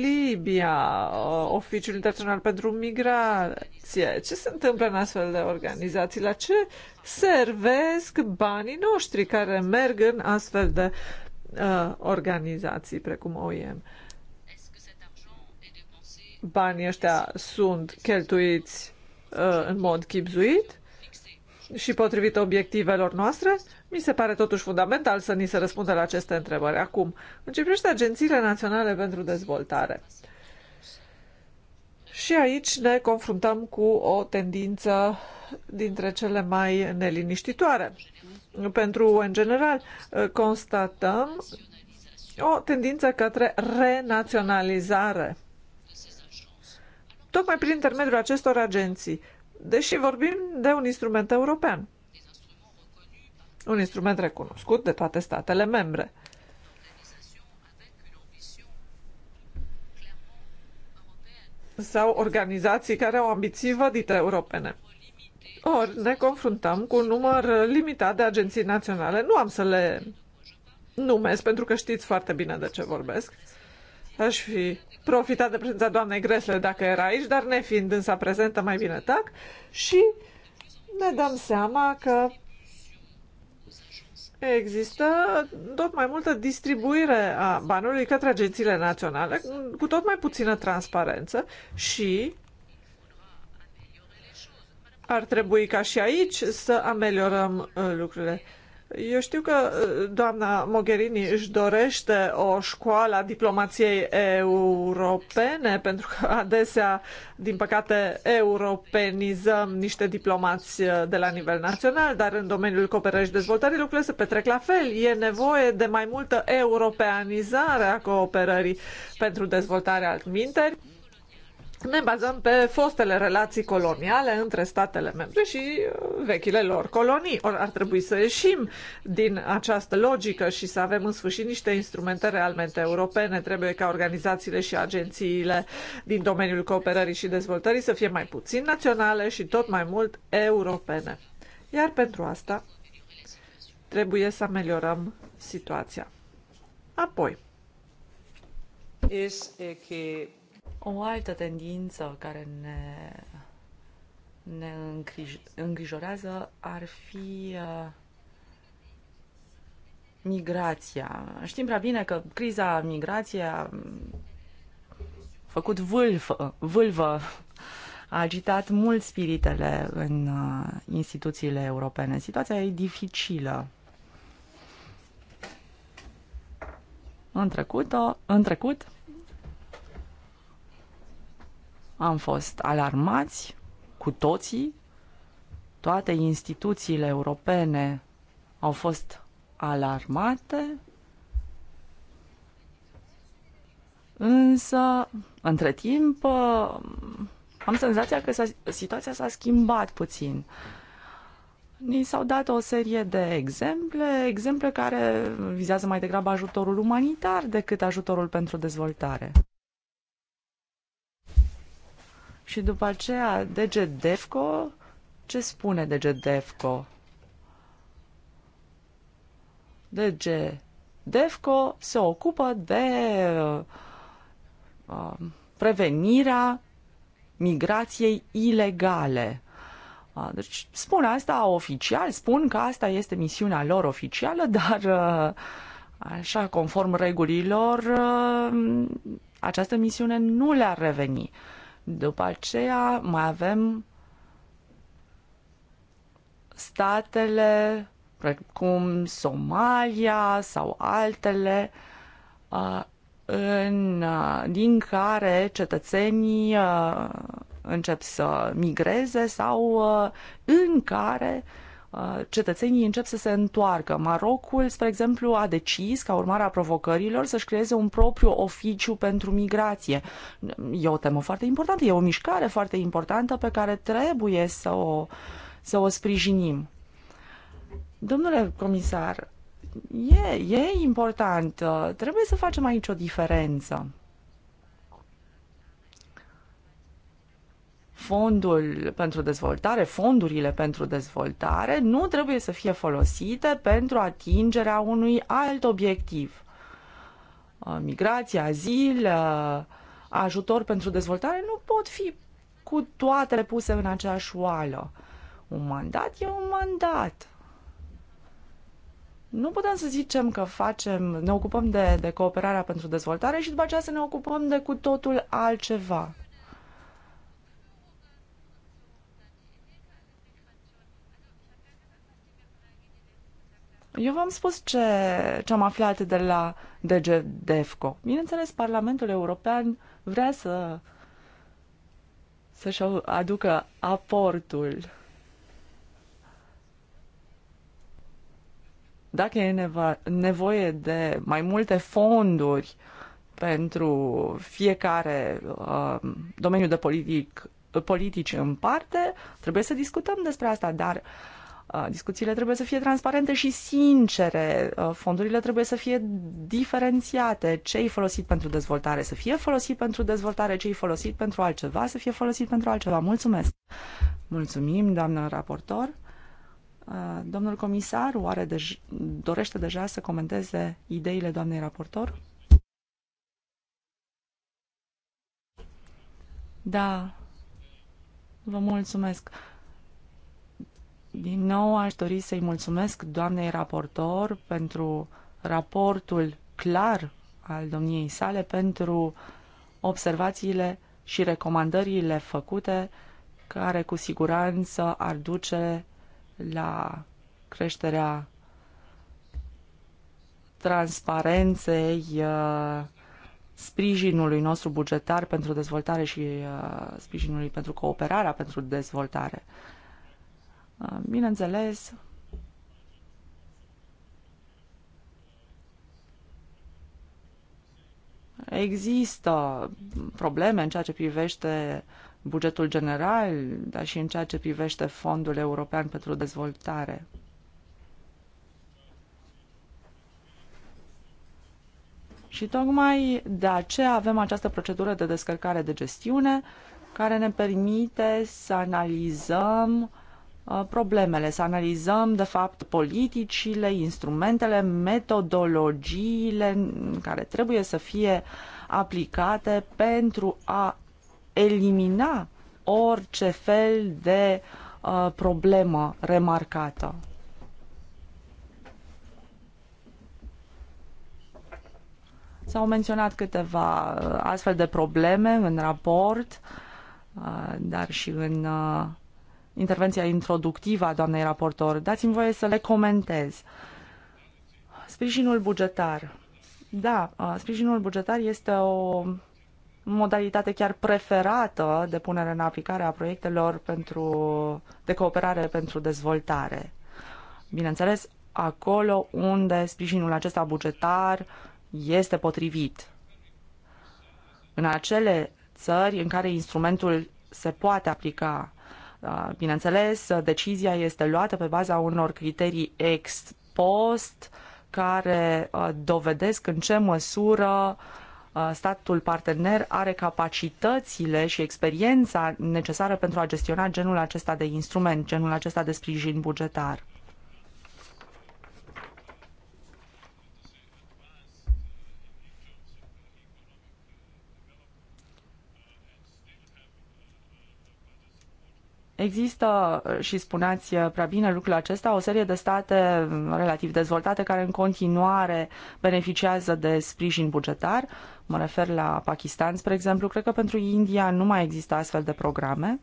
[SPEAKER 3] Libia, Oficiul Internațional pentru Migrație. Ce se întâmplă în astfel de organizații? La ce servesc banii noștri care merg în astfel de uh, organizații precum OIM? banii ăștia sunt cheltuiți uh, în mod chipzuit și potrivit obiectivelor noastre, mi se pare totuși fundamental să ni se răspundă la aceste întrebări. Acum, în ce privește agențiile naționale pentru dezvoltare, și aici ne confruntăm cu o tendință dintre cele mai neliniștitoare. Pentru în general, uh, constatăm o tendință către renaționalizare tocmai prin intermediul acestor agenții, deși vorbim de un instrument european. Un instrument recunoscut de toate statele membre. sau organizații care au ambiții vădite europene. Ori ne confruntăm cu un număr limitat de agenții naționale. Nu am să le numesc, pentru că știți foarte bine de ce vorbesc. Aș fi profitat de prezența doamnei Gresle dacă era aici, dar nefiind însă prezentă, mai bine tac. Și ne dăm seama că Există tot mai multă distribuire a banului către agențiile naționale, cu tot mai puțină transparență și ar trebui ca și aici să ameliorăm uh, lucrurile. Eu știu că uh, doamna Mogherini își dorește o școală a diplomației europene, pentru că adesea, din păcate, europenizăm niște diplomați uh, de la nivel național, dar în domeniul cooperării și dezvoltării lucrurile se petrec la fel. E nevoie de mai multă europeanizare a cooperării pentru dezvoltarea altminteri ne bazăm pe fostele relații coloniale între statele membre și uh, vechile lor colonii. Or, ar trebui să ieșim din această logică și să avem în sfârșit niște instrumente realmente europene. Trebuie ca organizațiile și agențiile din domeniul cooperării și dezvoltării să fie mai puțin naționale și tot mai mult europene. Iar pentru asta trebuie să ameliorăm situația. Apoi.
[SPEAKER 1] Este că o altă tendință care ne, ne îngrij, îngrijorează ar fi uh, migrația. Știm prea bine că criza migrației a făcut vâlvă, vâlvă a agitat mult spiritele în uh, instituțiile europene. Situația e dificilă. În, trecută, în trecut, am fost alarmați cu toții, toate instituțiile europene au fost alarmate, însă, între timp, am senzația că situația s-a schimbat puțin. Ni s-au dat o serie de exemple, exemple care vizează mai degrabă ajutorul umanitar decât ajutorul pentru dezvoltare. Și după aceea, DG DEFCO, ce spune DG DEFCO? DG DEFCO se ocupă de uh, um, prevenirea migrației ilegale. Uh, deci spun asta oficial, spun că asta este misiunea lor oficială, dar uh, așa conform regulilor uh, această misiune nu le-ar reveni. Uh, după aceea mai avem statele precum Somalia sau altele uh, în, uh, din care cetățenii uh, încep să migreze sau în care Uh, cetățenii încep să se întoarcă. Marocul, spre exemplu, a decis, ca urmare a provocărilor, să-și creeze un propriu oficiu pentru migrație. E o temă foarte importantă, e o mișcare foarte importantă pe care trebuie să o, să o sprijinim. Domnule comisar, e, e important, uh, trebuie să facem aici o diferență. fondul pentru dezvoltare, fondurile pentru dezvoltare nu trebuie să fie folosite pentru atingerea unui alt obiectiv. Uh, Migrație, azil, uh, ajutor pentru dezvoltare nu pot fi cu toate puse în aceeași oală. Un mandat e un mandat. Nu putem să zicem că facem, ne ocupăm de, de cooperarea pentru dezvoltare și după aceea să ne ocupăm de cu totul altceva. Eu v-am spus ce, ce am aflat de la DG DEFCO. Bineînțeles, Parlamentul European vrea să să-și aducă aportul. Dacă e nevo- nevoie de mai multe fonduri pentru fiecare uh, domeniu de politic, politici în parte, trebuie să discutăm despre asta, dar uh, Uh, discuțiile trebuie să fie transparente și sincere, uh, fondurile trebuie să fie diferențiate, ce e folosit pentru dezvoltare să fie folosit pentru dezvoltare, ce e folosit pentru altceva să fie folosit pentru altceva. Mulțumesc! Mulțumim, doamnă raportor! Uh, domnul comisar, oare dej- dorește deja să comenteze ideile doamnei raportor? Da, vă mulțumesc. Din nou aș dori să-i mulțumesc doamnei raportor pentru raportul clar al domniei sale, pentru observațiile și recomandările făcute, care cu siguranță ar duce la creșterea transparenței uh, sprijinului nostru bugetar pentru dezvoltare și uh, sprijinului pentru cooperarea pentru dezvoltare. Ah, bineînțeles, există probleme în ceea ce privește bugetul general, dar și în ceea ce privește Fondul European pentru Dezvoltare. Și tocmai de aceea avem această procedură de descărcare de gestiune care ne permite să analizăm uh, Uh, problemele, să analizăm, de fapt, politicile, instrumentele, metodologiile care trebuie să fie aplicate pentru a elimina orice fel de uh, problemă remarcată. S-au menționat câteva uh, astfel de probleme în raport, uh, dar și în uh, intervenția introductivă a doamnei raportor, dați-mi voie să le comentez. Sprijinul bugetar. Da, sprijinul bugetar este o modalitate chiar preferată de punere în aplicare a proiectelor pentru, de cooperare pentru dezvoltare. Bineînțeles, acolo unde sprijinul acesta bugetar este potrivit. În acele țări în care instrumentul se poate aplica Bineînțeles, decizia este luată pe baza unor criterii ex post care dovedesc în ce măsură statul partener are capacitățile și experiența necesară pentru a gestiona genul acesta de instrument, genul acesta de sprijin bugetar. Există, și spuneați prea bine lucrul acesta, o serie de state relativ dezvoltate care în continuare beneficiază de sprijin bugetar. Mă refer la Pakistan, spre exemplu. Cred că pentru India nu mai există astfel de programe.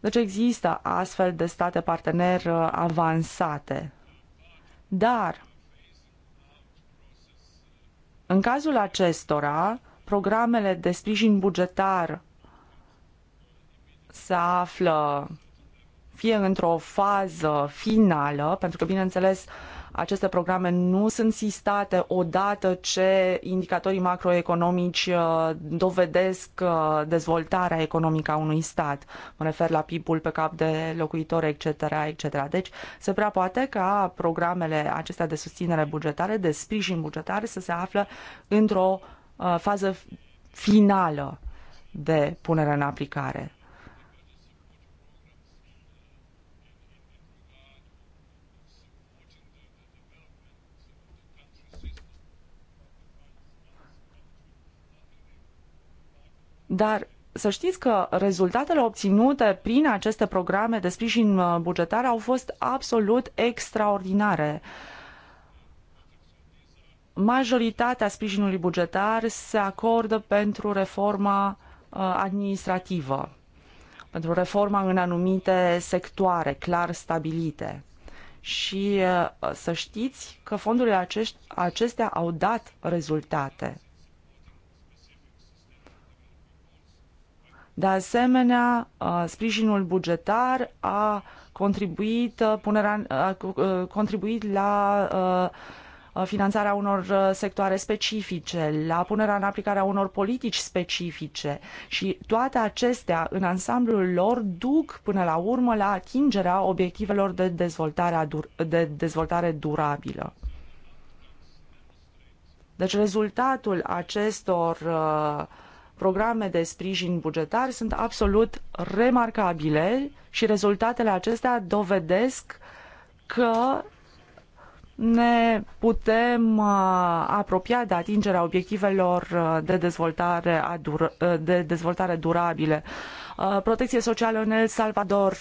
[SPEAKER 1] Deci există astfel de state partener uh, avansate. Dar, în cazul acestora, programele de sprijin bugetar se află fie într-o fază finală, pentru că, bineînțeles, aceste programe nu sunt sistate odată ce indicatorii macroeconomici uh, dovedesc uh, dezvoltarea economică a unui stat. Mă refer la PIB-ul pe cap de locuitor, etc., etc. Deci se prea poate ca programele acestea de susținere bugetare, de sprijin bugetar, să se află într-o uh, fază finală de punere în aplicare. Dar să știți că rezultatele obținute prin aceste programe de sprijin uh, bugetar au fost absolut extraordinare. Majoritatea sprijinului bugetar se acordă pentru reforma uh, administrativă, pentru reforma în anumite sectoare clar stabilite. Și uh, să știți că fondurile acestea au dat rezultate De asemenea, uh, sprijinul bugetar a contribuit, uh, punerea, a uh, contribuit la finanțarea unor sectoare specifice, la punerea în aplicare a unor politici specifice și toate acestea în ansamblul lor duc până la urmă la atingerea obiectivelor de dezvoltare, de dezvoltare durabilă. Deci rezultatul acestor uh, programe de sprijin bugetar sunt absolut remarcabile și rezultatele acestea dovedesc că ne putem uh, apropia de atingerea obiectivelor uh, de dezvoltare, uh, de dezvoltare durabile. Protecție socială în El Salvador,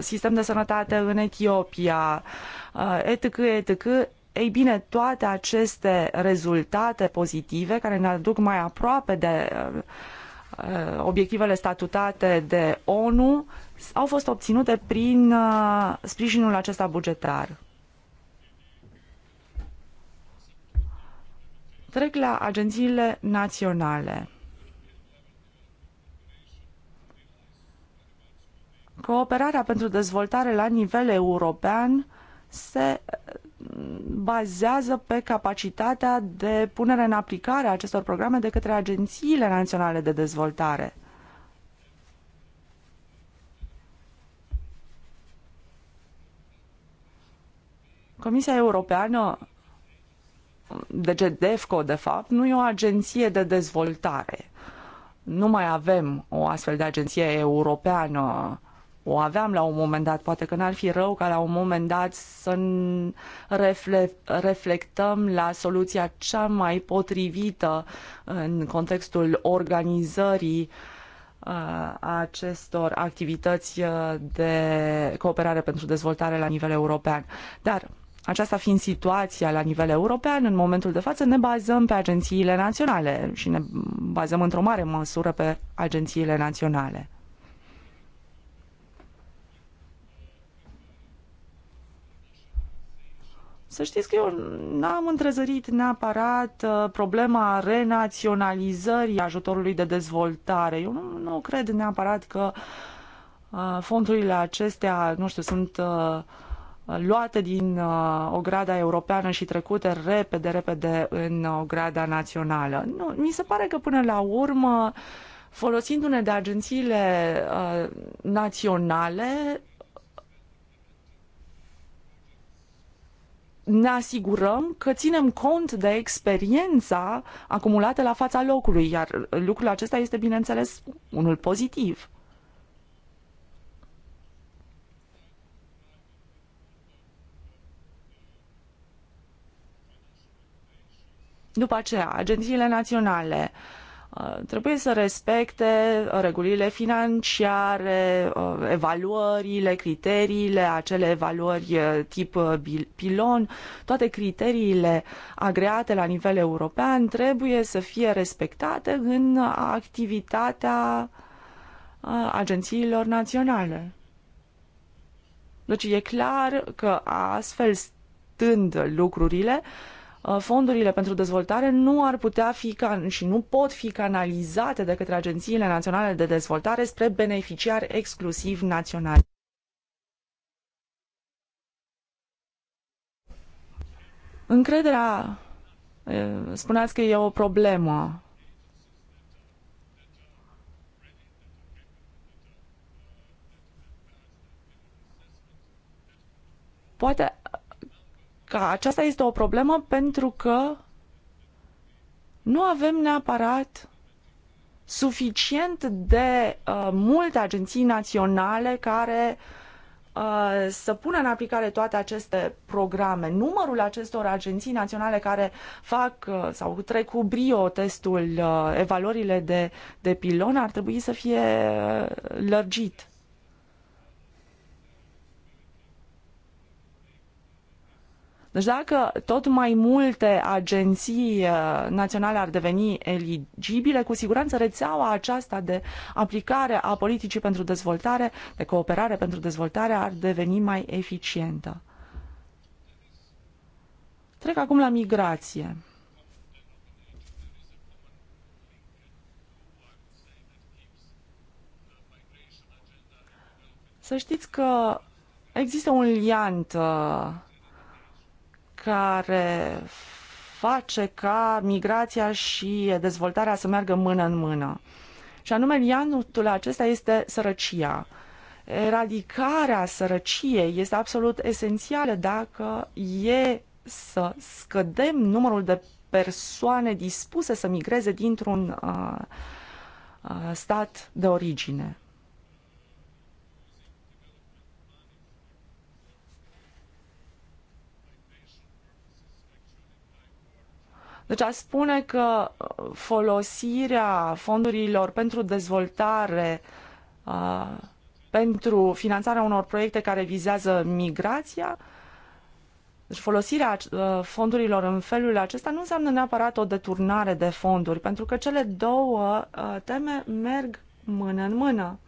[SPEAKER 1] sistem de sănătate în Etiopia, etc., etc., ei bine, toate aceste rezultate pozitive care ne aduc mai aproape de uh, uh, obiectivele statutate de ONU au fost obținute prin uh, sprijinul acesta bugetar. Trec la agențiile naționale. Cooperarea pentru dezvoltare la nivel european se bazează pe capacitatea de punere în aplicare a acestor programe de către agențiile naționale de dezvoltare. Comisia Europeană, DGDEFCO de fapt, nu e o agenție de dezvoltare. Nu mai avem o astfel de agenție europeană o aveam la un moment dat, poate că n-ar fi rău ca la un moment dat să refle reflectăm la soluția cea mai potrivită în contextul organizării uh, acestor activități uh, de cooperare pentru dezvoltare la nivel european. Dar aceasta fiind situația la nivel european, în momentul de față ne bazăm pe agențiile naționale și ne bazăm într-o mare măsură pe agențiile naționale. Să știți că eu n-am întrezărit neapărat uh, problema renaționalizării ajutorului de dezvoltare. Eu nu, nu cred neapărat că uh, fondurile acestea, nu știu, sunt uh, luate din o grada europeană și trecute repede, repede în o grada națională. Nu, mi se pare că până la urmă, folosindu-ne de agențiile naționale, ne asigurăm că ținem cont de experiența acumulată la fața locului, iar lucrul acesta este, bineînțeles, unul pozitiv. După aceea, agențiile naționale, uh, Uh, trebuie să respecte uh, regulile financiare, uh, evaluările, criteriile, acele evaluări tip pilon, toate criteriile agreate la nivel european trebuie să fie respectate în activitatea agențiilor naționale. Deci e clar că astfel stând lucrurile, uh, Uh, fondurile pentru dezvoltare nu ar putea fi și nu pot fi canalizate de către agențiile naționale de dezvoltare spre beneficiari exclusiv naționali. Încrederea, uh, spuneați că e o problemă. Poate că aceasta este o problemă pentru că nu avem neapărat suficient de uh, multe agenții naționale care uh, să pună în aplicare toate aceste programe. Numărul acestor agenții naționale care fac uh, sau trec cu brio testul, uh, evaluările de, de pilon ar trebui să fie uh, lărgit. Deci dacă tot mai multe agenții uh, naționale ar deveni eligibile, cu siguranță rețeaua aceasta de aplicare a politicii pentru dezvoltare, de cooperare pentru dezvoltare, ar deveni mai eficientă. Trec acum la migrație. Să știți că există un liant uh, care face ca migrația și dezvoltarea să meargă mână în mână. Și anume, lianutul acesta este sărăcia. Eradicarea sărăciei este absolut esențială dacă e să scădem numărul de persoane dispuse să migreze dintr-un uh, uh stat de origine. Deci a spune că uh, folosirea fondurilor pentru dezvoltare, uh, pentru finanțarea unor proiecte care vizează migrația, deci folosirea uh, fondurilor în felul acesta nu înseamnă neapărat o deturnare de fonduri, pentru că cele două uh, teme merg mână în mână.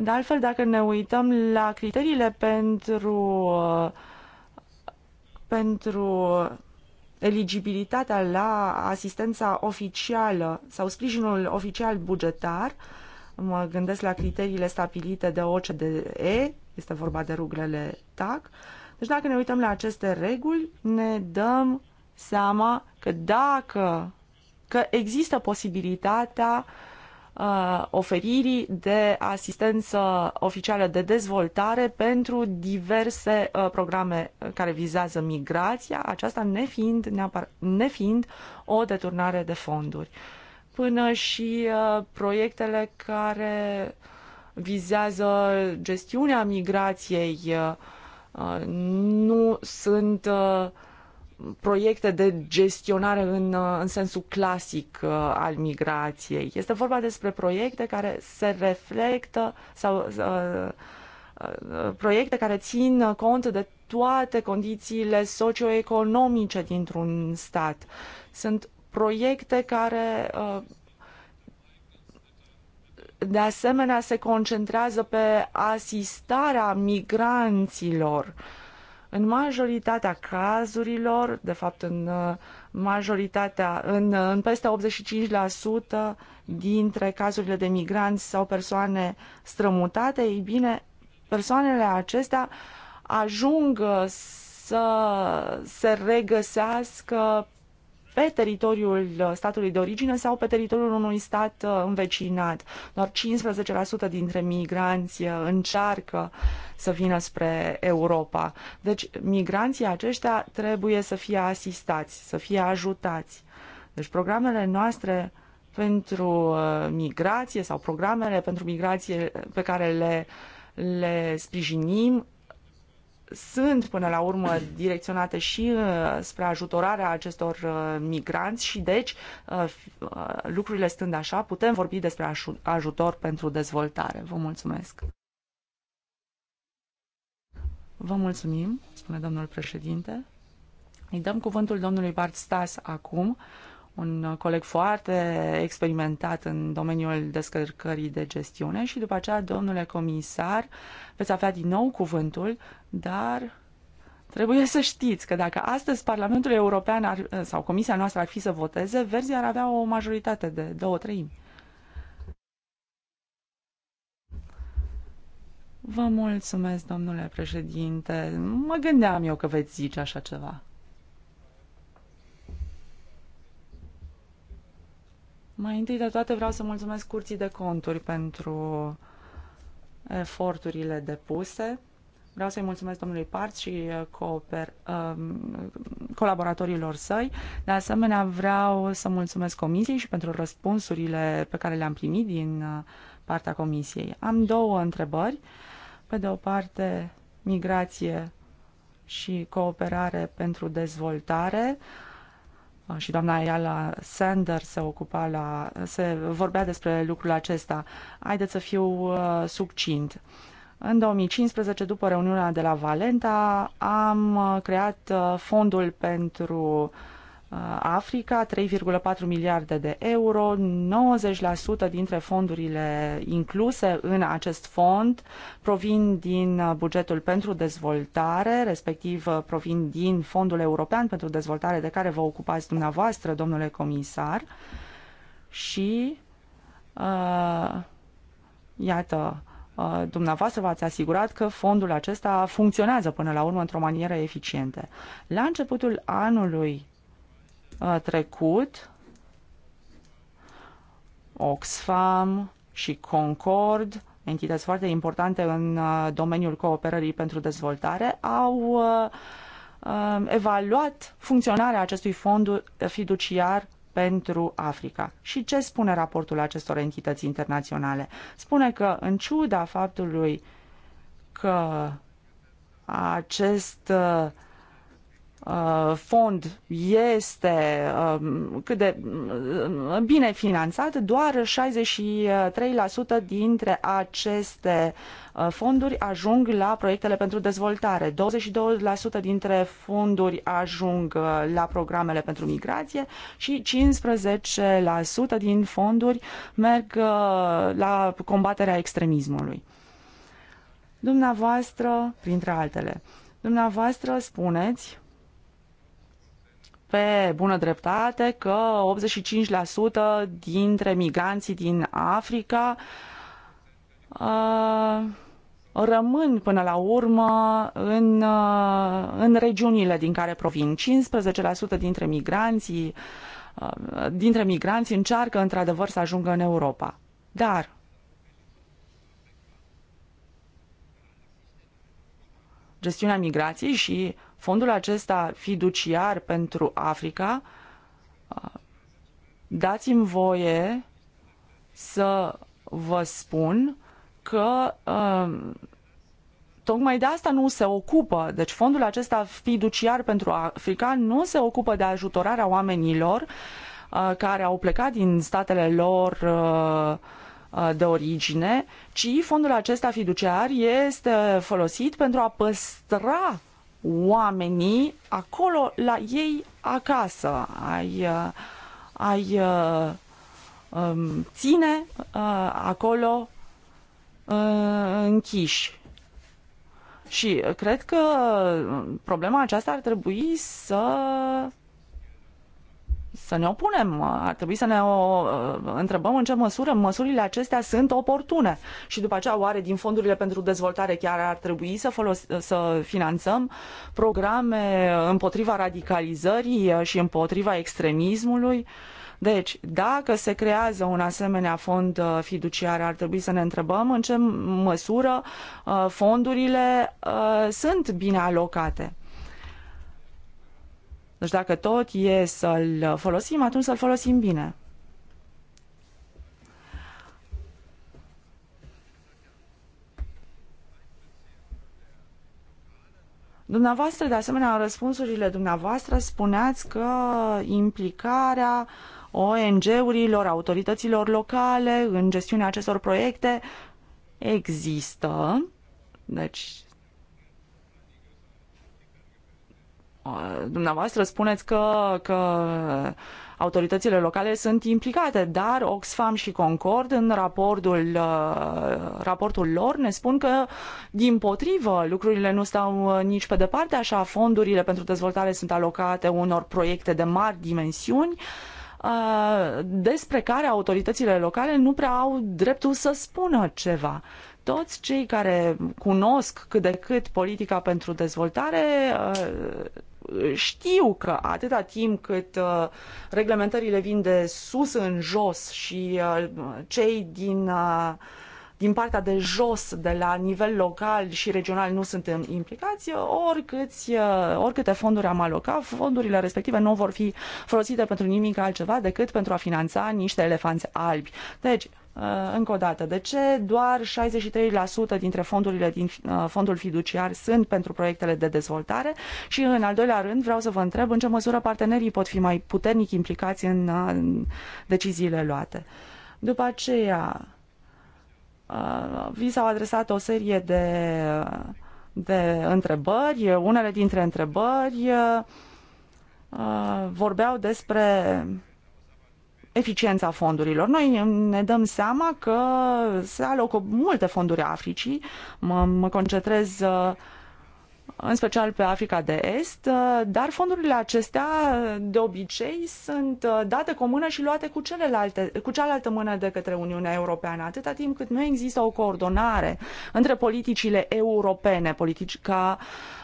[SPEAKER 1] De altfel, dacă ne uităm la criteriile pentru uh, pentru eligibilitatea la asistența oficială sau sprijinul oficial bugetar, mă gândesc la criteriile stabilite de OCDE, este vorba de ruglele TAC, deci dacă ne uităm la aceste reguli, ne dăm seama că dacă că există posibilitatea uh, oferirii de asistență oficială de dezvoltare pentru diverse programe care vizează migrația, aceasta nefiind, neapar, nefiind o deturnare de fonduri. Până și proiectele care vizează gestiunea migrației nu sunt uh, proiecte de gestionare în, uh, în sensul clasic uh, al migrației. Este vorba despre proiecte care se reflectă sau uh, proiecte care țin cont de toate condițiile socioeconomice dintr-un stat. Sunt proiecte care de asemenea se concentrează pe asistarea migranților uh, în majoritatea cazurilor, de fapt în uh, majoritatea, în, uh, în peste 85% dintre cazurile de migranți sau persoane strămutate, ei bine, persoanele acestea ajung uh, să se regăsească pe teritoriul uh, statului de origine sau pe teritoriul unui stat uh, învecinat. Doar 15% dintre migranți uh, încearcă să vină spre Europa. Deci migranții aceștia trebuie să fie asistați, să fie ajutați. Deci programele noastre pentru migrație sau programele pentru migrație pe care le, le sprijinim sunt până la urmă direcționate și uh, spre ajutorarea acestor uh, migranți și deci uh, lucrurile stând așa, putem vorbi despre ajutor pentru dezvoltare. Vă mulțumesc! Vă mulțumim, spune domnul președinte. Îi dăm cuvântul domnului Bart Stas acum un coleg foarte experimentat în domeniul descărcării de gestiune și după aceea, domnule comisar, veți avea din nou cuvântul, dar trebuie să știți că dacă astăzi Parlamentul European ar, sau Comisia noastră ar fi să voteze, Verzii ar avea o majoritate de două treimi. Vă mulțumesc, domnule președinte. Mă gândeam eu că veți zice așa ceva. Mai întâi de toate vreau să mulțumesc Curții de Conturi pentru eforturile depuse. Vreau să-i mulțumesc domnului Parț și uh, cooper, um, colaboratorilor săi. De asemenea, vreau să mulțumesc Comisiei și pentru răspunsurile pe care le-am primit din uh, partea Comisiei. Am două întrebări. Pe de o parte, migrație și cooperare pentru dezvoltare. Uh, și doamna Ayala Sanders se ocupa la, se vorbea despre lucrul acesta. Haideți să fiu uh, succint. În 2015, după reuniunea de la Valenta, am uh, creat uh, fondul pentru uh, Uh, Africa, 3,4 miliarde de euro, 90% dintre fondurile incluse în acest fond provin din uh, bugetul pentru dezvoltare, respectiv uh, provin din Fondul European pentru Dezvoltare de care vă ocupați dumneavoastră, domnule comisar, și uh, iată, uh, dumneavoastră v-ați asigurat că fondul acesta funcționează până la urmă într-o manieră eficientă. La începutul anului trecut, Oxfam și Concord, entități foarte importante în uh, domeniul cooperării pentru dezvoltare, au uh, um, evaluat funcționarea acestui fond fiduciar pentru Africa. Și ce spune raportul acestor entități internaționale? Spune că, în ciuda faptului că acest uh, Uh, fond este um, cât de uh, bine finanțat, doar 63% dintre aceste uh, fonduri ajung la proiectele pentru dezvoltare, 22% dintre fonduri ajung la programele pentru migrație și 15% din fonduri merg la combaterea extremismului. Dumneavoastră, printre altele, dumneavoastră spuneți pe bună dreptate că 85% dintre migranții din Africa uh, rămân până la urmă în, uh, în regiunile din care provin. 15% dintre migranții, uh, dintre migranții încearcă într-adevăr să ajungă în Europa. Dar gestiunea migrației și Fondul acesta fiduciar pentru Africa, dați-mi voie să vă spun că um, tocmai de asta nu se ocupă. Deci fondul acesta fiduciar pentru Africa nu se ocupă de ajutorarea oamenilor uh, care au plecat din statele lor uh, uh, de origine, ci fondul acesta fiduciar este folosit pentru a păstra oamenii acolo la ei acasă. Ai, uh, ai uh, um, ține uh, acolo închiși. Și cred că problema aceasta ar trebui să să ne opunem. Ar trebui să ne o, uh, întrebăm în ce măsură măsurile acestea sunt oportune. Și după aceea, oare din fondurile pentru dezvoltare chiar ar trebui să, folos, să finanțăm programe împotriva radicalizării uh, și împotriva extremismului? Deci, dacă se creează un asemenea fond uh, fiduciar, ar trebui să ne întrebăm în ce măsură fondurile sunt bine alocate. Deci dacă tot e să-l folosim, atunci să-l folosim bine. Dumneavoastră, de asemenea, în răspunsurile dumneavoastră spuneați că implicarea ONG-urilor, autorităților locale în gestiunea acestor proiecte există. Deci dumneavoastră spuneți că, că autoritățile locale sunt implicate, dar Oxfam și Concord în raportul, uh, raportul lor ne spun că, din potrivă, lucrurile nu stau uh, nici pe departe așa, fondurile pentru dezvoltare sunt alocate unor proiecte de mari dimensiuni, uh, despre care autoritățile locale nu prea au dreptul să spună ceva toți cei care cunosc cât de cât politica pentru dezvoltare știu că atâta timp cât uh, reglementările vin de sus în jos și uh, cei din uh, din partea de jos, de la nivel local și regional nu sunt implicați, oricâți, oricâte fonduri am alocat, fondurile respective nu vor fi folosite pentru nimic altceva decât pentru a finanța niște elefanți albi. Deci, Uh, încă o dată, de ce doar 63% dintre fondurile din uh, fondul fiduciar sunt pentru proiectele de dezvoltare? Și în al doilea rând vreau să vă întreb în ce măsură partenerii pot fi mai puternic implicați în, uh, deciziile luate. După aceea, vi s-au adresat o serie de, de întrebări. Unele dintre întrebări vorbeau despre eficiența fondurilor. Noi ne dăm seama că se alocă multe fonduri Africii. Mă, mă concentrez uh, în special pe Africa de Est, uh, dar fondurile acestea de obicei sunt uh, date cu mână și luate cu, celelalte, cu cealaltă mână de către Uniunea Europeană, atâta timp cât nu există o coordonare între politicile europene, politica uh,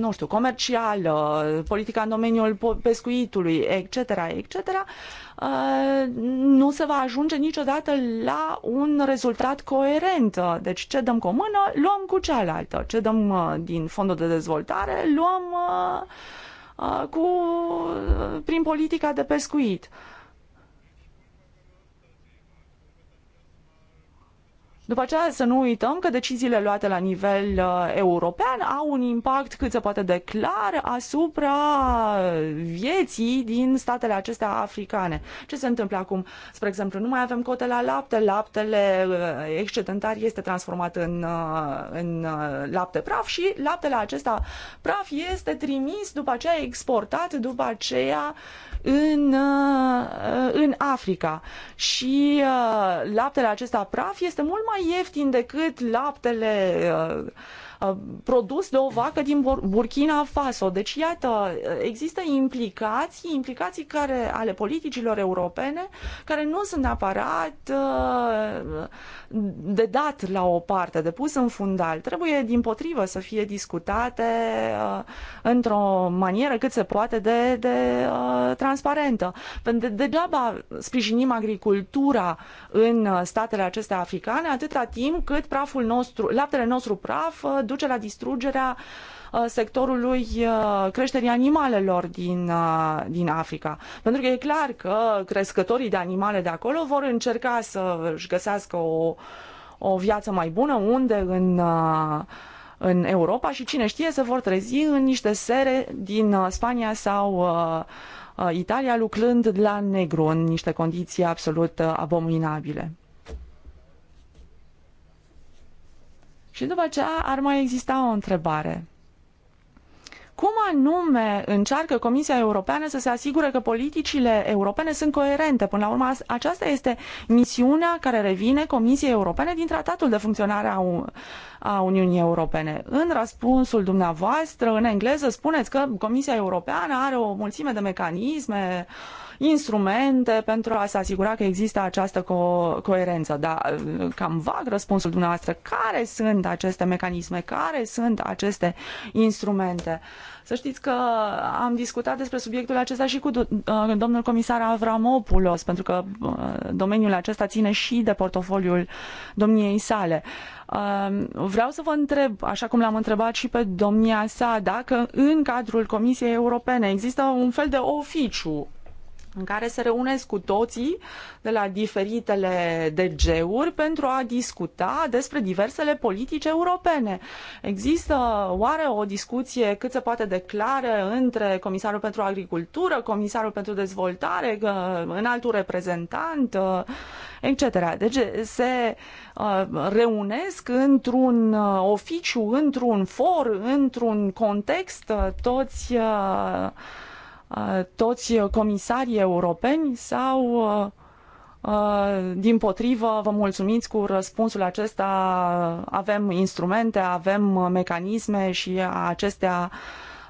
[SPEAKER 1] nu știu, comercială, politica în domeniul pescuitului, etc., etc., nu se va ajunge niciodată la un rezultat coerent. Deci ce dăm cu o mână, luăm cu cealaltă. Ce dăm din fondul de dezvoltare, luăm cu, prin politica de pescuit. După aceea să nu uităm că deciziile luate la nivel uh, european au un impact cât se poate de clar asupra vieții din statele acestea africane. Ce se întâmplă acum? Spre exemplu, nu mai avem cote la lapte, laptele uh, excedentar este transformat în, uh, în lapte praf și laptele acesta praf este trimis, după aceea exportat, după aceea uh, în, uh, în Africa. Și uh, laptele acesta praf este mult mai ieftin decât laptele uh, Uh, produs de o vacă din Burkina Faso. Deci, iată, uh, există implicații, implicații care, ale politicilor europene, care nu sunt neapărat uh, de dat la o parte, de pus în fundal. Trebuie, din potrivă, să fie discutate într-o manieră cât se poate de, de transparentă. Pentru că degeaba sprijinim agricultura în statele acestea africane atâta timp cât praful nostru, laptele nostru praf duce la distrugerea uh, sectorului uh, creșterii animalelor din, uh, din Africa. Pentru că e clar că crescătorii de animale de acolo vor încerca să și găsească o, o viață mai bună unde în în Europa și cine știe se vor trezi în niște sere din Spania sau Italia lucrând la negru în niște condiții absolut abominabile. Și după aceea ar mai exista o întrebare. Cum anume încearcă Comisia Europeană să se asigure că politicile europene sunt coerente? Până la urmă, aceasta este misiunea care revine Comisiei Europene din Tratatul de Funcționare a, a Uniunii Europene. În răspunsul dumneavoastră, în engleză, spuneți că Comisia Europeană are o mulțime de mecanisme uh, instrumente pentru a se asigura că există această co- coerență. Dar cam vag răspunsul dumneavoastră, care sunt aceste mecanisme, care sunt aceste instrumente? Să știți că am discutat despre subiectul acesta și cu uh, domnul comisar Avramopoulos, pentru că uh, domeniul acesta ține și de portofoliul domniei sale. Uh, vreau să vă întreb, așa cum l-am întrebat și pe domnia sa, dacă în cadrul Comisiei Europene există un fel de oficiu în care se reunesc cu toții de la diferitele DG-uri pentru a discuta despre diversele politici europene. Există oare o discuție cât se poate de clară între Comisarul pentru Agricultură, Comisarul pentru Dezvoltare, altul reprezentant, uh, etc. Deci se uh, reunesc într-un uh, oficiu, într-un for, într-un context toți Uh, toți comisarii europeni sau uh, uh, din potrivă, vă mulțumiți cu răspunsul acesta, avem instrumente, avem mecanisme și acestea uh,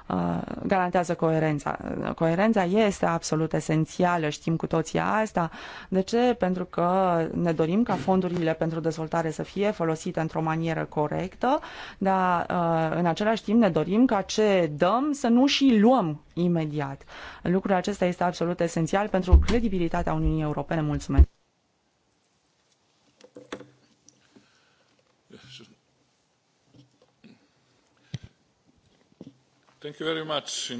[SPEAKER 1] Uh, garantează coerența. Coerența este absolut esențială, știm cu toții asta. De ce? Pentru că ne dorim ca fondurile pentru dezvoltare să fie folosite într-o manieră corectă, dar uh, în același timp ne dorim ca ce dăm să nu și luăm imediat. Lucrul acesta este absolut esențial pentru credibilitatea Uniunii Europene. Mulțumesc!
[SPEAKER 3] Thank you very much.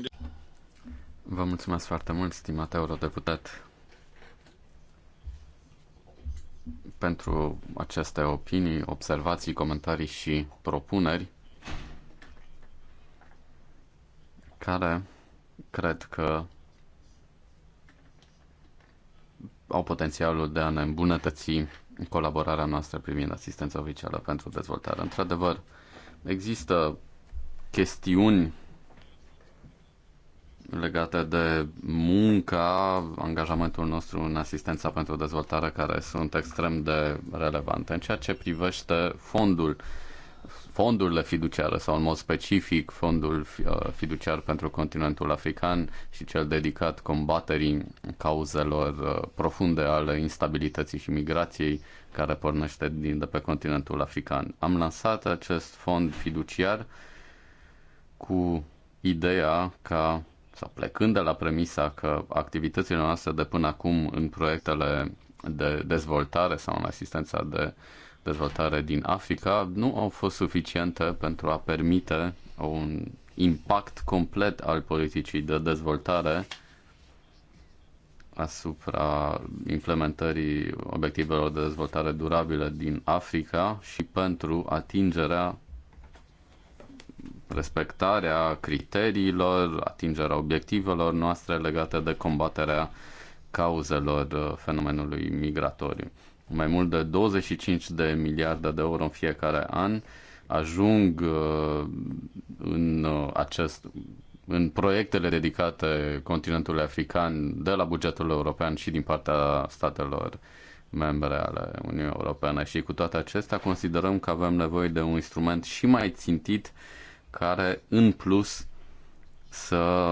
[SPEAKER 2] Vă mulțumesc foarte mult, stimate eurodeputat, pentru aceste opinii, observații, comentarii și propuneri care cred că au potențialul de a ne îmbunătăți colaborarea noastră privind asistența oficială pentru dezvoltare. Într-adevăr, există chestiuni legate de munca, angajamentul nostru în asistența pentru dezvoltare, care sunt extrem de relevante. În ceea ce privește fondul, fondurile fiduciare sau în mod specific fondul uh, fiduciar pentru continentul african și cel dedicat combaterii cauzelor uh, profunde ale instabilității și migrației care pornește din, de pe continentul african. Am lansat acest fond fiduciar cu ideea ca sau plecând de la premisa că activitățile noastre de până acum în proiectele de dezvoltare sau în asistența de dezvoltare din Africa nu au fost suficiente pentru a permite un impact complet al politicii de dezvoltare asupra implementării obiectivelor de dezvoltare durabilă din Africa și pentru atingerea respectarea criteriilor, atingerea obiectivelor noastre legate de combaterea cauzelor uh, fenomenului migratoriu. Mai mult de 25 de miliarde de euro în fiecare an ajung uh, în uh, acest în proiectele dedicate continentului african de la bugetul european și din partea statelor membre ale Uniunii Europene și cu toate acestea considerăm că avem nevoie de un instrument și mai țintit uh, care în plus să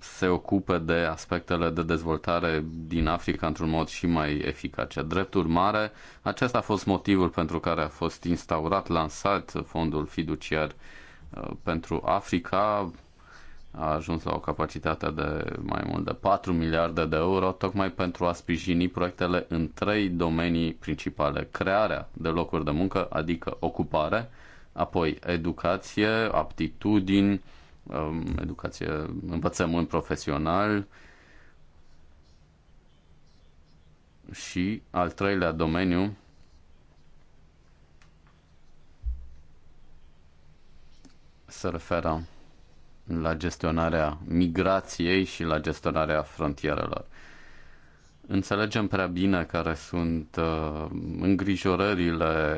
[SPEAKER 2] se ocupe de aspectele de dezvoltare din Africa într-un mod și mai eficace. Drept urmare, acesta a fost motivul pentru care a fost instaurat, lansat fondul fiduciar uh, pentru Africa. A ajuns la o capacitate de mai mult de 4 miliarde de euro, tocmai pentru a sprijini proiectele în trei domenii principale. Crearea de locuri de muncă, adică ocupare, apoi educație, aptitudini, um, educație, învățământ profesional și al treilea domeniu se referă la gestionarea migrației și la gestionarea frontierelor. Înțelegem prea bine care sunt uh, îngrijorările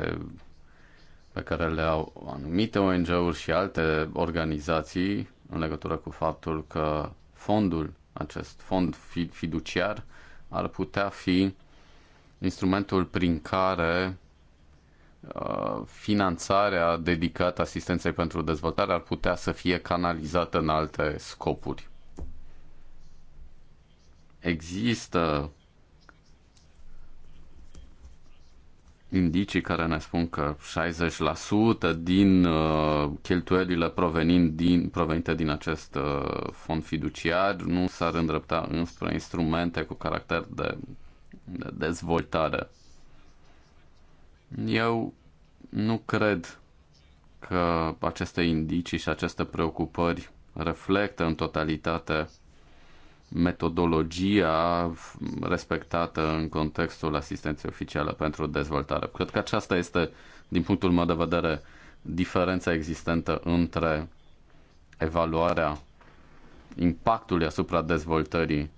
[SPEAKER 2] pe care le au anumite ONG-uri și alte organizații în legătură cu faptul că fondul, acest fond fiduciar, ar putea fi instrumentul prin care uh, finanțarea dedicată asistenței pentru dezvoltare ar putea să fie canalizată în alte scopuri. Există indicii care ne spun că 60% din uh, cheltuielile provenind din, provenite din acest uh, fond fiduciar nu s-ar îndrepta înspre instrumente cu caracter de, de dezvoltare. Eu nu cred că aceste indicii și aceste preocupări reflectă în totalitate metodologia respectată în contextul asistenței oficiale pentru dezvoltare. Cred că aceasta este, din punctul meu de vedere, diferența existentă între evaluarea impactului asupra dezvoltării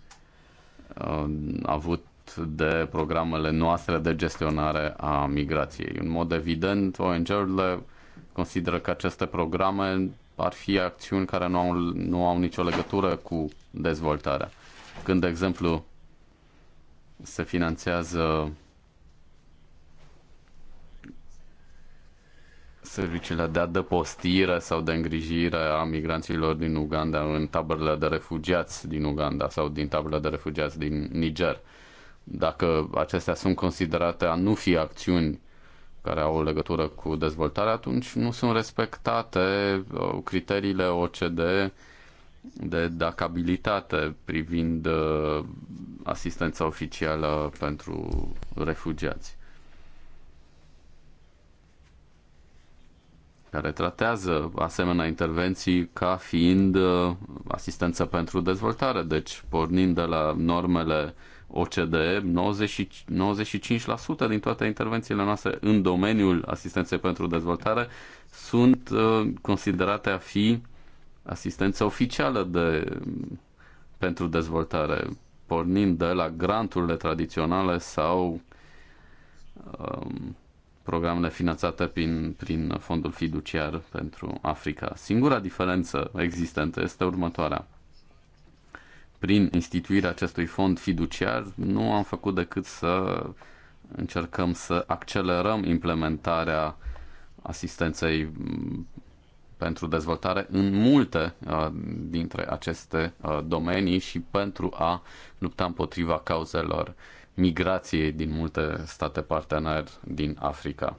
[SPEAKER 2] uh, avut de programele noastre de gestionare a migrației. În mod evident, ONG-urile consideră că aceste programe ar fi acțiuni care nu au, nu au nicio legătură cu dezvoltarea. Când, de exemplu, se finanțează serviciile de adăpostire sau de îngrijire a migranților din Uganda în taberele de refugiați din Uganda sau din taberele de refugiați din Niger. Dacă acestea sunt considerate a nu fi acțiuni care au legătură cu dezvoltarea, atunci nu sunt respectate uh, criteriile OCD de dacabilitate privind uh, asistența oficială pentru refugiați. care tratează asemenea intervenții ca fiind uh, asistență pentru dezvoltare, deci pornind de la normele uh, OCDE, 90, 95% din toate intervențiile noastre în domeniul asistenței pentru dezvoltare sunt uh, considerate a fi asistență oficială de, pentru dezvoltare, pornind de la granturile tradiționale sau um, programele finanțate prin, prin fondul fiduciar pentru Africa. Singura diferență existentă este următoarea prin instituirea acestui fond fiduciar, nu am făcut decât să încercăm să accelerăm implementarea asistenței mm, pentru dezvoltare în multe uh, dintre aceste uh, domenii și pentru a lupta împotriva cauzelor migrației din multe state parteneri din Africa.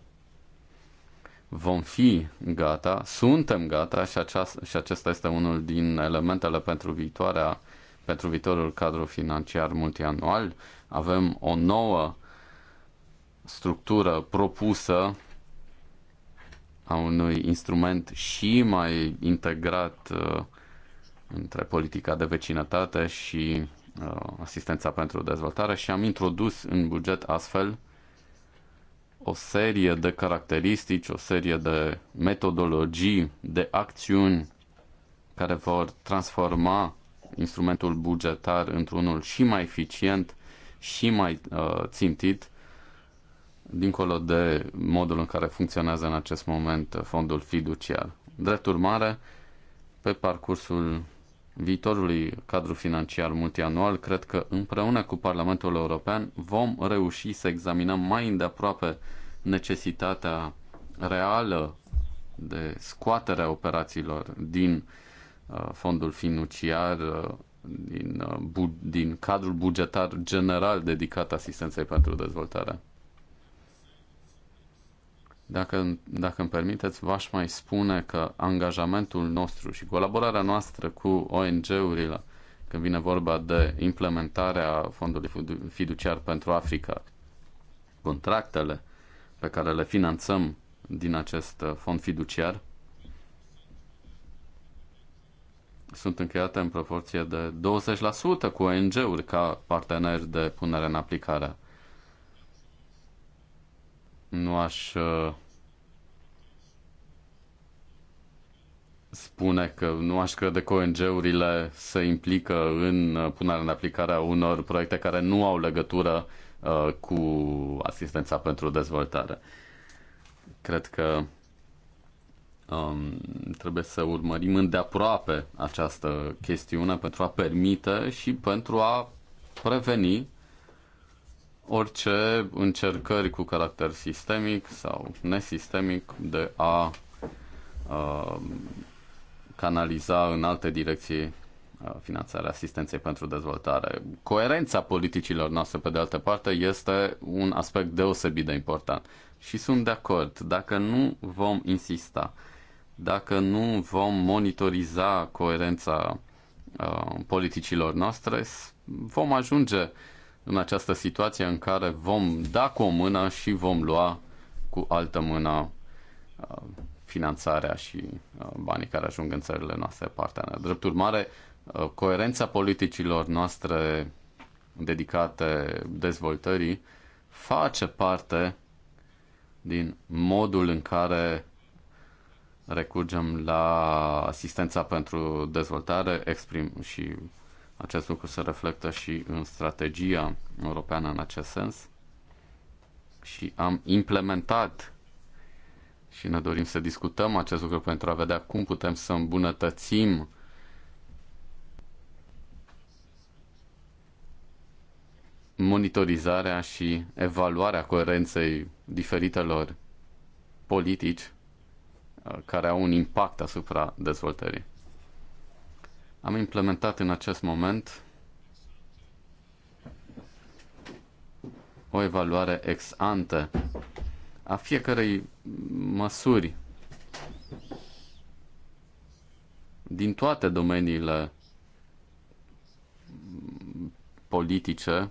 [SPEAKER 2] Vom fi gata, suntem gata și, aceast- și acesta este unul din elementele pentru viitoarea uh, pentru viitorul cadru financiar multianual. Avem o nouă structură propusă a unui instrument și mai integrat uh, între politica de vecinătate și uh, asistența pentru dezvoltare și am introdus în buget astfel o serie de caracteristici, o serie de metodologii, de acțiuni care vor transforma instrumentul bugetar într-unul și mai eficient și mai uh, țintit, dincolo de modul în care funcționează în acest moment fondul fiduciar. Drept urmare, pe parcursul viitorului cadru financiar multianual, cred că împreună cu Parlamentul European vom reuși să examinăm mai îndeaproape necesitatea reală de scoaterea operațiilor din uh, Uh, fondul financiar uh, din, uh, din cadrul bugetar general dedicat asistenței pentru dezvoltare. Dacă, dacă îmi permiteți, v-aș mai spune că angajamentul nostru și colaborarea noastră cu ONG-urile, când vine vorba de implementarea fondului fiduciar pentru Africa, contractele pe care le finanțăm din acest fond fiduciar, sunt încheiate în proporție de 20% cu ONG-uri ca parteneri de punere în aplicare. Nu aș uh, spune că nu aș crede că ONG-urile se implică în uh, punerea în aplicare a unor proiecte care nu au legătură uh, cu asistența pentru dezvoltare. Cred că um, trebuie să urmărim îndeaproape această chestiune pentru a permite și pentru a preveni orice încercări cu caracter sistemic sau nesistemic de a uh, canaliza în alte direcții uh, finanțarea asistenței pentru dezvoltare. Coerența politicilor noastre, pe de altă parte, este un aspect deosebit de important. Și sunt de acord, dacă nu vom insista dacă nu vom monitoriza coerența uh, politicilor noastre, vom ajunge în această situație în care vom da cu o mână și vom lua cu altă mână uh, finanțarea și uh, banii care ajung în țările noastre partenere. Drept urmare, coerența politicilor noastre dedicate dezvoltării face parte din modul în care recurgem la asistența pentru dezvoltare exprim și acest lucru se reflectă și în strategia europeană în acest sens și am implementat și ne dorim să discutăm acest lucru pentru a vedea cum putem să îmbunătățim monitorizarea și evaluarea coerenței diferitelor politici care au un impact asupra dezvoltării. Am implementat în acest moment o evaluare ex ante a fiecărei măsuri din toate domeniile politice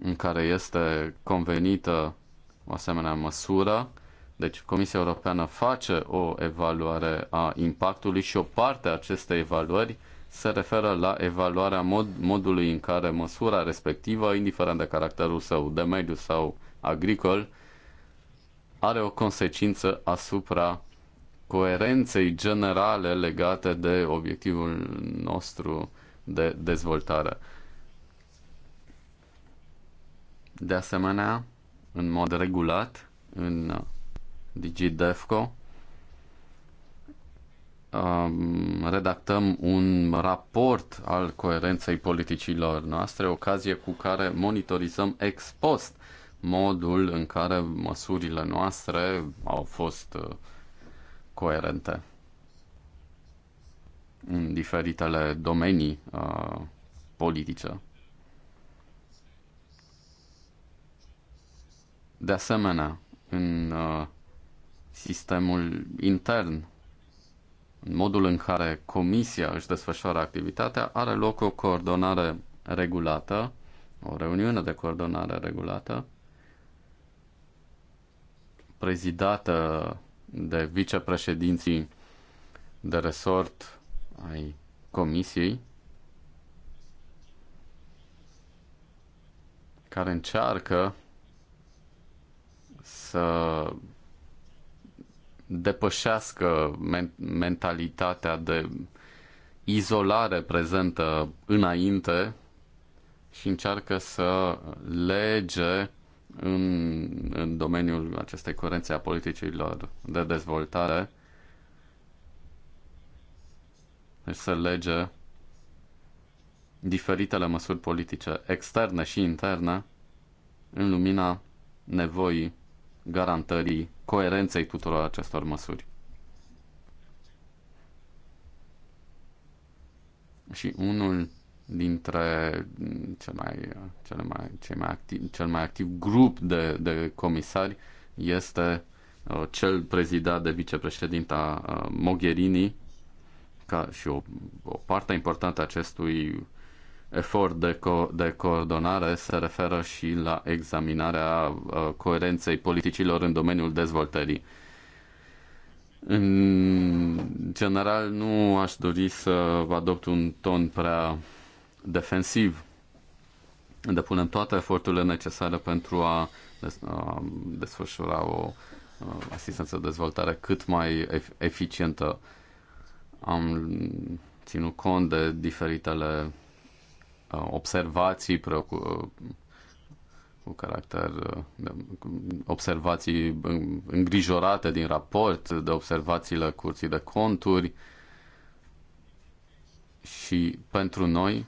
[SPEAKER 2] în care este convenită o asemenea măsură deci Comisia Europeană face o evaluare a impactului și o parte a acestei evaluări se referă la evaluarea mod, modului în care măsura respectivă, indiferent de caracterul său de mediu sau agricol, are o consecință asupra coerenței generale legate de obiectivul nostru de dezvoltare. De asemenea, în mod regulat, în DigiDefco, um, redactăm un raport al coerenței politicilor noastre, ocazie cu care monitorizăm ex post modul în care măsurile noastre au fost uh, coerente în diferitele domenii uh, politice. De asemenea, în uh, sistemul intern, în modul în care comisia își desfășoară activitatea, are loc o coordonare regulată, o reuniune de coordonare regulată, prezidată de vicepreședinții de resort ai comisiei, care încearcă să depășească men- mentalitatea de izolare prezentă înainte și încearcă să lege în, în domeniul acestei curențe a politicilor de dezvoltare deci să lege diferitele măsuri politice externe și interne în lumina nevoii garantării coerenței tuturor acestor măsuri. Și unul dintre cel mai, cel mai, cel mai, activ, cel mai activ grup de, de comisari este uh, cel prezidat de vicepreședinta uh, Mogherini ca și o, o parte importantă a acestui efort de, co- de coordonare se referă și la examinarea uh, coerenței politicilor în domeniul dezvoltării. În general, nu aș dori să adopt un ton prea defensiv. Depunem toate eforturile necesare pentru a desfășura o uh, asistență de dezvoltare cât mai eficientă. Am ținut cont de diferitele observații cu, cu caracter observații îngrijorate din raport, de observațiile curții de conturi și pentru noi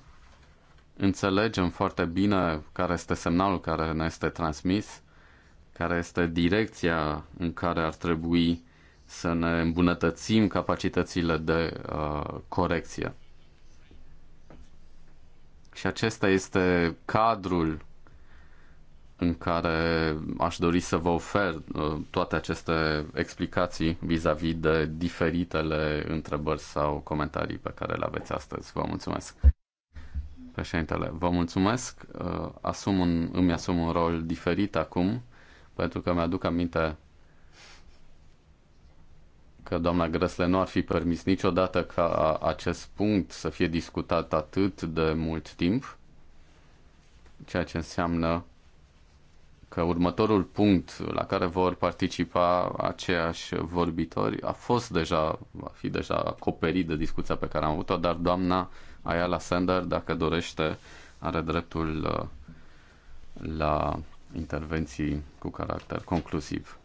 [SPEAKER 2] înțelegem foarte bine care este semnalul care ne este transmis, care este direcția în care ar trebui să ne îmbunătățim capacitățile de uh, corecție. Și acesta este cadrul în care aș dori să vă ofer uh, toate aceste explicații vis-a-vis de diferitele întrebări sau comentarii pe care le aveți astăzi. Vă mulțumesc. Președintele, vă mulțumesc. Uh, asum un, îmi asum un rol diferit acum, pentru că mi-aduc aminte că doamna Grăsle nu ar fi permis niciodată ca acest punct să fie discutat atât de mult timp, ceea ce înseamnă că următorul punct la care vor participa aceiași vorbitori a fost deja, va fi deja acoperit de discuția pe care am avut-o, dar doamna Ayala Sender, dacă dorește, are dreptul uh, la intervenții cu caracter concluziv.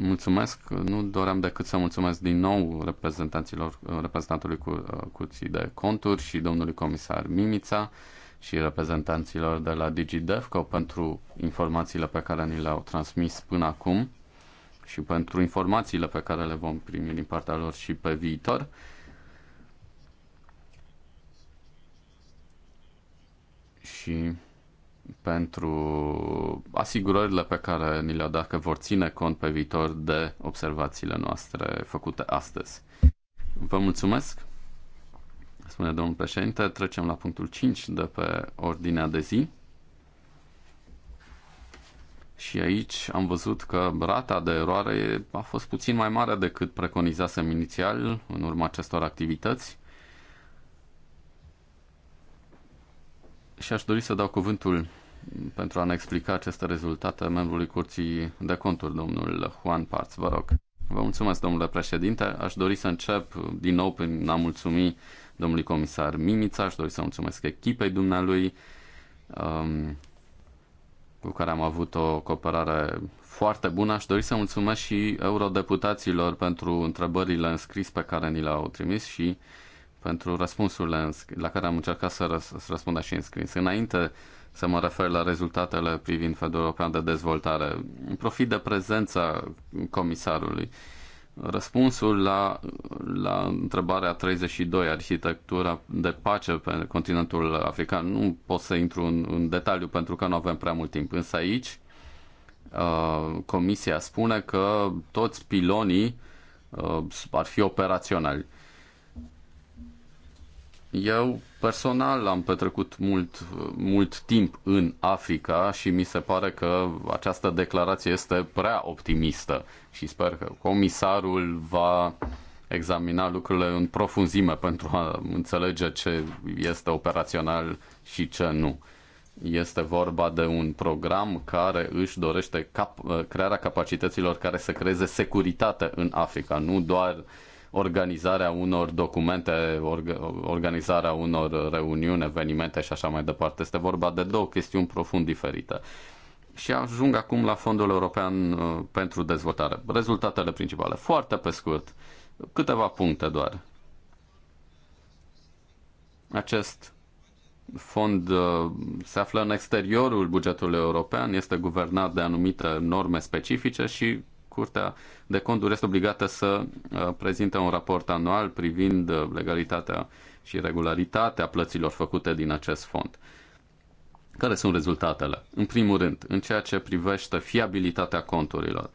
[SPEAKER 2] Mulțumesc. Nu doream decât să mulțumesc din nou reprezentanților, reprezentantului cu, uh, Curții de Conturi și domnului comisar Mimița și reprezentanților de la DigiDevco pentru informațiile pe care ni le-au transmis până acum și pentru informațiile pe care le vom primi din partea lor și pe viitor. Și pentru asigurările pe care ni le-a dat că vor ține cont pe viitor de observațiile noastre făcute astăzi. Vă mulțumesc, spune domnul președinte. Trecem la punctul 5 de pe ordinea de zi. Și aici am văzut că rata de eroare a fost puțin mai mare decât preconizasem inițial în urma acestor activități. Și aș dori să dau cuvântul pentru a ne explica aceste rezultate membrului Curții de Conturi, domnul Juan Parts vă rog. Vă mulțumesc, domnule președinte. Aș dori să încep din nou prin a mulțumi domnului comisar Mimița, aș dori să mulțumesc echipei dumnealui, um, cu care am avut o cooperare foarte bună. Aș dori să mulțumesc și eurodeputaților pentru întrebările înscris pe care ni le-au trimis și pentru răspunsurile la care am încercat să răspundă și înscris. Înainte să mă refer la rezultatele privind Fondul European de Dezvoltare. Profit de prezența comisarului. Răspunsul la, la întrebarea 32, arhitectura de pace pe continentul african, nu pot să intru în, în detaliu pentru că nu avem prea mult timp. Însă aici, uh, Comisia spune că toți pilonii uh, ar fi operaționali. Eu personal am petrecut mult, mult timp în Africa și mi se pare că această declarație este prea optimistă și sper că comisarul va examina lucrurile în profunzime pentru a înțelege ce este operațional și ce nu. Este vorba de un program care își dorește cap- crearea capacităților care să creeze securitate în Africa, nu doar uh, organizarea unor documente, organizarea unor reuniuni, evenimente și așa mai departe. Este vorba de două chestiuni profund diferite. Și ajung acum la Fondul European uh, pentru Dezvoltare. Rezultatele principale, foarte pe scurt, câteva puncte doar. Acest fond uh, se află în exteriorul bugetului european, este guvernat de anumite norme specifice și Curtea de Conturi este obligată să uh, prezinte un raport anual privind uh, legalitatea și regularitatea plăților făcute din acest fond. Care sunt rezultatele? În primul rând, în ceea ce privește fiabilitatea conturilor.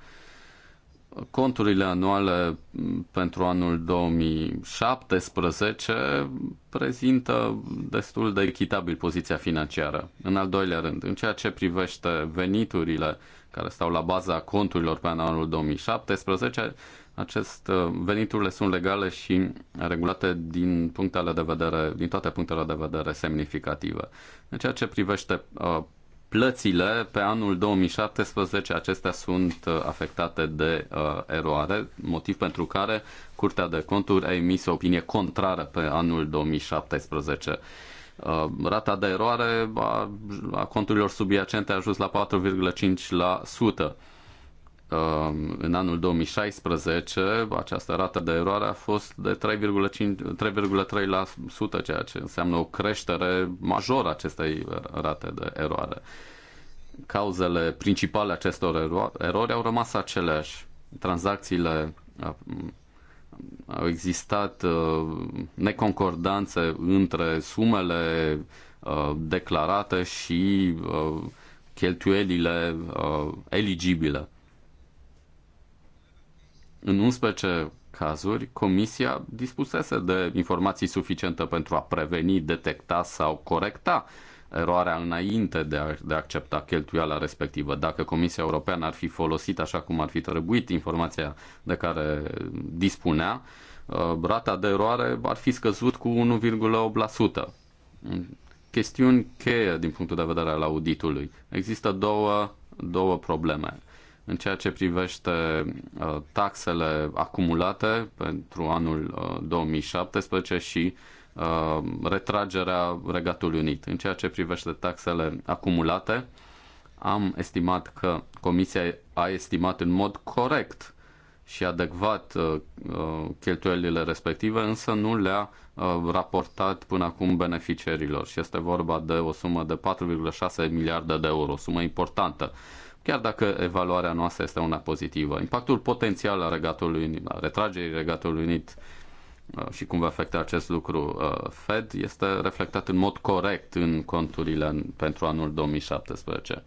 [SPEAKER 2] Conturile anuale mm, pentru anul 2017 prezintă destul de echitabil poziția financiară. În al doilea rând, în ceea ce privește veniturile care stau la baza conturilor pe anul 2017, acest, uh, veniturile sunt legale și regulate din punctele de vedere, din toate punctele de vedere semnificative. În ceea ce privește uh, plățile pe anul 2017 acestea sunt uh, afectate de uh, eroare, motiv pentru care Curtea de Conturi a emis o opinie contrară pe anul 2017. Uh, rata de eroare a, a conturilor subiacente a ajuns la 4,5%. Uh, în anul 2016, această rată de eroare a fost de 3,3%, ceea ce înseamnă o creștere majoră acestei rate de eroare. Cauzele principale acestor ero erori au rămas aceleași. Tranzacțiile uh, au existat uh, neconcordanțe între sumele uh, declarate și uh, cheltuielile eligibile. În 11 cazuri, Comisia dispusese de informații suficiente pentru a preveni, detecta sau corecta uh, eroarea înainte de a, de a accepta cheltuiala respectivă. Dacă Comisia Europeană ar fi folosit așa cum ar fi trebuit informația de care dispunea, uh, rata de eroare ar fi scăzut cu 1,8%. Chestiuni cheie din punctul de vedere al auditului. Există două, două probleme. În ceea ce privește uh, taxele acumulate pentru anul 2017 uh, și Uh, retragerea Regatului Unit. În ceea ce privește taxele acumulate, am estimat că Comisia a estimat în mod corect și adecvat uh, uh, cheltuielile respective, însă nu le-a raportat până acum beneficiarilor și este vorba de o sumă de 4,6 miliarde de euro, o sumă importantă chiar dacă evaluarea noastră este una pozitivă. Impactul potențial al regatului, a retragerii regatului unit Uh, și cum va afecta acest lucru uh, Fed este reflectat în mod corect în conturile pentru anul 2017.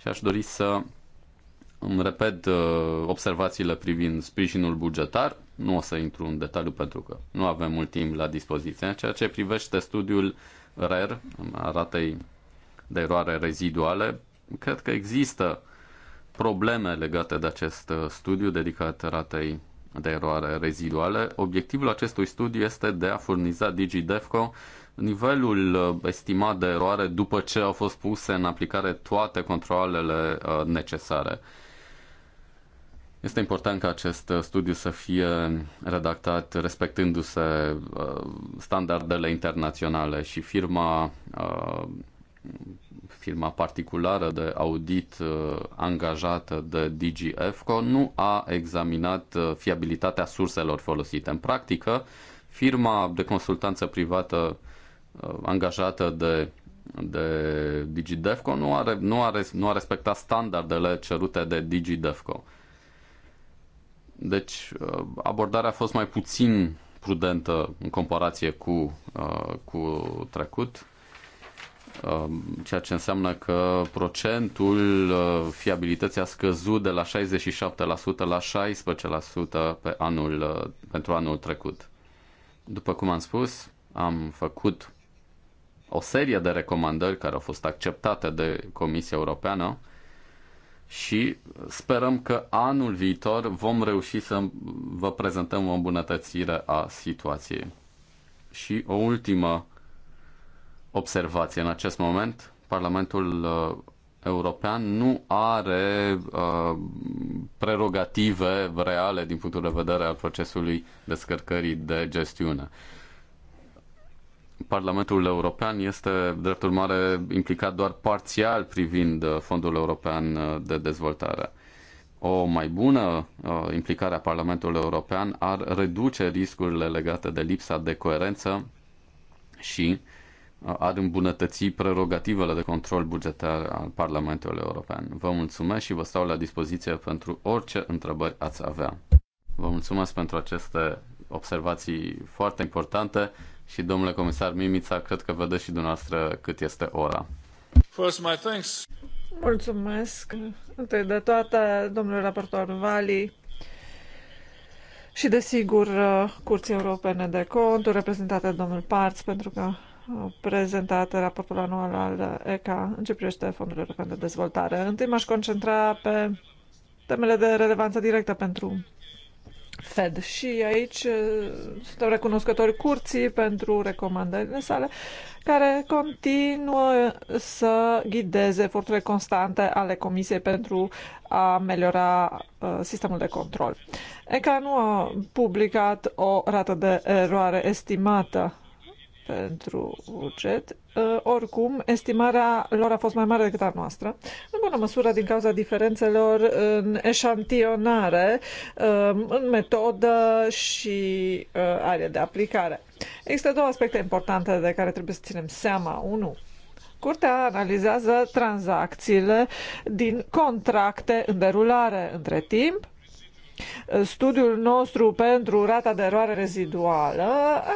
[SPEAKER 2] Și aș dori să îmi repet uh, observațiile privind sprijinul bugetar. Nu o să intru în detaliu pentru că nu avem mult timp la dispoziție. În ceea ce privește studiul RER, a ratei de eroare reziduale, cred că există probleme legate de acest studiu dedicat ratei de eroare reziduale. Obiectivul acestui studiu este de a furniza DigiDefco nivelul uh, estimat de eroare după ce au fost puse în aplicare toate controlele uh, necesare. Este important ca acest uh, studiu să fie redactat respectându-se standardele internaționale și firma firma particulară de audit uh, angajată de DGFCO, nu a examinat uh, fiabilitatea surselor folosite. În practică, firma de consultanță privată uh, angajată de de DigiDevco nu, are, nu, are, nu a respectat standardele cerute de DigiDevco. Deci abordarea a fost mai puțin prudentă în comparație cu, cu trecut Um, ceea ce înseamnă că procentul uh, fiabilității a scăzut de la 67% la 16% pe anul, uh, pentru anul trecut. După cum am spus, am făcut o serie de recomandări care au fost acceptate de Comisia Europeană și sperăm că anul viitor vom reuși să vă prezentăm o îmbunătățire a situației. Și o ultimă observație. În acest moment, Parlamentul uh, European nu are uh, prerogative reale din punctul de vedere al procesului descărcării de gestiune. Parlamentul European este, drept urmare, implicat doar parțial privind uh, Fondul European uh, de Dezvoltare o mai bună uh, implicare a Parlamentului European ar reduce riscurile legate de lipsa de coerență și ar îmbunătăți prerogativele de control bugetar al Parlamentului European. Vă mulțumesc și vă stau la dispoziție pentru orice întrebări ați avea. Vă mulțumesc pentru aceste observații foarte importante și domnule comisar Mimița, cred că vedeți și dumneavoastră cât este ora. First, my thanks.
[SPEAKER 3] Mulțumesc întâi de toate, domnule raportor Vali, și desigur Curții Europene de Conturi, reprezentate de domnul Parț, pentru că prezentat raportul anual al ECA în ce privește fondurile europene de dezvoltare. Întâi m-aș concentra pe temele de relevanță directă pentru Fed. Și aici uh, suntem recunoscători curții pentru recomandările sale, care continuă să ghideze eforturile constante ale Comisiei pentru a ameliora uh, sistemul de control. ECA nu a publicat o rată de eroare estimată pentru buget. Uh, oricum, estimarea lor a fost mai mare decât a noastră, în bună măsură din cauza diferențelor în eșantionare, um, în metodă și uh, area de aplicare. Există două aspecte importante de care trebuie să ținem seama. Unu, Curtea analizează tranzacțiile din contracte în derulare între timp Studiul nostru pentru rata de eroare reziduală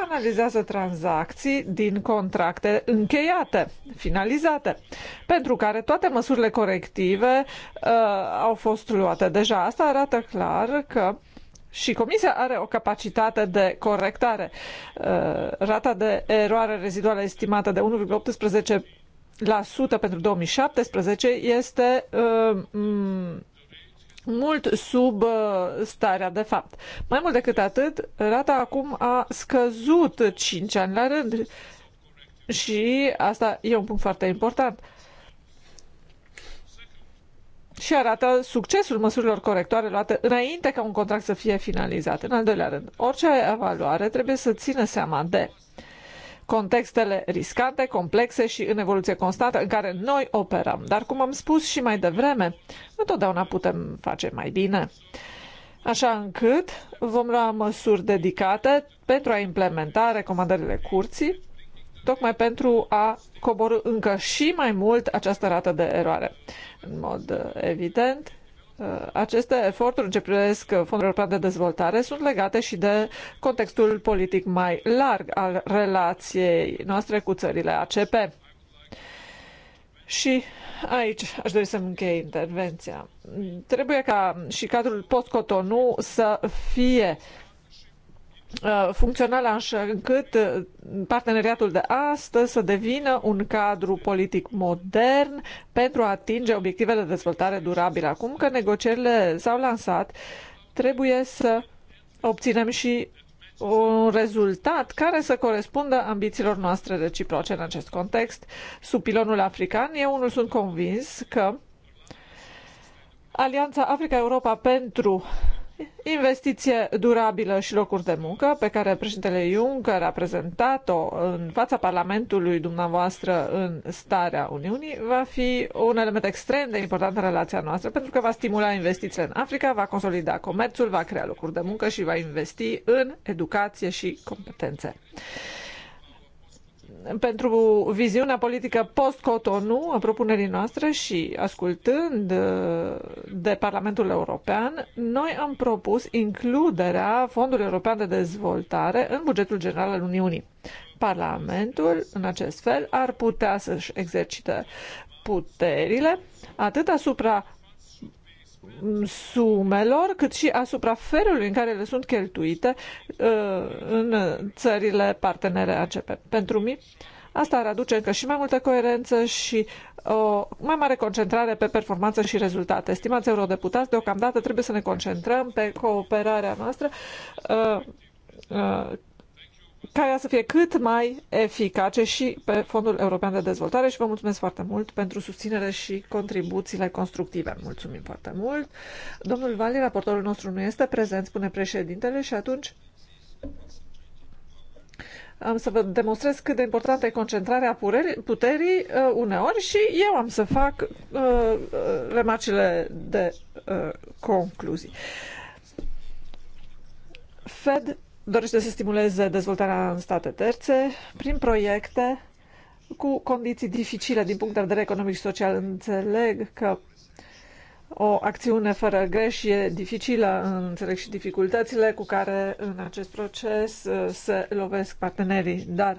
[SPEAKER 3] analizează tranzacții din contracte încheiate, finalizate, pentru care toate măsurile corective uh, au fost luate. Deja asta arată clar că și Comisia are o capacitate de corectare. Uh, rata de eroare reziduală estimată de 1,18% pentru 2017 este uh, mult sub uh, starea de fapt. Mai mult decât atât, rata acum a scăzut 5 ani la rând și asta e un punct foarte important. Și arată succesul măsurilor corectoare luate înainte ca un contract să fie finalizat. În al doilea rând, orice evaluare trebuie să țină seama de contextele riscante, complexe și în evoluție constantă în care noi operăm. Dar, cum am spus și mai devreme, întotdeauna putem face mai bine. Așa încât vom lua măsuri dedicate pentru a implementa recomandările curții, tocmai pentru a coborâ încă și mai mult această rată de eroare. În mod evident, Uh, aceste eforturi ce privesc Fondul European de Dezvoltare sunt legate și de contextul politic mai larg al relației noastre cu țările ACP. Și aici aș dori să-mi închei intervenția. Trebuie ca și cadrul post-Cotonou să fie Uh, funcțională așa încât uh, parteneriatul de astăzi să devină un cadru politic modern pentru a atinge obiectivele de dezvoltare durabilă. Acum că negocierile s-au lansat, trebuie să obținem și un rezultat care să corespundă ambițiilor noastre reciproce în acest context. Sub pilonul african, eu unul sunt convins că Alianța Africa-Europa pentru investiție durabilă și locuri de muncă, pe care președintele Juncker a prezentat-o în fața Parlamentului dumneavoastră în starea Uniunii, va fi un element extrem de important în relația noastră, pentru că va stimula investițiile în Africa, va consolida comerțul, va crea locuri de muncă și va investi în educație și competențe pentru viziunea politică post-Cotonou a propunerii noastre și ascultând uh, de Parlamentul European, noi am propus includerea Fondului European de Dezvoltare în bugetul general al Uniunii. Parlamentul, în acest fel, ar putea să-și exercite puterile atât asupra sumelor, cât și asupra felului în care le sunt cheltuite uh, în țările partenere ACP. Pentru mine, asta ar aduce încă și mai multă coerență și o uh, mai mare concentrare pe performanță și rezultate. Stimați eurodeputați, deocamdată trebuie să ne concentrăm pe cooperarea noastră uh, care să fie cât mai eficace și pe Fondul European de Dezvoltare și vă mulțumesc foarte mult pentru susținere și contribuțiile constructive. Mulțumim foarte mult. Domnul Vali, raportorul nostru, nu este prezent, spune președintele, și atunci am să vă demonstrez cât de importantă e concentrarea puterii uh, uneori și eu am să fac uh, uh remarcile de uh, concluzii. Fed dorește să stimuleze dezvoltarea în state terțe prin proiecte cu condiții dificile din punct de vedere economic și social. Înțeleg că o acțiune fără greș e dificilă, înțeleg și dificultățile cu care în acest proces uh, se lovesc partenerii, dar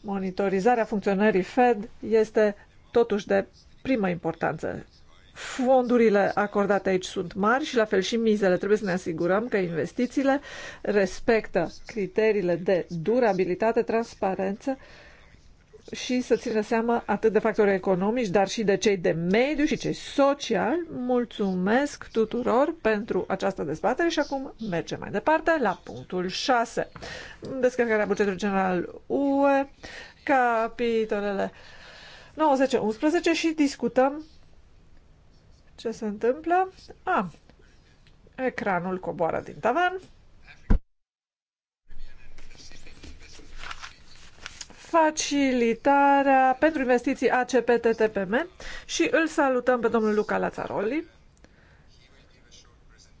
[SPEAKER 3] monitorizarea funcționării Fed este totuși de primă importanță Fondurile acordate aici sunt mari și la fel și mizele. Trebuie să ne asigurăm că investițiile respectă criteriile de durabilitate, transparență și să țină seama atât de factori economici, dar și de cei de mediu și cei sociali. Mulțumesc tuturor pentru această dezbatere și acum mergem mai departe la punctul 6. Descărcarea bugetului general UE, capitolele 9, 10, 11 și discutăm ce se întâmplă? A, ecranul coboară din tavan. Facilitarea pentru investiții ACPTTPM și îl salutăm pe domnul Luca Lazzaroli.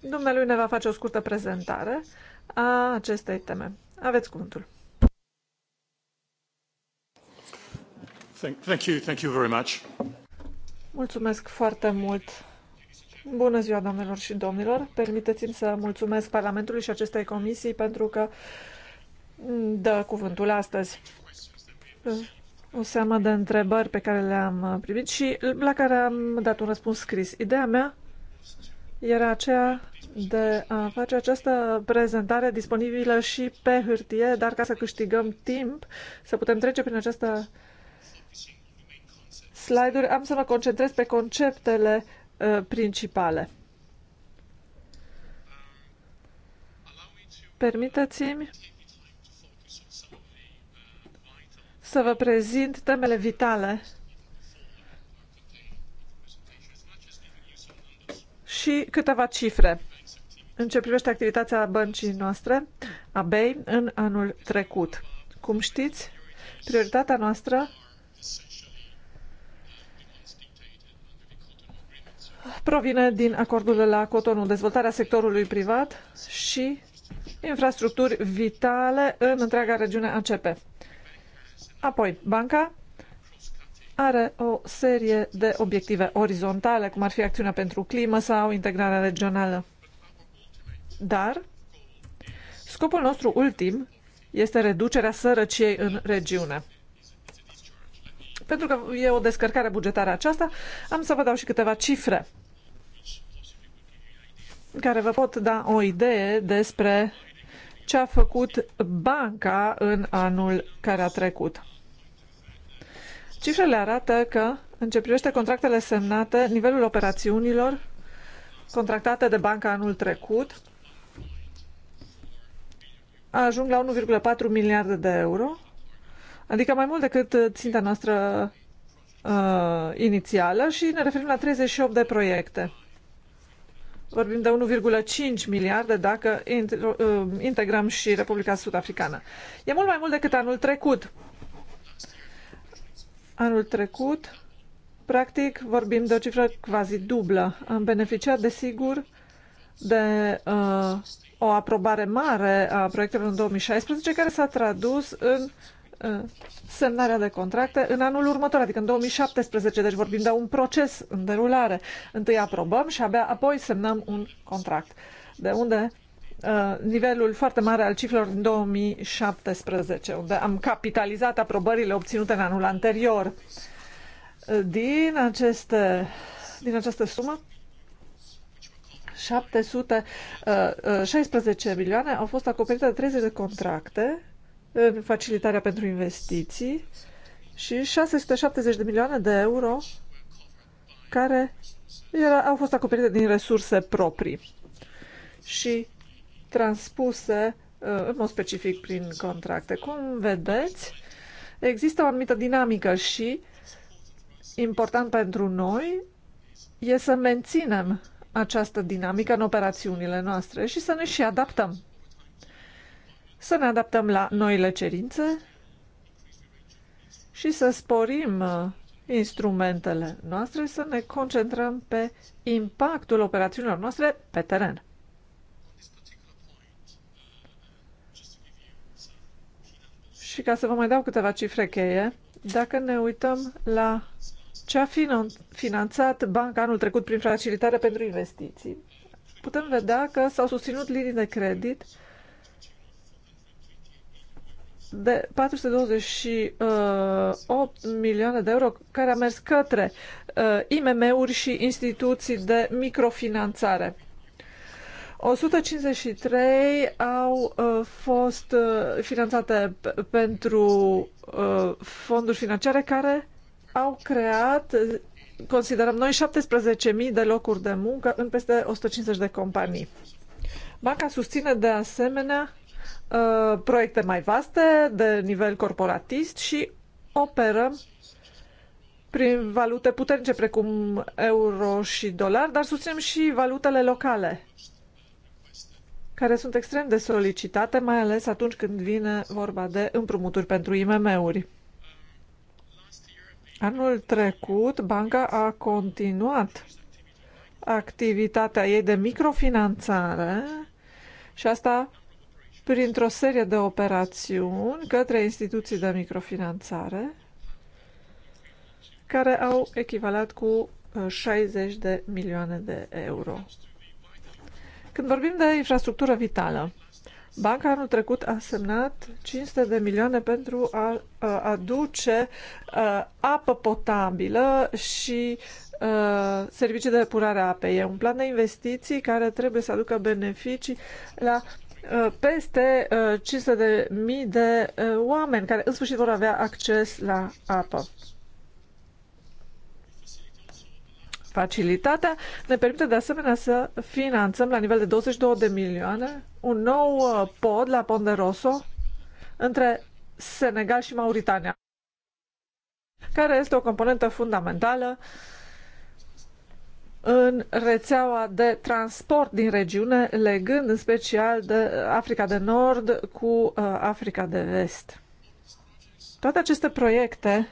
[SPEAKER 3] Dumnealui ne va face o scurtă prezentare a acestei teme. Aveți cuvântul. Thank you, thank you very much. Mulțumesc foarte mult Bună ziua, doamnelor și domnilor! Permiteți-mi să mulțumesc Parlamentului și acestei comisii pentru că dă cuvântul astăzi. O seamă de întrebări pe care le-am primit și la care am dat un răspuns scris. Ideea mea era aceea de a face această prezentare disponibilă și pe hârtie, dar ca să câștigăm timp, să putem trece prin această slide-uri, am să mă concentrez pe conceptele Uh, principale. Permiteți-mi să vă prezint temele vitale și câteva cifre în ce privește activitatea băncii noastre, a BEI, în anul trecut. Cum știți, prioritatea noastră provine din acordul de la Cotonou, dezvoltarea sectorului privat și infrastructuri vitale în întreaga regiune ACP. Apoi, banca are o serie de obiective orizontale, cum ar fi acțiunea pentru climă sau integrarea regională. Dar scopul nostru ultim este reducerea sărăciei în regiune. Pentru că e o descărcare bugetară aceasta, am să vă dau și câteva cifre care vă pot da o idee despre ce a făcut banca în anul care a trecut. Cifrele arată că, în ce privește contractele semnate, nivelul operațiunilor contractate de banca anul trecut ajung la 1,4 miliarde de euro, adică mai mult decât uh, ținta noastră uh, inițială și ne referim la 38 de proiecte. Vorbim de 1,5 miliarde dacă uh, integrăm și Republica Sud-Africană. E mult mai mult decât anul trecut. Anul trecut, practic, vorbim de o cifră quasi dublă. Am beneficiat, desigur, de uh, o aprobare mare a proiectelor în 2016, care s-a tradus în uh, Uh, semnarea de contracte în anul următor, adică în 2017, deci vorbim de un proces în derulare. Întâi aprobăm și abia apoi semnăm un contract. De unde uh, nivelul foarte mare al cifrelor din 2017, unde am capitalizat aprobările obținute în anul anterior. Uh, din, aceste, din această sumă, 716 milioane au fost acoperite de 30 de contracte Eh, facilitarea pentru investiții și 670 de milioane de euro care era, au fost acoperite din resurse proprii și transpuse eh, în mod specific prin contracte. Cum vedeți, există o anumită dinamică și important pentru noi e să menținem această dinamică în operațiunile noastre și să ne și adaptăm să ne adaptăm la noile cerințe și să sporim uh, instrumentele noastre, să ne concentrăm pe impactul operațiunilor noastre pe teren. Și ca să vă mai dau câteva cifre cheie, dacă ne uităm la ce a finanțat banca anul trecut prin facilitare pentru investiții, putem vedea că s-au susținut linii de credit de 428 uh, milioane de euro care a mers către uh, IMM-uri și instituții de microfinanțare. 153 au uh, fost uh, finanțate pentru uh, fonduri financiare care au creat, considerăm noi, 17.000 de locuri de muncă în peste 150 de companii. Banca susține de asemenea Uh, proiecte mai vaste de nivel corporatist și operă prin valute puternice precum euro și dolar, dar susținem și valutele locale, care sunt extrem de solicitate, mai ales atunci când vine vorba de împrumuturi pentru IMM-uri. Anul trecut, banca a continuat activitatea ei de microfinanțare și asta printr-o serie de operațiuni către instituții de microfinanțare care au echivalat cu 60 uh, de milioane de euro. Când vorbim de infrastructură vitală, Banca anul trecut a semnat 500 de milioane pentru a uh, aduce uh, apă potabilă și servicii de depurare a apei. E un plan de investiții care trebuie să aducă beneficii la Uh, peste 500.000 uh, de mii de uh, oameni care în sfârșit vor avea acces la apă. Facilitatea ne permite de asemenea să finanțăm la nivel de 22 de milioane un nou pod la Ponderoso între Senegal și Mauritania, care este o componentă fundamentală uh, în rețeaua de transport din regiune, legând în special de Africa de Nord cu uh, Africa de Vest. Toate aceste proiecte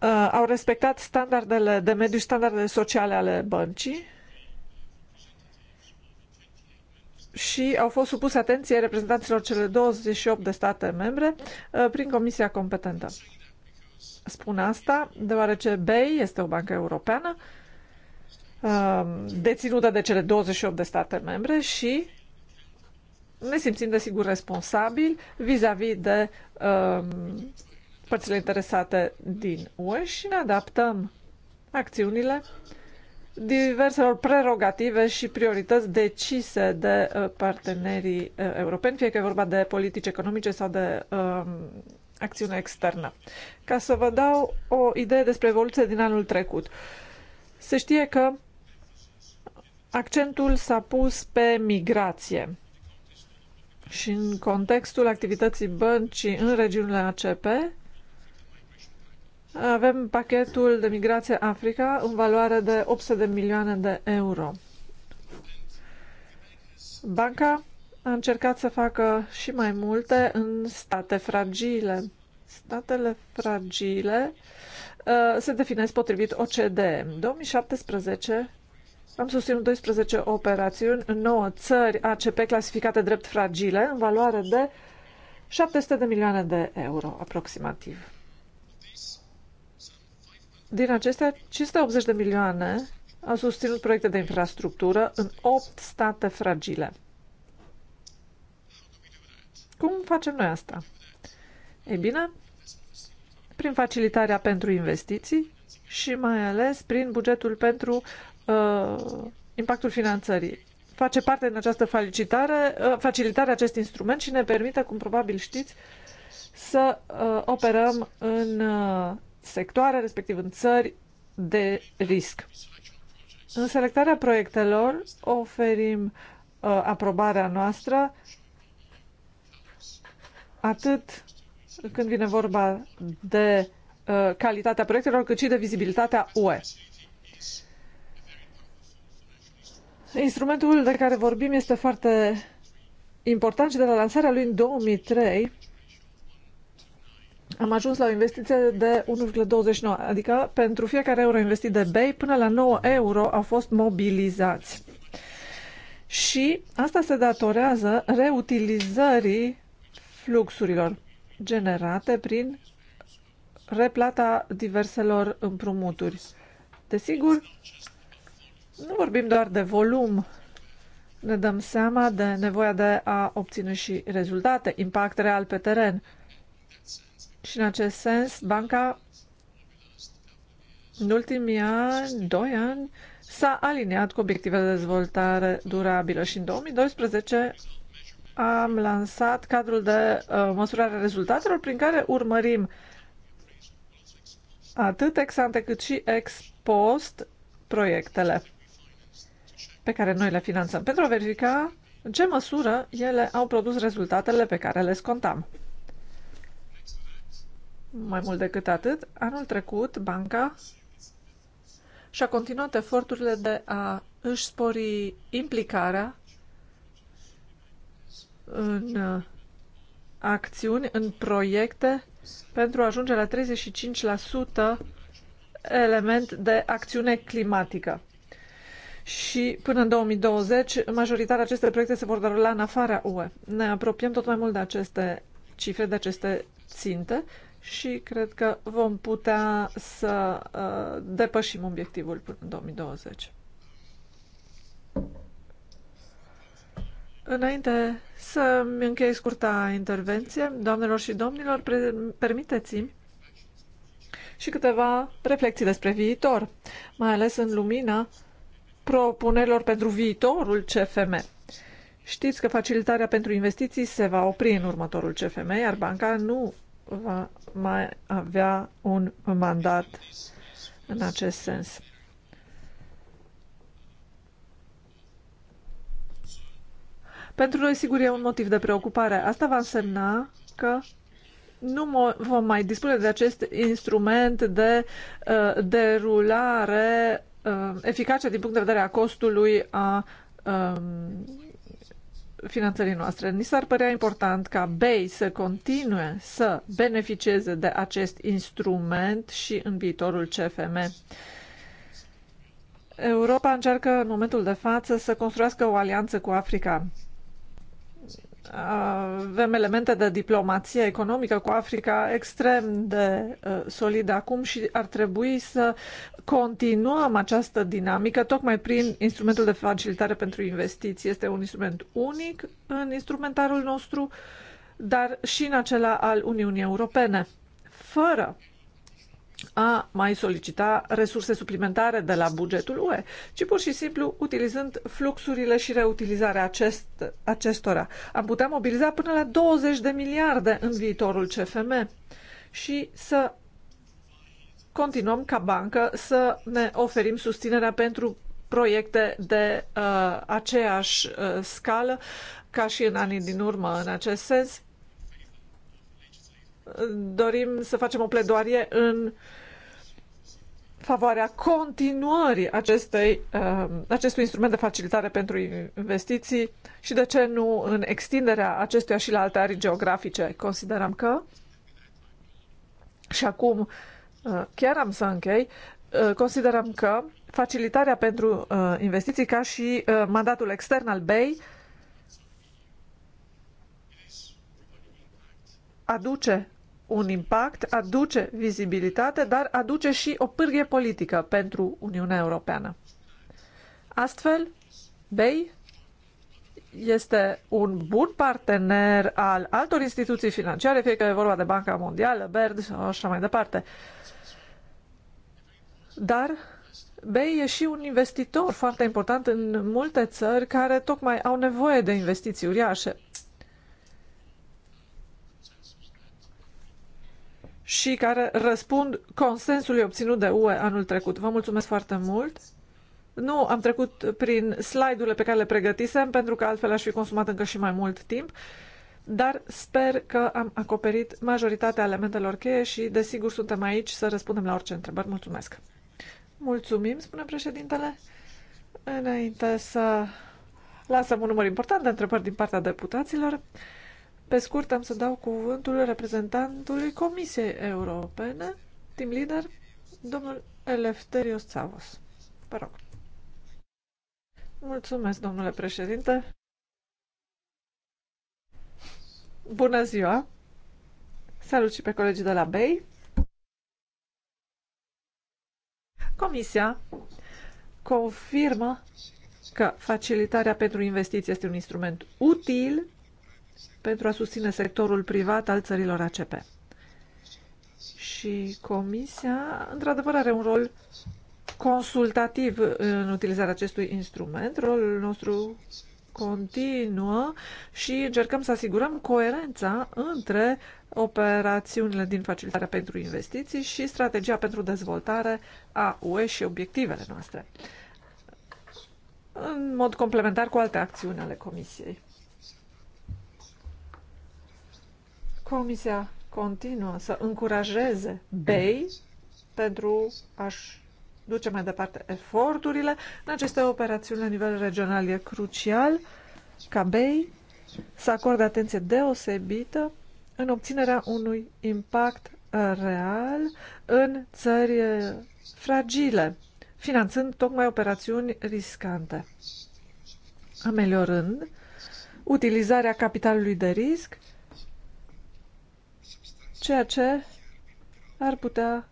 [SPEAKER 3] uh, au respectat standardele de mediu și standardele sociale ale băncii și au fost supuse atenție reprezentanților cele 28 de state membre uh, prin comisia competentă. Spun asta deoarece BEI este o bancă europeană um, deținută de cele 28 de state membre și ne simțim desigur responsabili vis-a-vis -vis de um, părțile interesate din UE și ne adaptăm acțiunile diverselor prerogative și priorități decise de uh, partenerii uh, europeni, fie că e vorba de politici economice sau de um, acțiune externă. Ca să vă dau o idee despre evoluția din anul trecut. Se știe că accentul s-a pus pe migrație și în contextul activității băncii în regiunile ACP avem pachetul de migrație Africa în valoare de 800 de milioane de euro. Banca a încercat să facă și mai multe în state fragile. Statele fragile uh, se definesc potrivit OCDE. În 2017 am susținut 12 operațiuni în 9 țări ACP clasificate drept fragile, în valoare de 700 de milioane de euro aproximativ. Din acestea, 580 de milioane au susținut proiecte de infrastructură în 8 state fragile. Cum facem noi asta? Ei bine, prin facilitarea pentru investiții și mai ales prin bugetul pentru uh, impactul finanțării. Face parte din această facilitare, uh, facilitare acest instrument și ne permite, cum probabil știți, să uh, operăm în uh, sectoare, respectiv în țări de risc. În selectarea proiectelor oferim uh, aprobarea noastră atât când vine vorba de uh, calitatea proiectelor, cât și de vizibilitatea UE. Instrumentul de care vorbim este foarte important și de la lansarea lui în 2003 am ajuns la o investiție de 1,29, adică pentru fiecare euro investit de BEI, până la 9 euro au fost mobilizați. Și asta se datorează reutilizării fluxurilor generate prin replata diverselor împrumuturi. Desigur, nu vorbim doar de volum, ne dăm seama de nevoia de a obține și rezultate, impact real pe teren. Și în acest sens, banca în ultimii ani, doi ani, s-a aliniat cu obiectivele de dezvoltare durabilă și în 2012 am lansat cadrul de uh, măsurare a rezultatelor prin care urmărim atât ex ante cât și ex post proiectele pe care noi le finanțăm pentru a verifica în ce măsură ele au produs rezultatele pe care le scontam. Mai mult decât atât, anul trecut, banca și-a continuat eforturile de a își spori implicarea în uh, acțiuni, în proiecte, pentru a ajunge la 35% element de acțiune climatică. Și până în 2020, majoritatea acestor proiecte se vor derula în afara UE. Ne apropiem tot mai mult de aceste cifre, de aceste ținte și cred că vom putea să uh, depășim obiectivul până în 2020. Înainte să-mi închei scurta intervenție, doamnelor și domnilor, permiteți-mi și câteva reflexii despre viitor, mai ales în lumina propunerilor pentru viitorul CFM. Știți că facilitarea pentru investiții se va opri în următorul CFM, iar banca nu va mai avea un mandat în acest sens. Pentru noi, sigur, e un motiv de preocupare. Asta va însemna că nu vom mai dispune de acest instrument de uh, derulare uh, eficace din punct de vedere a costului a um, finanțării noastre. Ni s-ar părea important ca BEI să continue să beneficieze de acest instrument și în viitorul CFM. Europa încearcă în momentul de față să construiască o alianță cu Africa avem elemente de diplomație economică cu Africa extrem de uh, solide acum și ar trebui să continuăm această dinamică tocmai prin instrumentul de facilitare pentru investiții. Este un instrument unic în instrumentarul nostru, dar și în acela al Uniunii Europene. Fără a mai solicita resurse suplimentare de la bugetul UE, ci pur și simplu utilizând fluxurile și reutilizarea acest, acestora. Am putea mobiliza până la 20 de miliarde în viitorul CFM și să continuăm ca bancă să ne oferim susținerea pentru proiecte de uh, aceeași uh, scală ca și în anii din urmă în acest sens dorim să facem o pledoarie în favoarea continuării acestei, um, acestui instrument de facilitare pentru investiții și, de ce nu, în extinderea acestuia și la alte arii geografice. Considerăm că, și acum uh, chiar am să închei, uh, considerăm că facilitarea pentru uh, investiții ca și mandatul extern al BEI aduce un impact, aduce vizibilitate, dar aduce și o pârghie politică pentru Uniunea Europeană. Astfel, BEI este un bun partener al altor instituții financiare, fie că e vorba de Banca Mondială, BERD sau așa mai departe. Dar BEI e și un investitor foarte important în multe țări care tocmai au nevoie de investiții uriașe. și care răspund consensului obținut de UE anul trecut. Vă mulțumesc foarte mult! Nu, am trecut prin slide-urile pe care le pregătisem, pentru că altfel aș fi consumat încă și mai mult timp, dar sper că am acoperit majoritatea elementelor cheie și, desigur, suntem aici să răspundem la orice întrebări. Mulțumesc! Mulțumim, spune președintele. Înainte să lasăm un număr important de întrebări din partea deputaților, pe scurt, am să dau cuvântul reprezentantului Comisiei Europene, team leader, domnul Elefterios Tsavos. Vă rog. Mulțumesc, domnule președinte. Bună ziua! Salut și pe colegii de la BEI. Comisia confirmă că facilitarea pentru investiții este un instrument util pentru a susține sectorul privat al țărilor ACP. Și Comisia, într-adevăr, are un rol consultativ în utilizarea acestui instrument. Rolul nostru continuă și încercăm să asigurăm coerența între operațiunile din facilitarea pentru investiții și strategia pentru dezvoltare a UE și obiectivele noastre, în mod complementar cu alte acțiuni ale Comisiei. Comisia continuă să încurajeze BEI pentru a-și duce mai departe eforturile. În aceste operațiuni la nivel regional e crucial ca BEI să acorde atenție deosebită în obținerea unui impact real în țări fragile, finanțând tocmai operațiuni riscante, ameliorând utilizarea capitalului de risc ceea ce ar putea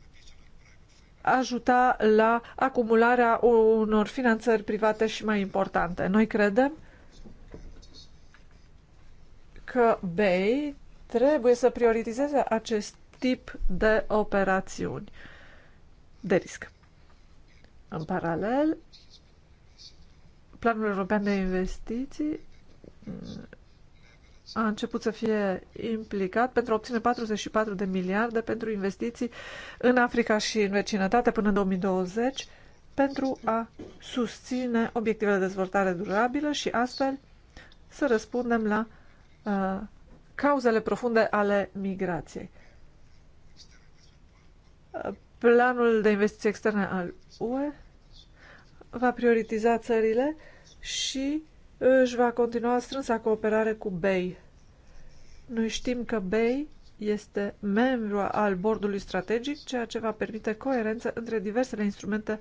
[SPEAKER 3] ajuta la acumularea unor finanțări private și mai importante. Noi credem că BEI trebuie să prioritizeze acest tip de operațiuni de risc. În paralel, Planul European de Investiții a început să fie implicat pentru a obține 44 de miliarde pentru investiții în Africa și în vecinătate până în 2020 pentru a susține obiectivele de dezvoltare durabilă și astfel să răspundem la uh, cauzele profunde ale migrației. Uh, planul de investiții externe al UE va prioritiza țările și uh, își va continua strânsa cooperare cu BEI. Noi știm că BEI este membru al bordului strategic, ceea ce va permite coerență între diversele instrumente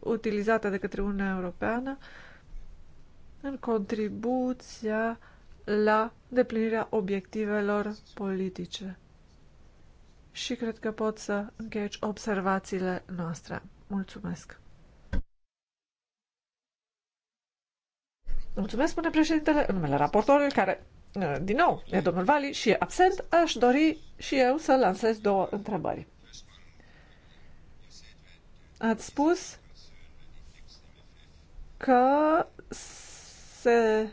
[SPEAKER 3] utilizate de către Uniunea Europeană în contribuția la deplinirea obiectivelor politice. Și cred că pot să închei observațiile noastre. Mulțumesc! Mulțumesc, spune președintele, în numele raportorului, care, uh, din nou, e domnul Vali și e absent, aș dori și eu să lansez două întrebări. Ați spus că se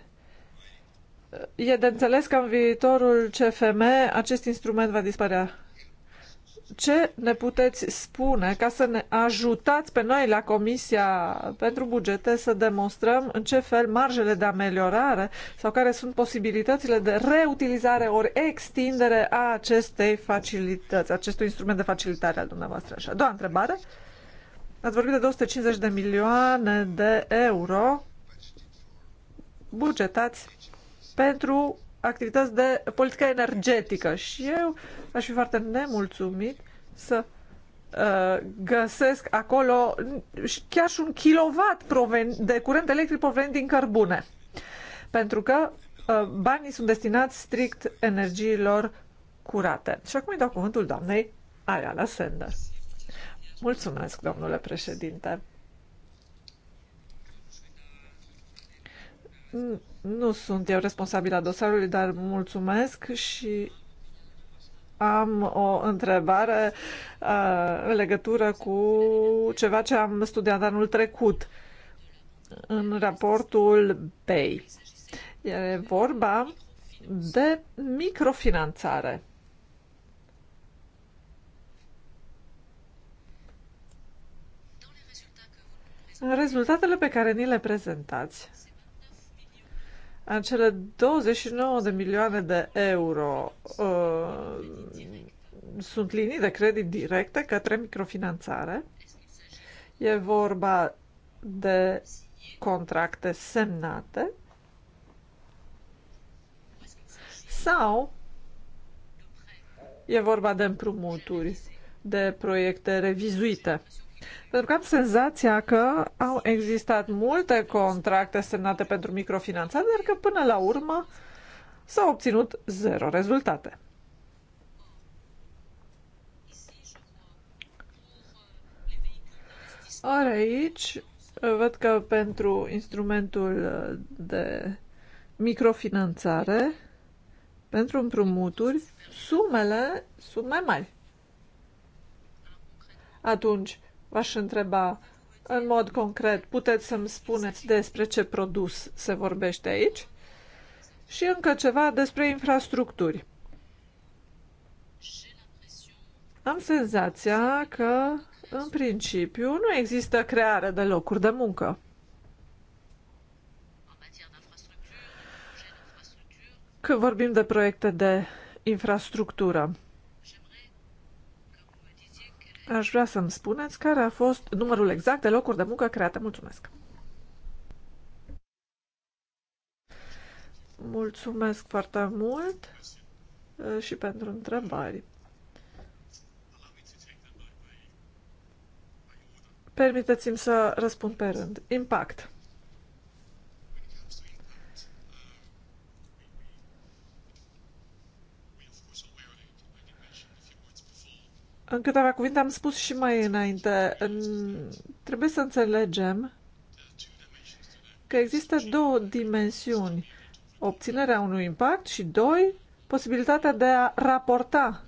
[SPEAKER 3] e de înțeles că în viitorul CFM acest instrument va dispărea ce ne puteți spune ca să ne ajutați pe noi la Comisia pentru Bugete să demonstrăm în ce fel marjele de ameliorare sau care sunt posibilitățile de reutilizare ori extindere a acestei facilități, acestui instrument de facilitare al dumneavoastră. Așa. doua întrebare. Ați vorbit de 250 de milioane de euro bugetați pentru activități de politică energetică și eu aș fi foarte nemulțumit să uh, găsesc acolo chiar și un kilowatt de curent electric provenit din cărbune. Pentru că uh, banii sunt destinați strict energiilor curate. Și acum îi dau cuvântul doamnei Ayala Sender. Mulțumesc, domnule președinte. Nu sunt eu responsabilă dosarului, dar mulțumesc și am o întrebare uh, în legătură cu ceva ce am studiat anul trecut în raportul BEI. E vorba de microfinanțare. În rezultatele pe care ni le prezentați, în cele 29 de milioane de euro uh, sunt linii de credit directe către microfinanțare. E vorba de contracte semnate sau e vorba de împrumuturi, de proiecte revizuite. Pentru că am senzația că au existat multe contracte semnate pentru microfinanțare, dar că până la urmă s-au obținut zero rezultate. Ori aici văd că pentru instrumentul de microfinanțare, pentru împrumuturi, sumele sunt mai mari. Atunci, V-aș întreba în mod concret, puteți să-mi spuneți despre ce produs se vorbește aici? Și încă ceva despre infrastructuri. Am senzația că, în principiu, nu există creare de locuri de muncă. Când vorbim de proiecte de infrastructură, Aș vrea să-mi spuneți care a fost numărul exact de locuri de muncă create. Mulțumesc! Mulțumesc foarte mult uh, și pentru întrebări. Permiteți-mi să răspund pe rând. Impact. În câteva cuvinte am spus și mai înainte, trebuie să înțelegem că există două dimensiuni. Obținerea unui impact și, doi, posibilitatea de a raporta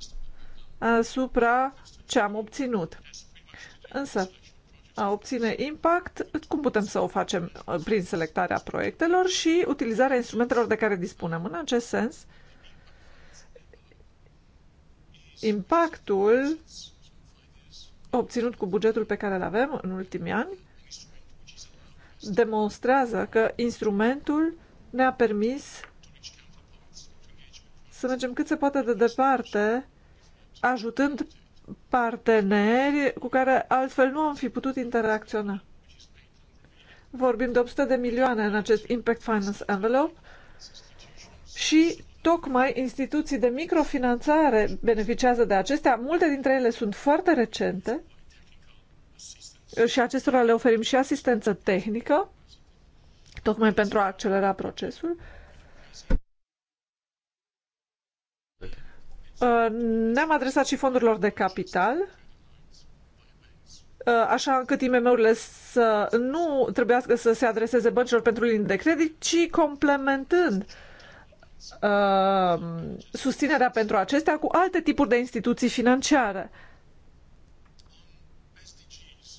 [SPEAKER 3] asupra ce am obținut. Însă, a obține impact, cum putem să o facem prin selectarea proiectelor și utilizarea instrumentelor de care dispunem. În acest sens, impactul obținut cu bugetul pe care îl avem în ultimii ani demonstrează că instrumentul ne-a permis să mergem cât se poate de departe, ajutând parteneri cu care altfel nu am fi putut interacționa. Vorbim de 800 de milioane în acest Impact Finance Envelope și Tocmai instituții de microfinanțare beneficiază de acestea. Multe dintre ele sunt foarte recente și acestora le oferim și asistență tehnică, tocmai pentru a accelera procesul. Uh, ne-am adresat și fondurilor de capital, uh, așa încât IMM-urile să nu trebuiască să se adreseze băncilor pentru linii de credit, ci complementând uh, uh, susținerea pentru acestea cu alte tipuri de instituții financiare.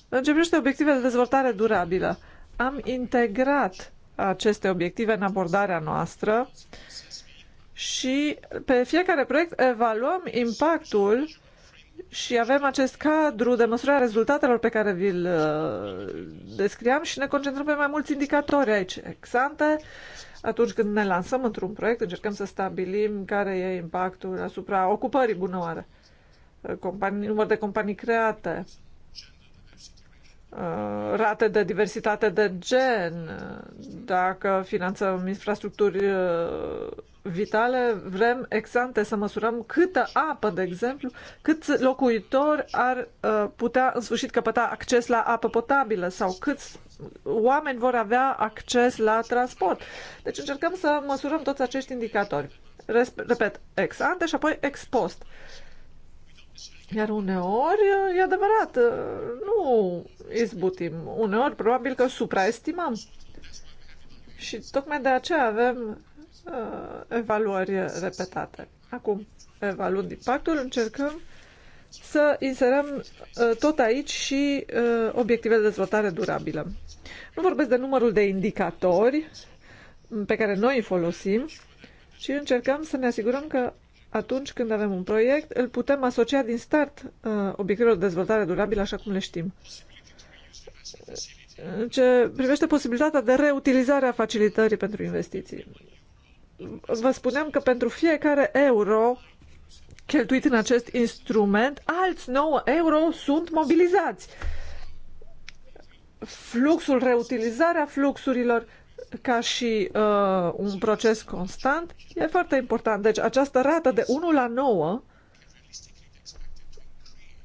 [SPEAKER 3] În ce privește obiectivele de dezvoltare durabilă, am integrat aceste obiective în abordarea noastră și pe fiecare proiect evaluăm impactul și avem acest cadru de măsurare a rezultatelor pe care vi-l uh, descriam și ne concentrăm pe mai mulți indicatori aici, Exante, atunci când ne lansăm într-un proiect, încercăm să stabilim care e impactul asupra ocupării bunăoară, uh, companii, număr de companii create, uh, rate de diversitate de gen, uh, dacă finanțăm infrastructuri vitale, vrem exante să măsurăm câtă apă, de exemplu, câți locuitori ar uh, putea în sfârșit căpăta acces la apă potabilă sau câți oameni vor avea acces la transport. Deci încercăm să măsurăm toți acești indicatori. Repet, ex ante și apoi ex post. Iar uneori, uh, e adevărat, uh, nu izbutim. Uneori, probabil că supraestimăm. Și tocmai de aceea avem uh, evaluări repetate. Acum, evaluând impactul, încercăm să inserăm uh, tot aici și uh, obiective de dezvoltare durabilă. Nu vorbesc de numărul de indicatori pe care noi îi folosim, ci încercăm să ne asigurăm că atunci când avem un proiect, îl putem asocia din start uh, obiectivelor de dezvoltare durabilă, așa cum le știm. ce privește posibilitatea de reutilizare a facilitării pentru investiții vă spuneam că pentru fiecare euro cheltuit în acest instrument, alți 9 euro sunt mobilizați. Fluxul, reutilizarea fluxurilor ca și uh, un proces constant e foarte important. Deci această rată de 1 la 9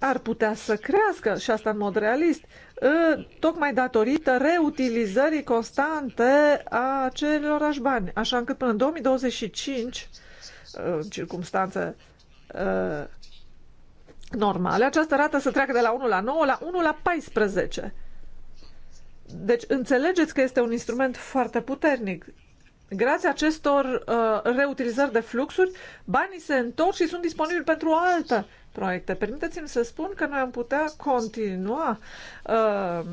[SPEAKER 3] ar putea să crească și asta în mod realist, ă, tocmai datorită reutilizării constante a acelorași bani. Așa încât până în 2025, ă, în circunstanțe ă, normale, această rată să treacă de la 1 la 9 la 1 la 14. Deci înțelegeți că este un instrument foarte puternic Grație acestor uh, reutilizări de fluxuri, banii se întorc și sunt disponibili pentru alte proiecte. Permiteți-mi să spun că noi am putea continua uh,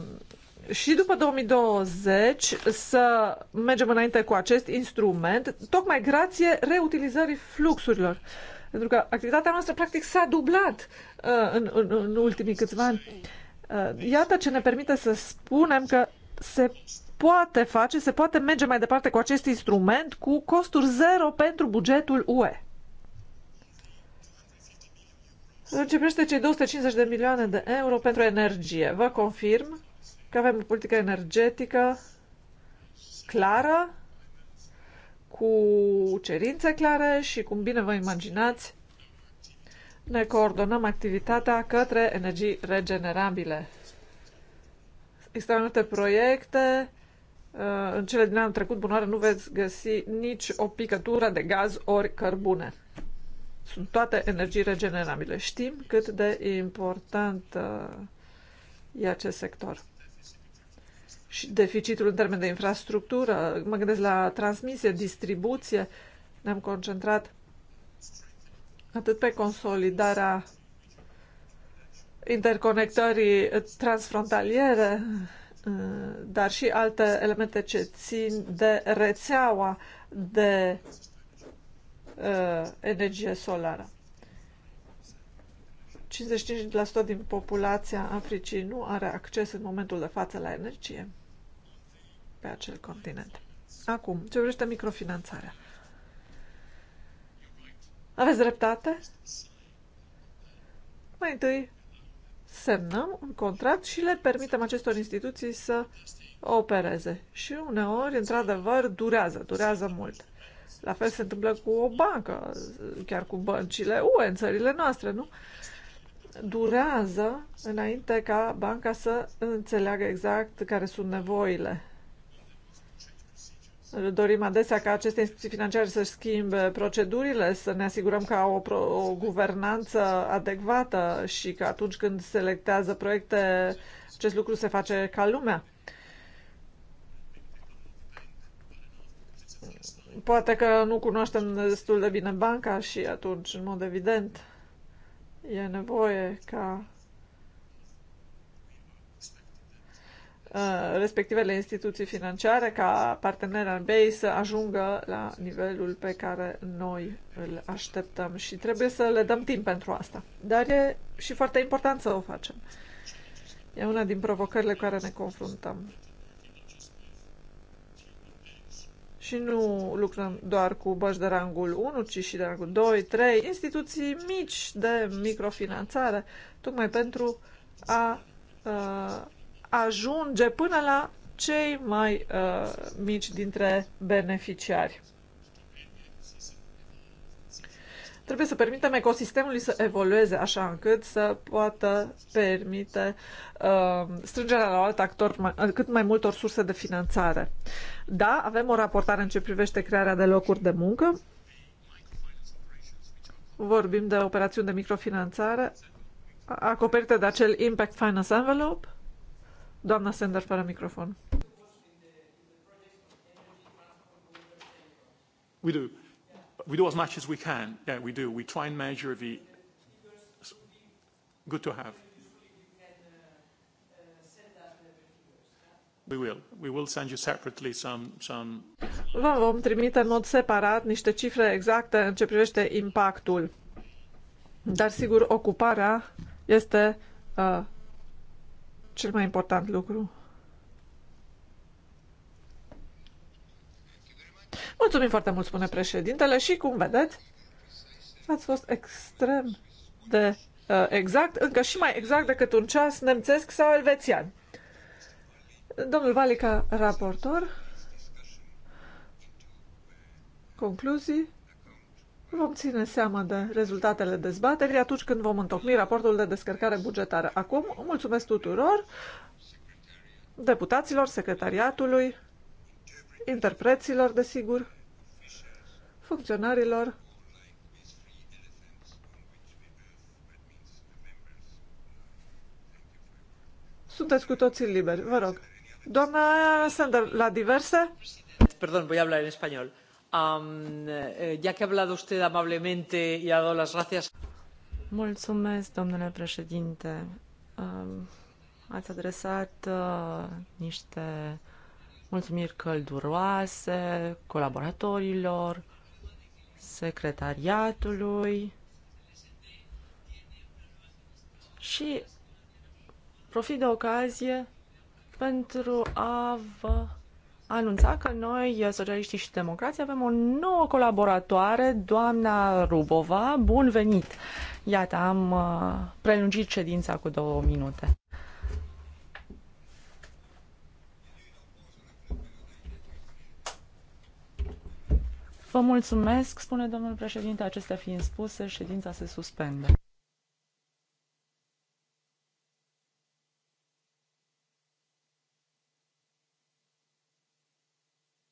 [SPEAKER 3] și după 2020 să mergem înainte cu acest instrument, tocmai grație reutilizării fluxurilor. Pentru că activitatea noastră practic s-a dublat uh, în, în, în ultimii câțiva ani. Uh, iată ce ne permite să spunem că se poate face, se poate merge mai departe cu acest instrument cu costuri zero pentru bugetul UE. Începește cei 250 de milioane de euro pentru energie. Vă confirm că avem o politică energetică clară, cu cerințe clare și, cum bine vă imaginați, ne coordonăm activitatea către energii regenerabile. Există mai multe proiecte Uh, în cele din anul trecut, bunoare, nu veți găsi nici o picătură de gaz ori cărbune. Sunt toate energii regenerabile. Știm cât de important uh, e acest sector. Și deficitul în termen de infrastructură, mă gândesc la transmisie, distribuție, ne-am concentrat atât pe consolidarea interconectării transfrontaliere, Mm, dar și alte elemente ce țin de rețeaua de uh, energie solară. 55% din populația Africii nu are acces în momentul de față la energie pe acel continent. Acum, ce vrește microfinanțarea? Aveți dreptate? Mai întâi, semnăm un contract și le permitem acestor instituții să opereze. Și uneori, într-adevăr, durează, durează mult. La fel se întâmplă cu o bancă, chiar cu băncile UE în țările noastre, nu? Durează înainte ca banca să înțeleagă exact care sunt nevoile Dorim adesea ca aceste instituții financiare să schimbe procedurile, să ne asigurăm că au o, o guvernanță adecvată și că atunci când selectează proiecte, acest lucru se face ca lumea. Poate că nu cunoaștem destul de bine banca și atunci, în mod evident, e nevoie ca Uh, respectivele instituții financiare ca partener al BEI să ajungă la nivelul pe care noi îl așteptăm și trebuie să le dăm timp pentru asta. Dar e și foarte important să o facem. E una din provocările cu care ne confruntăm. Și nu lucrăm doar cu băși de rangul 1, ci și de rangul 2, 3, instituții mici de microfinanțare, tocmai pentru a, a uh, ajunge până la cei mai uh, mici dintre beneficiari. Trebuie să permitem ecosistemului să evolueze așa încât să poată permite uh, strângerea la alt actor mai, uh, cât mai multor surse de finanțare. Da, avem o raportare în ce privește crearea de locuri de muncă. Vorbim de operațiuni de microfinanțare acoperite de acel Impact Finance Envelope Doamna Sender, fără microfon. We do. We do as much as we can. Yeah, we do. We try and measure the... Good to have. We will. We will send you separately some, some... Vă vom trimite în mod separat niște cifre exacte în ce privește impactul. Dar sigur, ocuparea este uh, cel mai important lucru. Mulțumim foarte mult, spune președintele, și cum vedeți, ați fost extrem de uh, exact, încă și mai exact decât un ceas nemțesc sau elvețian. Domnul Valica, raportor, concluzii. Vom ține seama de rezultatele dezbaterii atunci când vom întocmi raportul de descărcare bugetară. Acum, mulțumesc tuturor, deputaților, secretariatului, interpreților, desigur, funcționarilor, Sunteți cu toții liberi, vă rog. Doamna Sander, la diverse? Perdón, voy a hablar en español. Um, ya que ha hablado usted amablemente y ha dado las gracias.
[SPEAKER 1] Mulțumesc, domnule președinte. Um, ați adresat uh, niște mulțumiri călduroase colaboratorilor, secretariatului și profit de ocazie pentru a vă anunța că noi, socialiștii și democrații, avem o nouă colaboratoare, doamna Rubova. Bun venit! Iată, am uh, prelungit ședința cu două minute. Vă mulțumesc, spune domnul președinte, acestea fiind spuse, ședința se suspendă.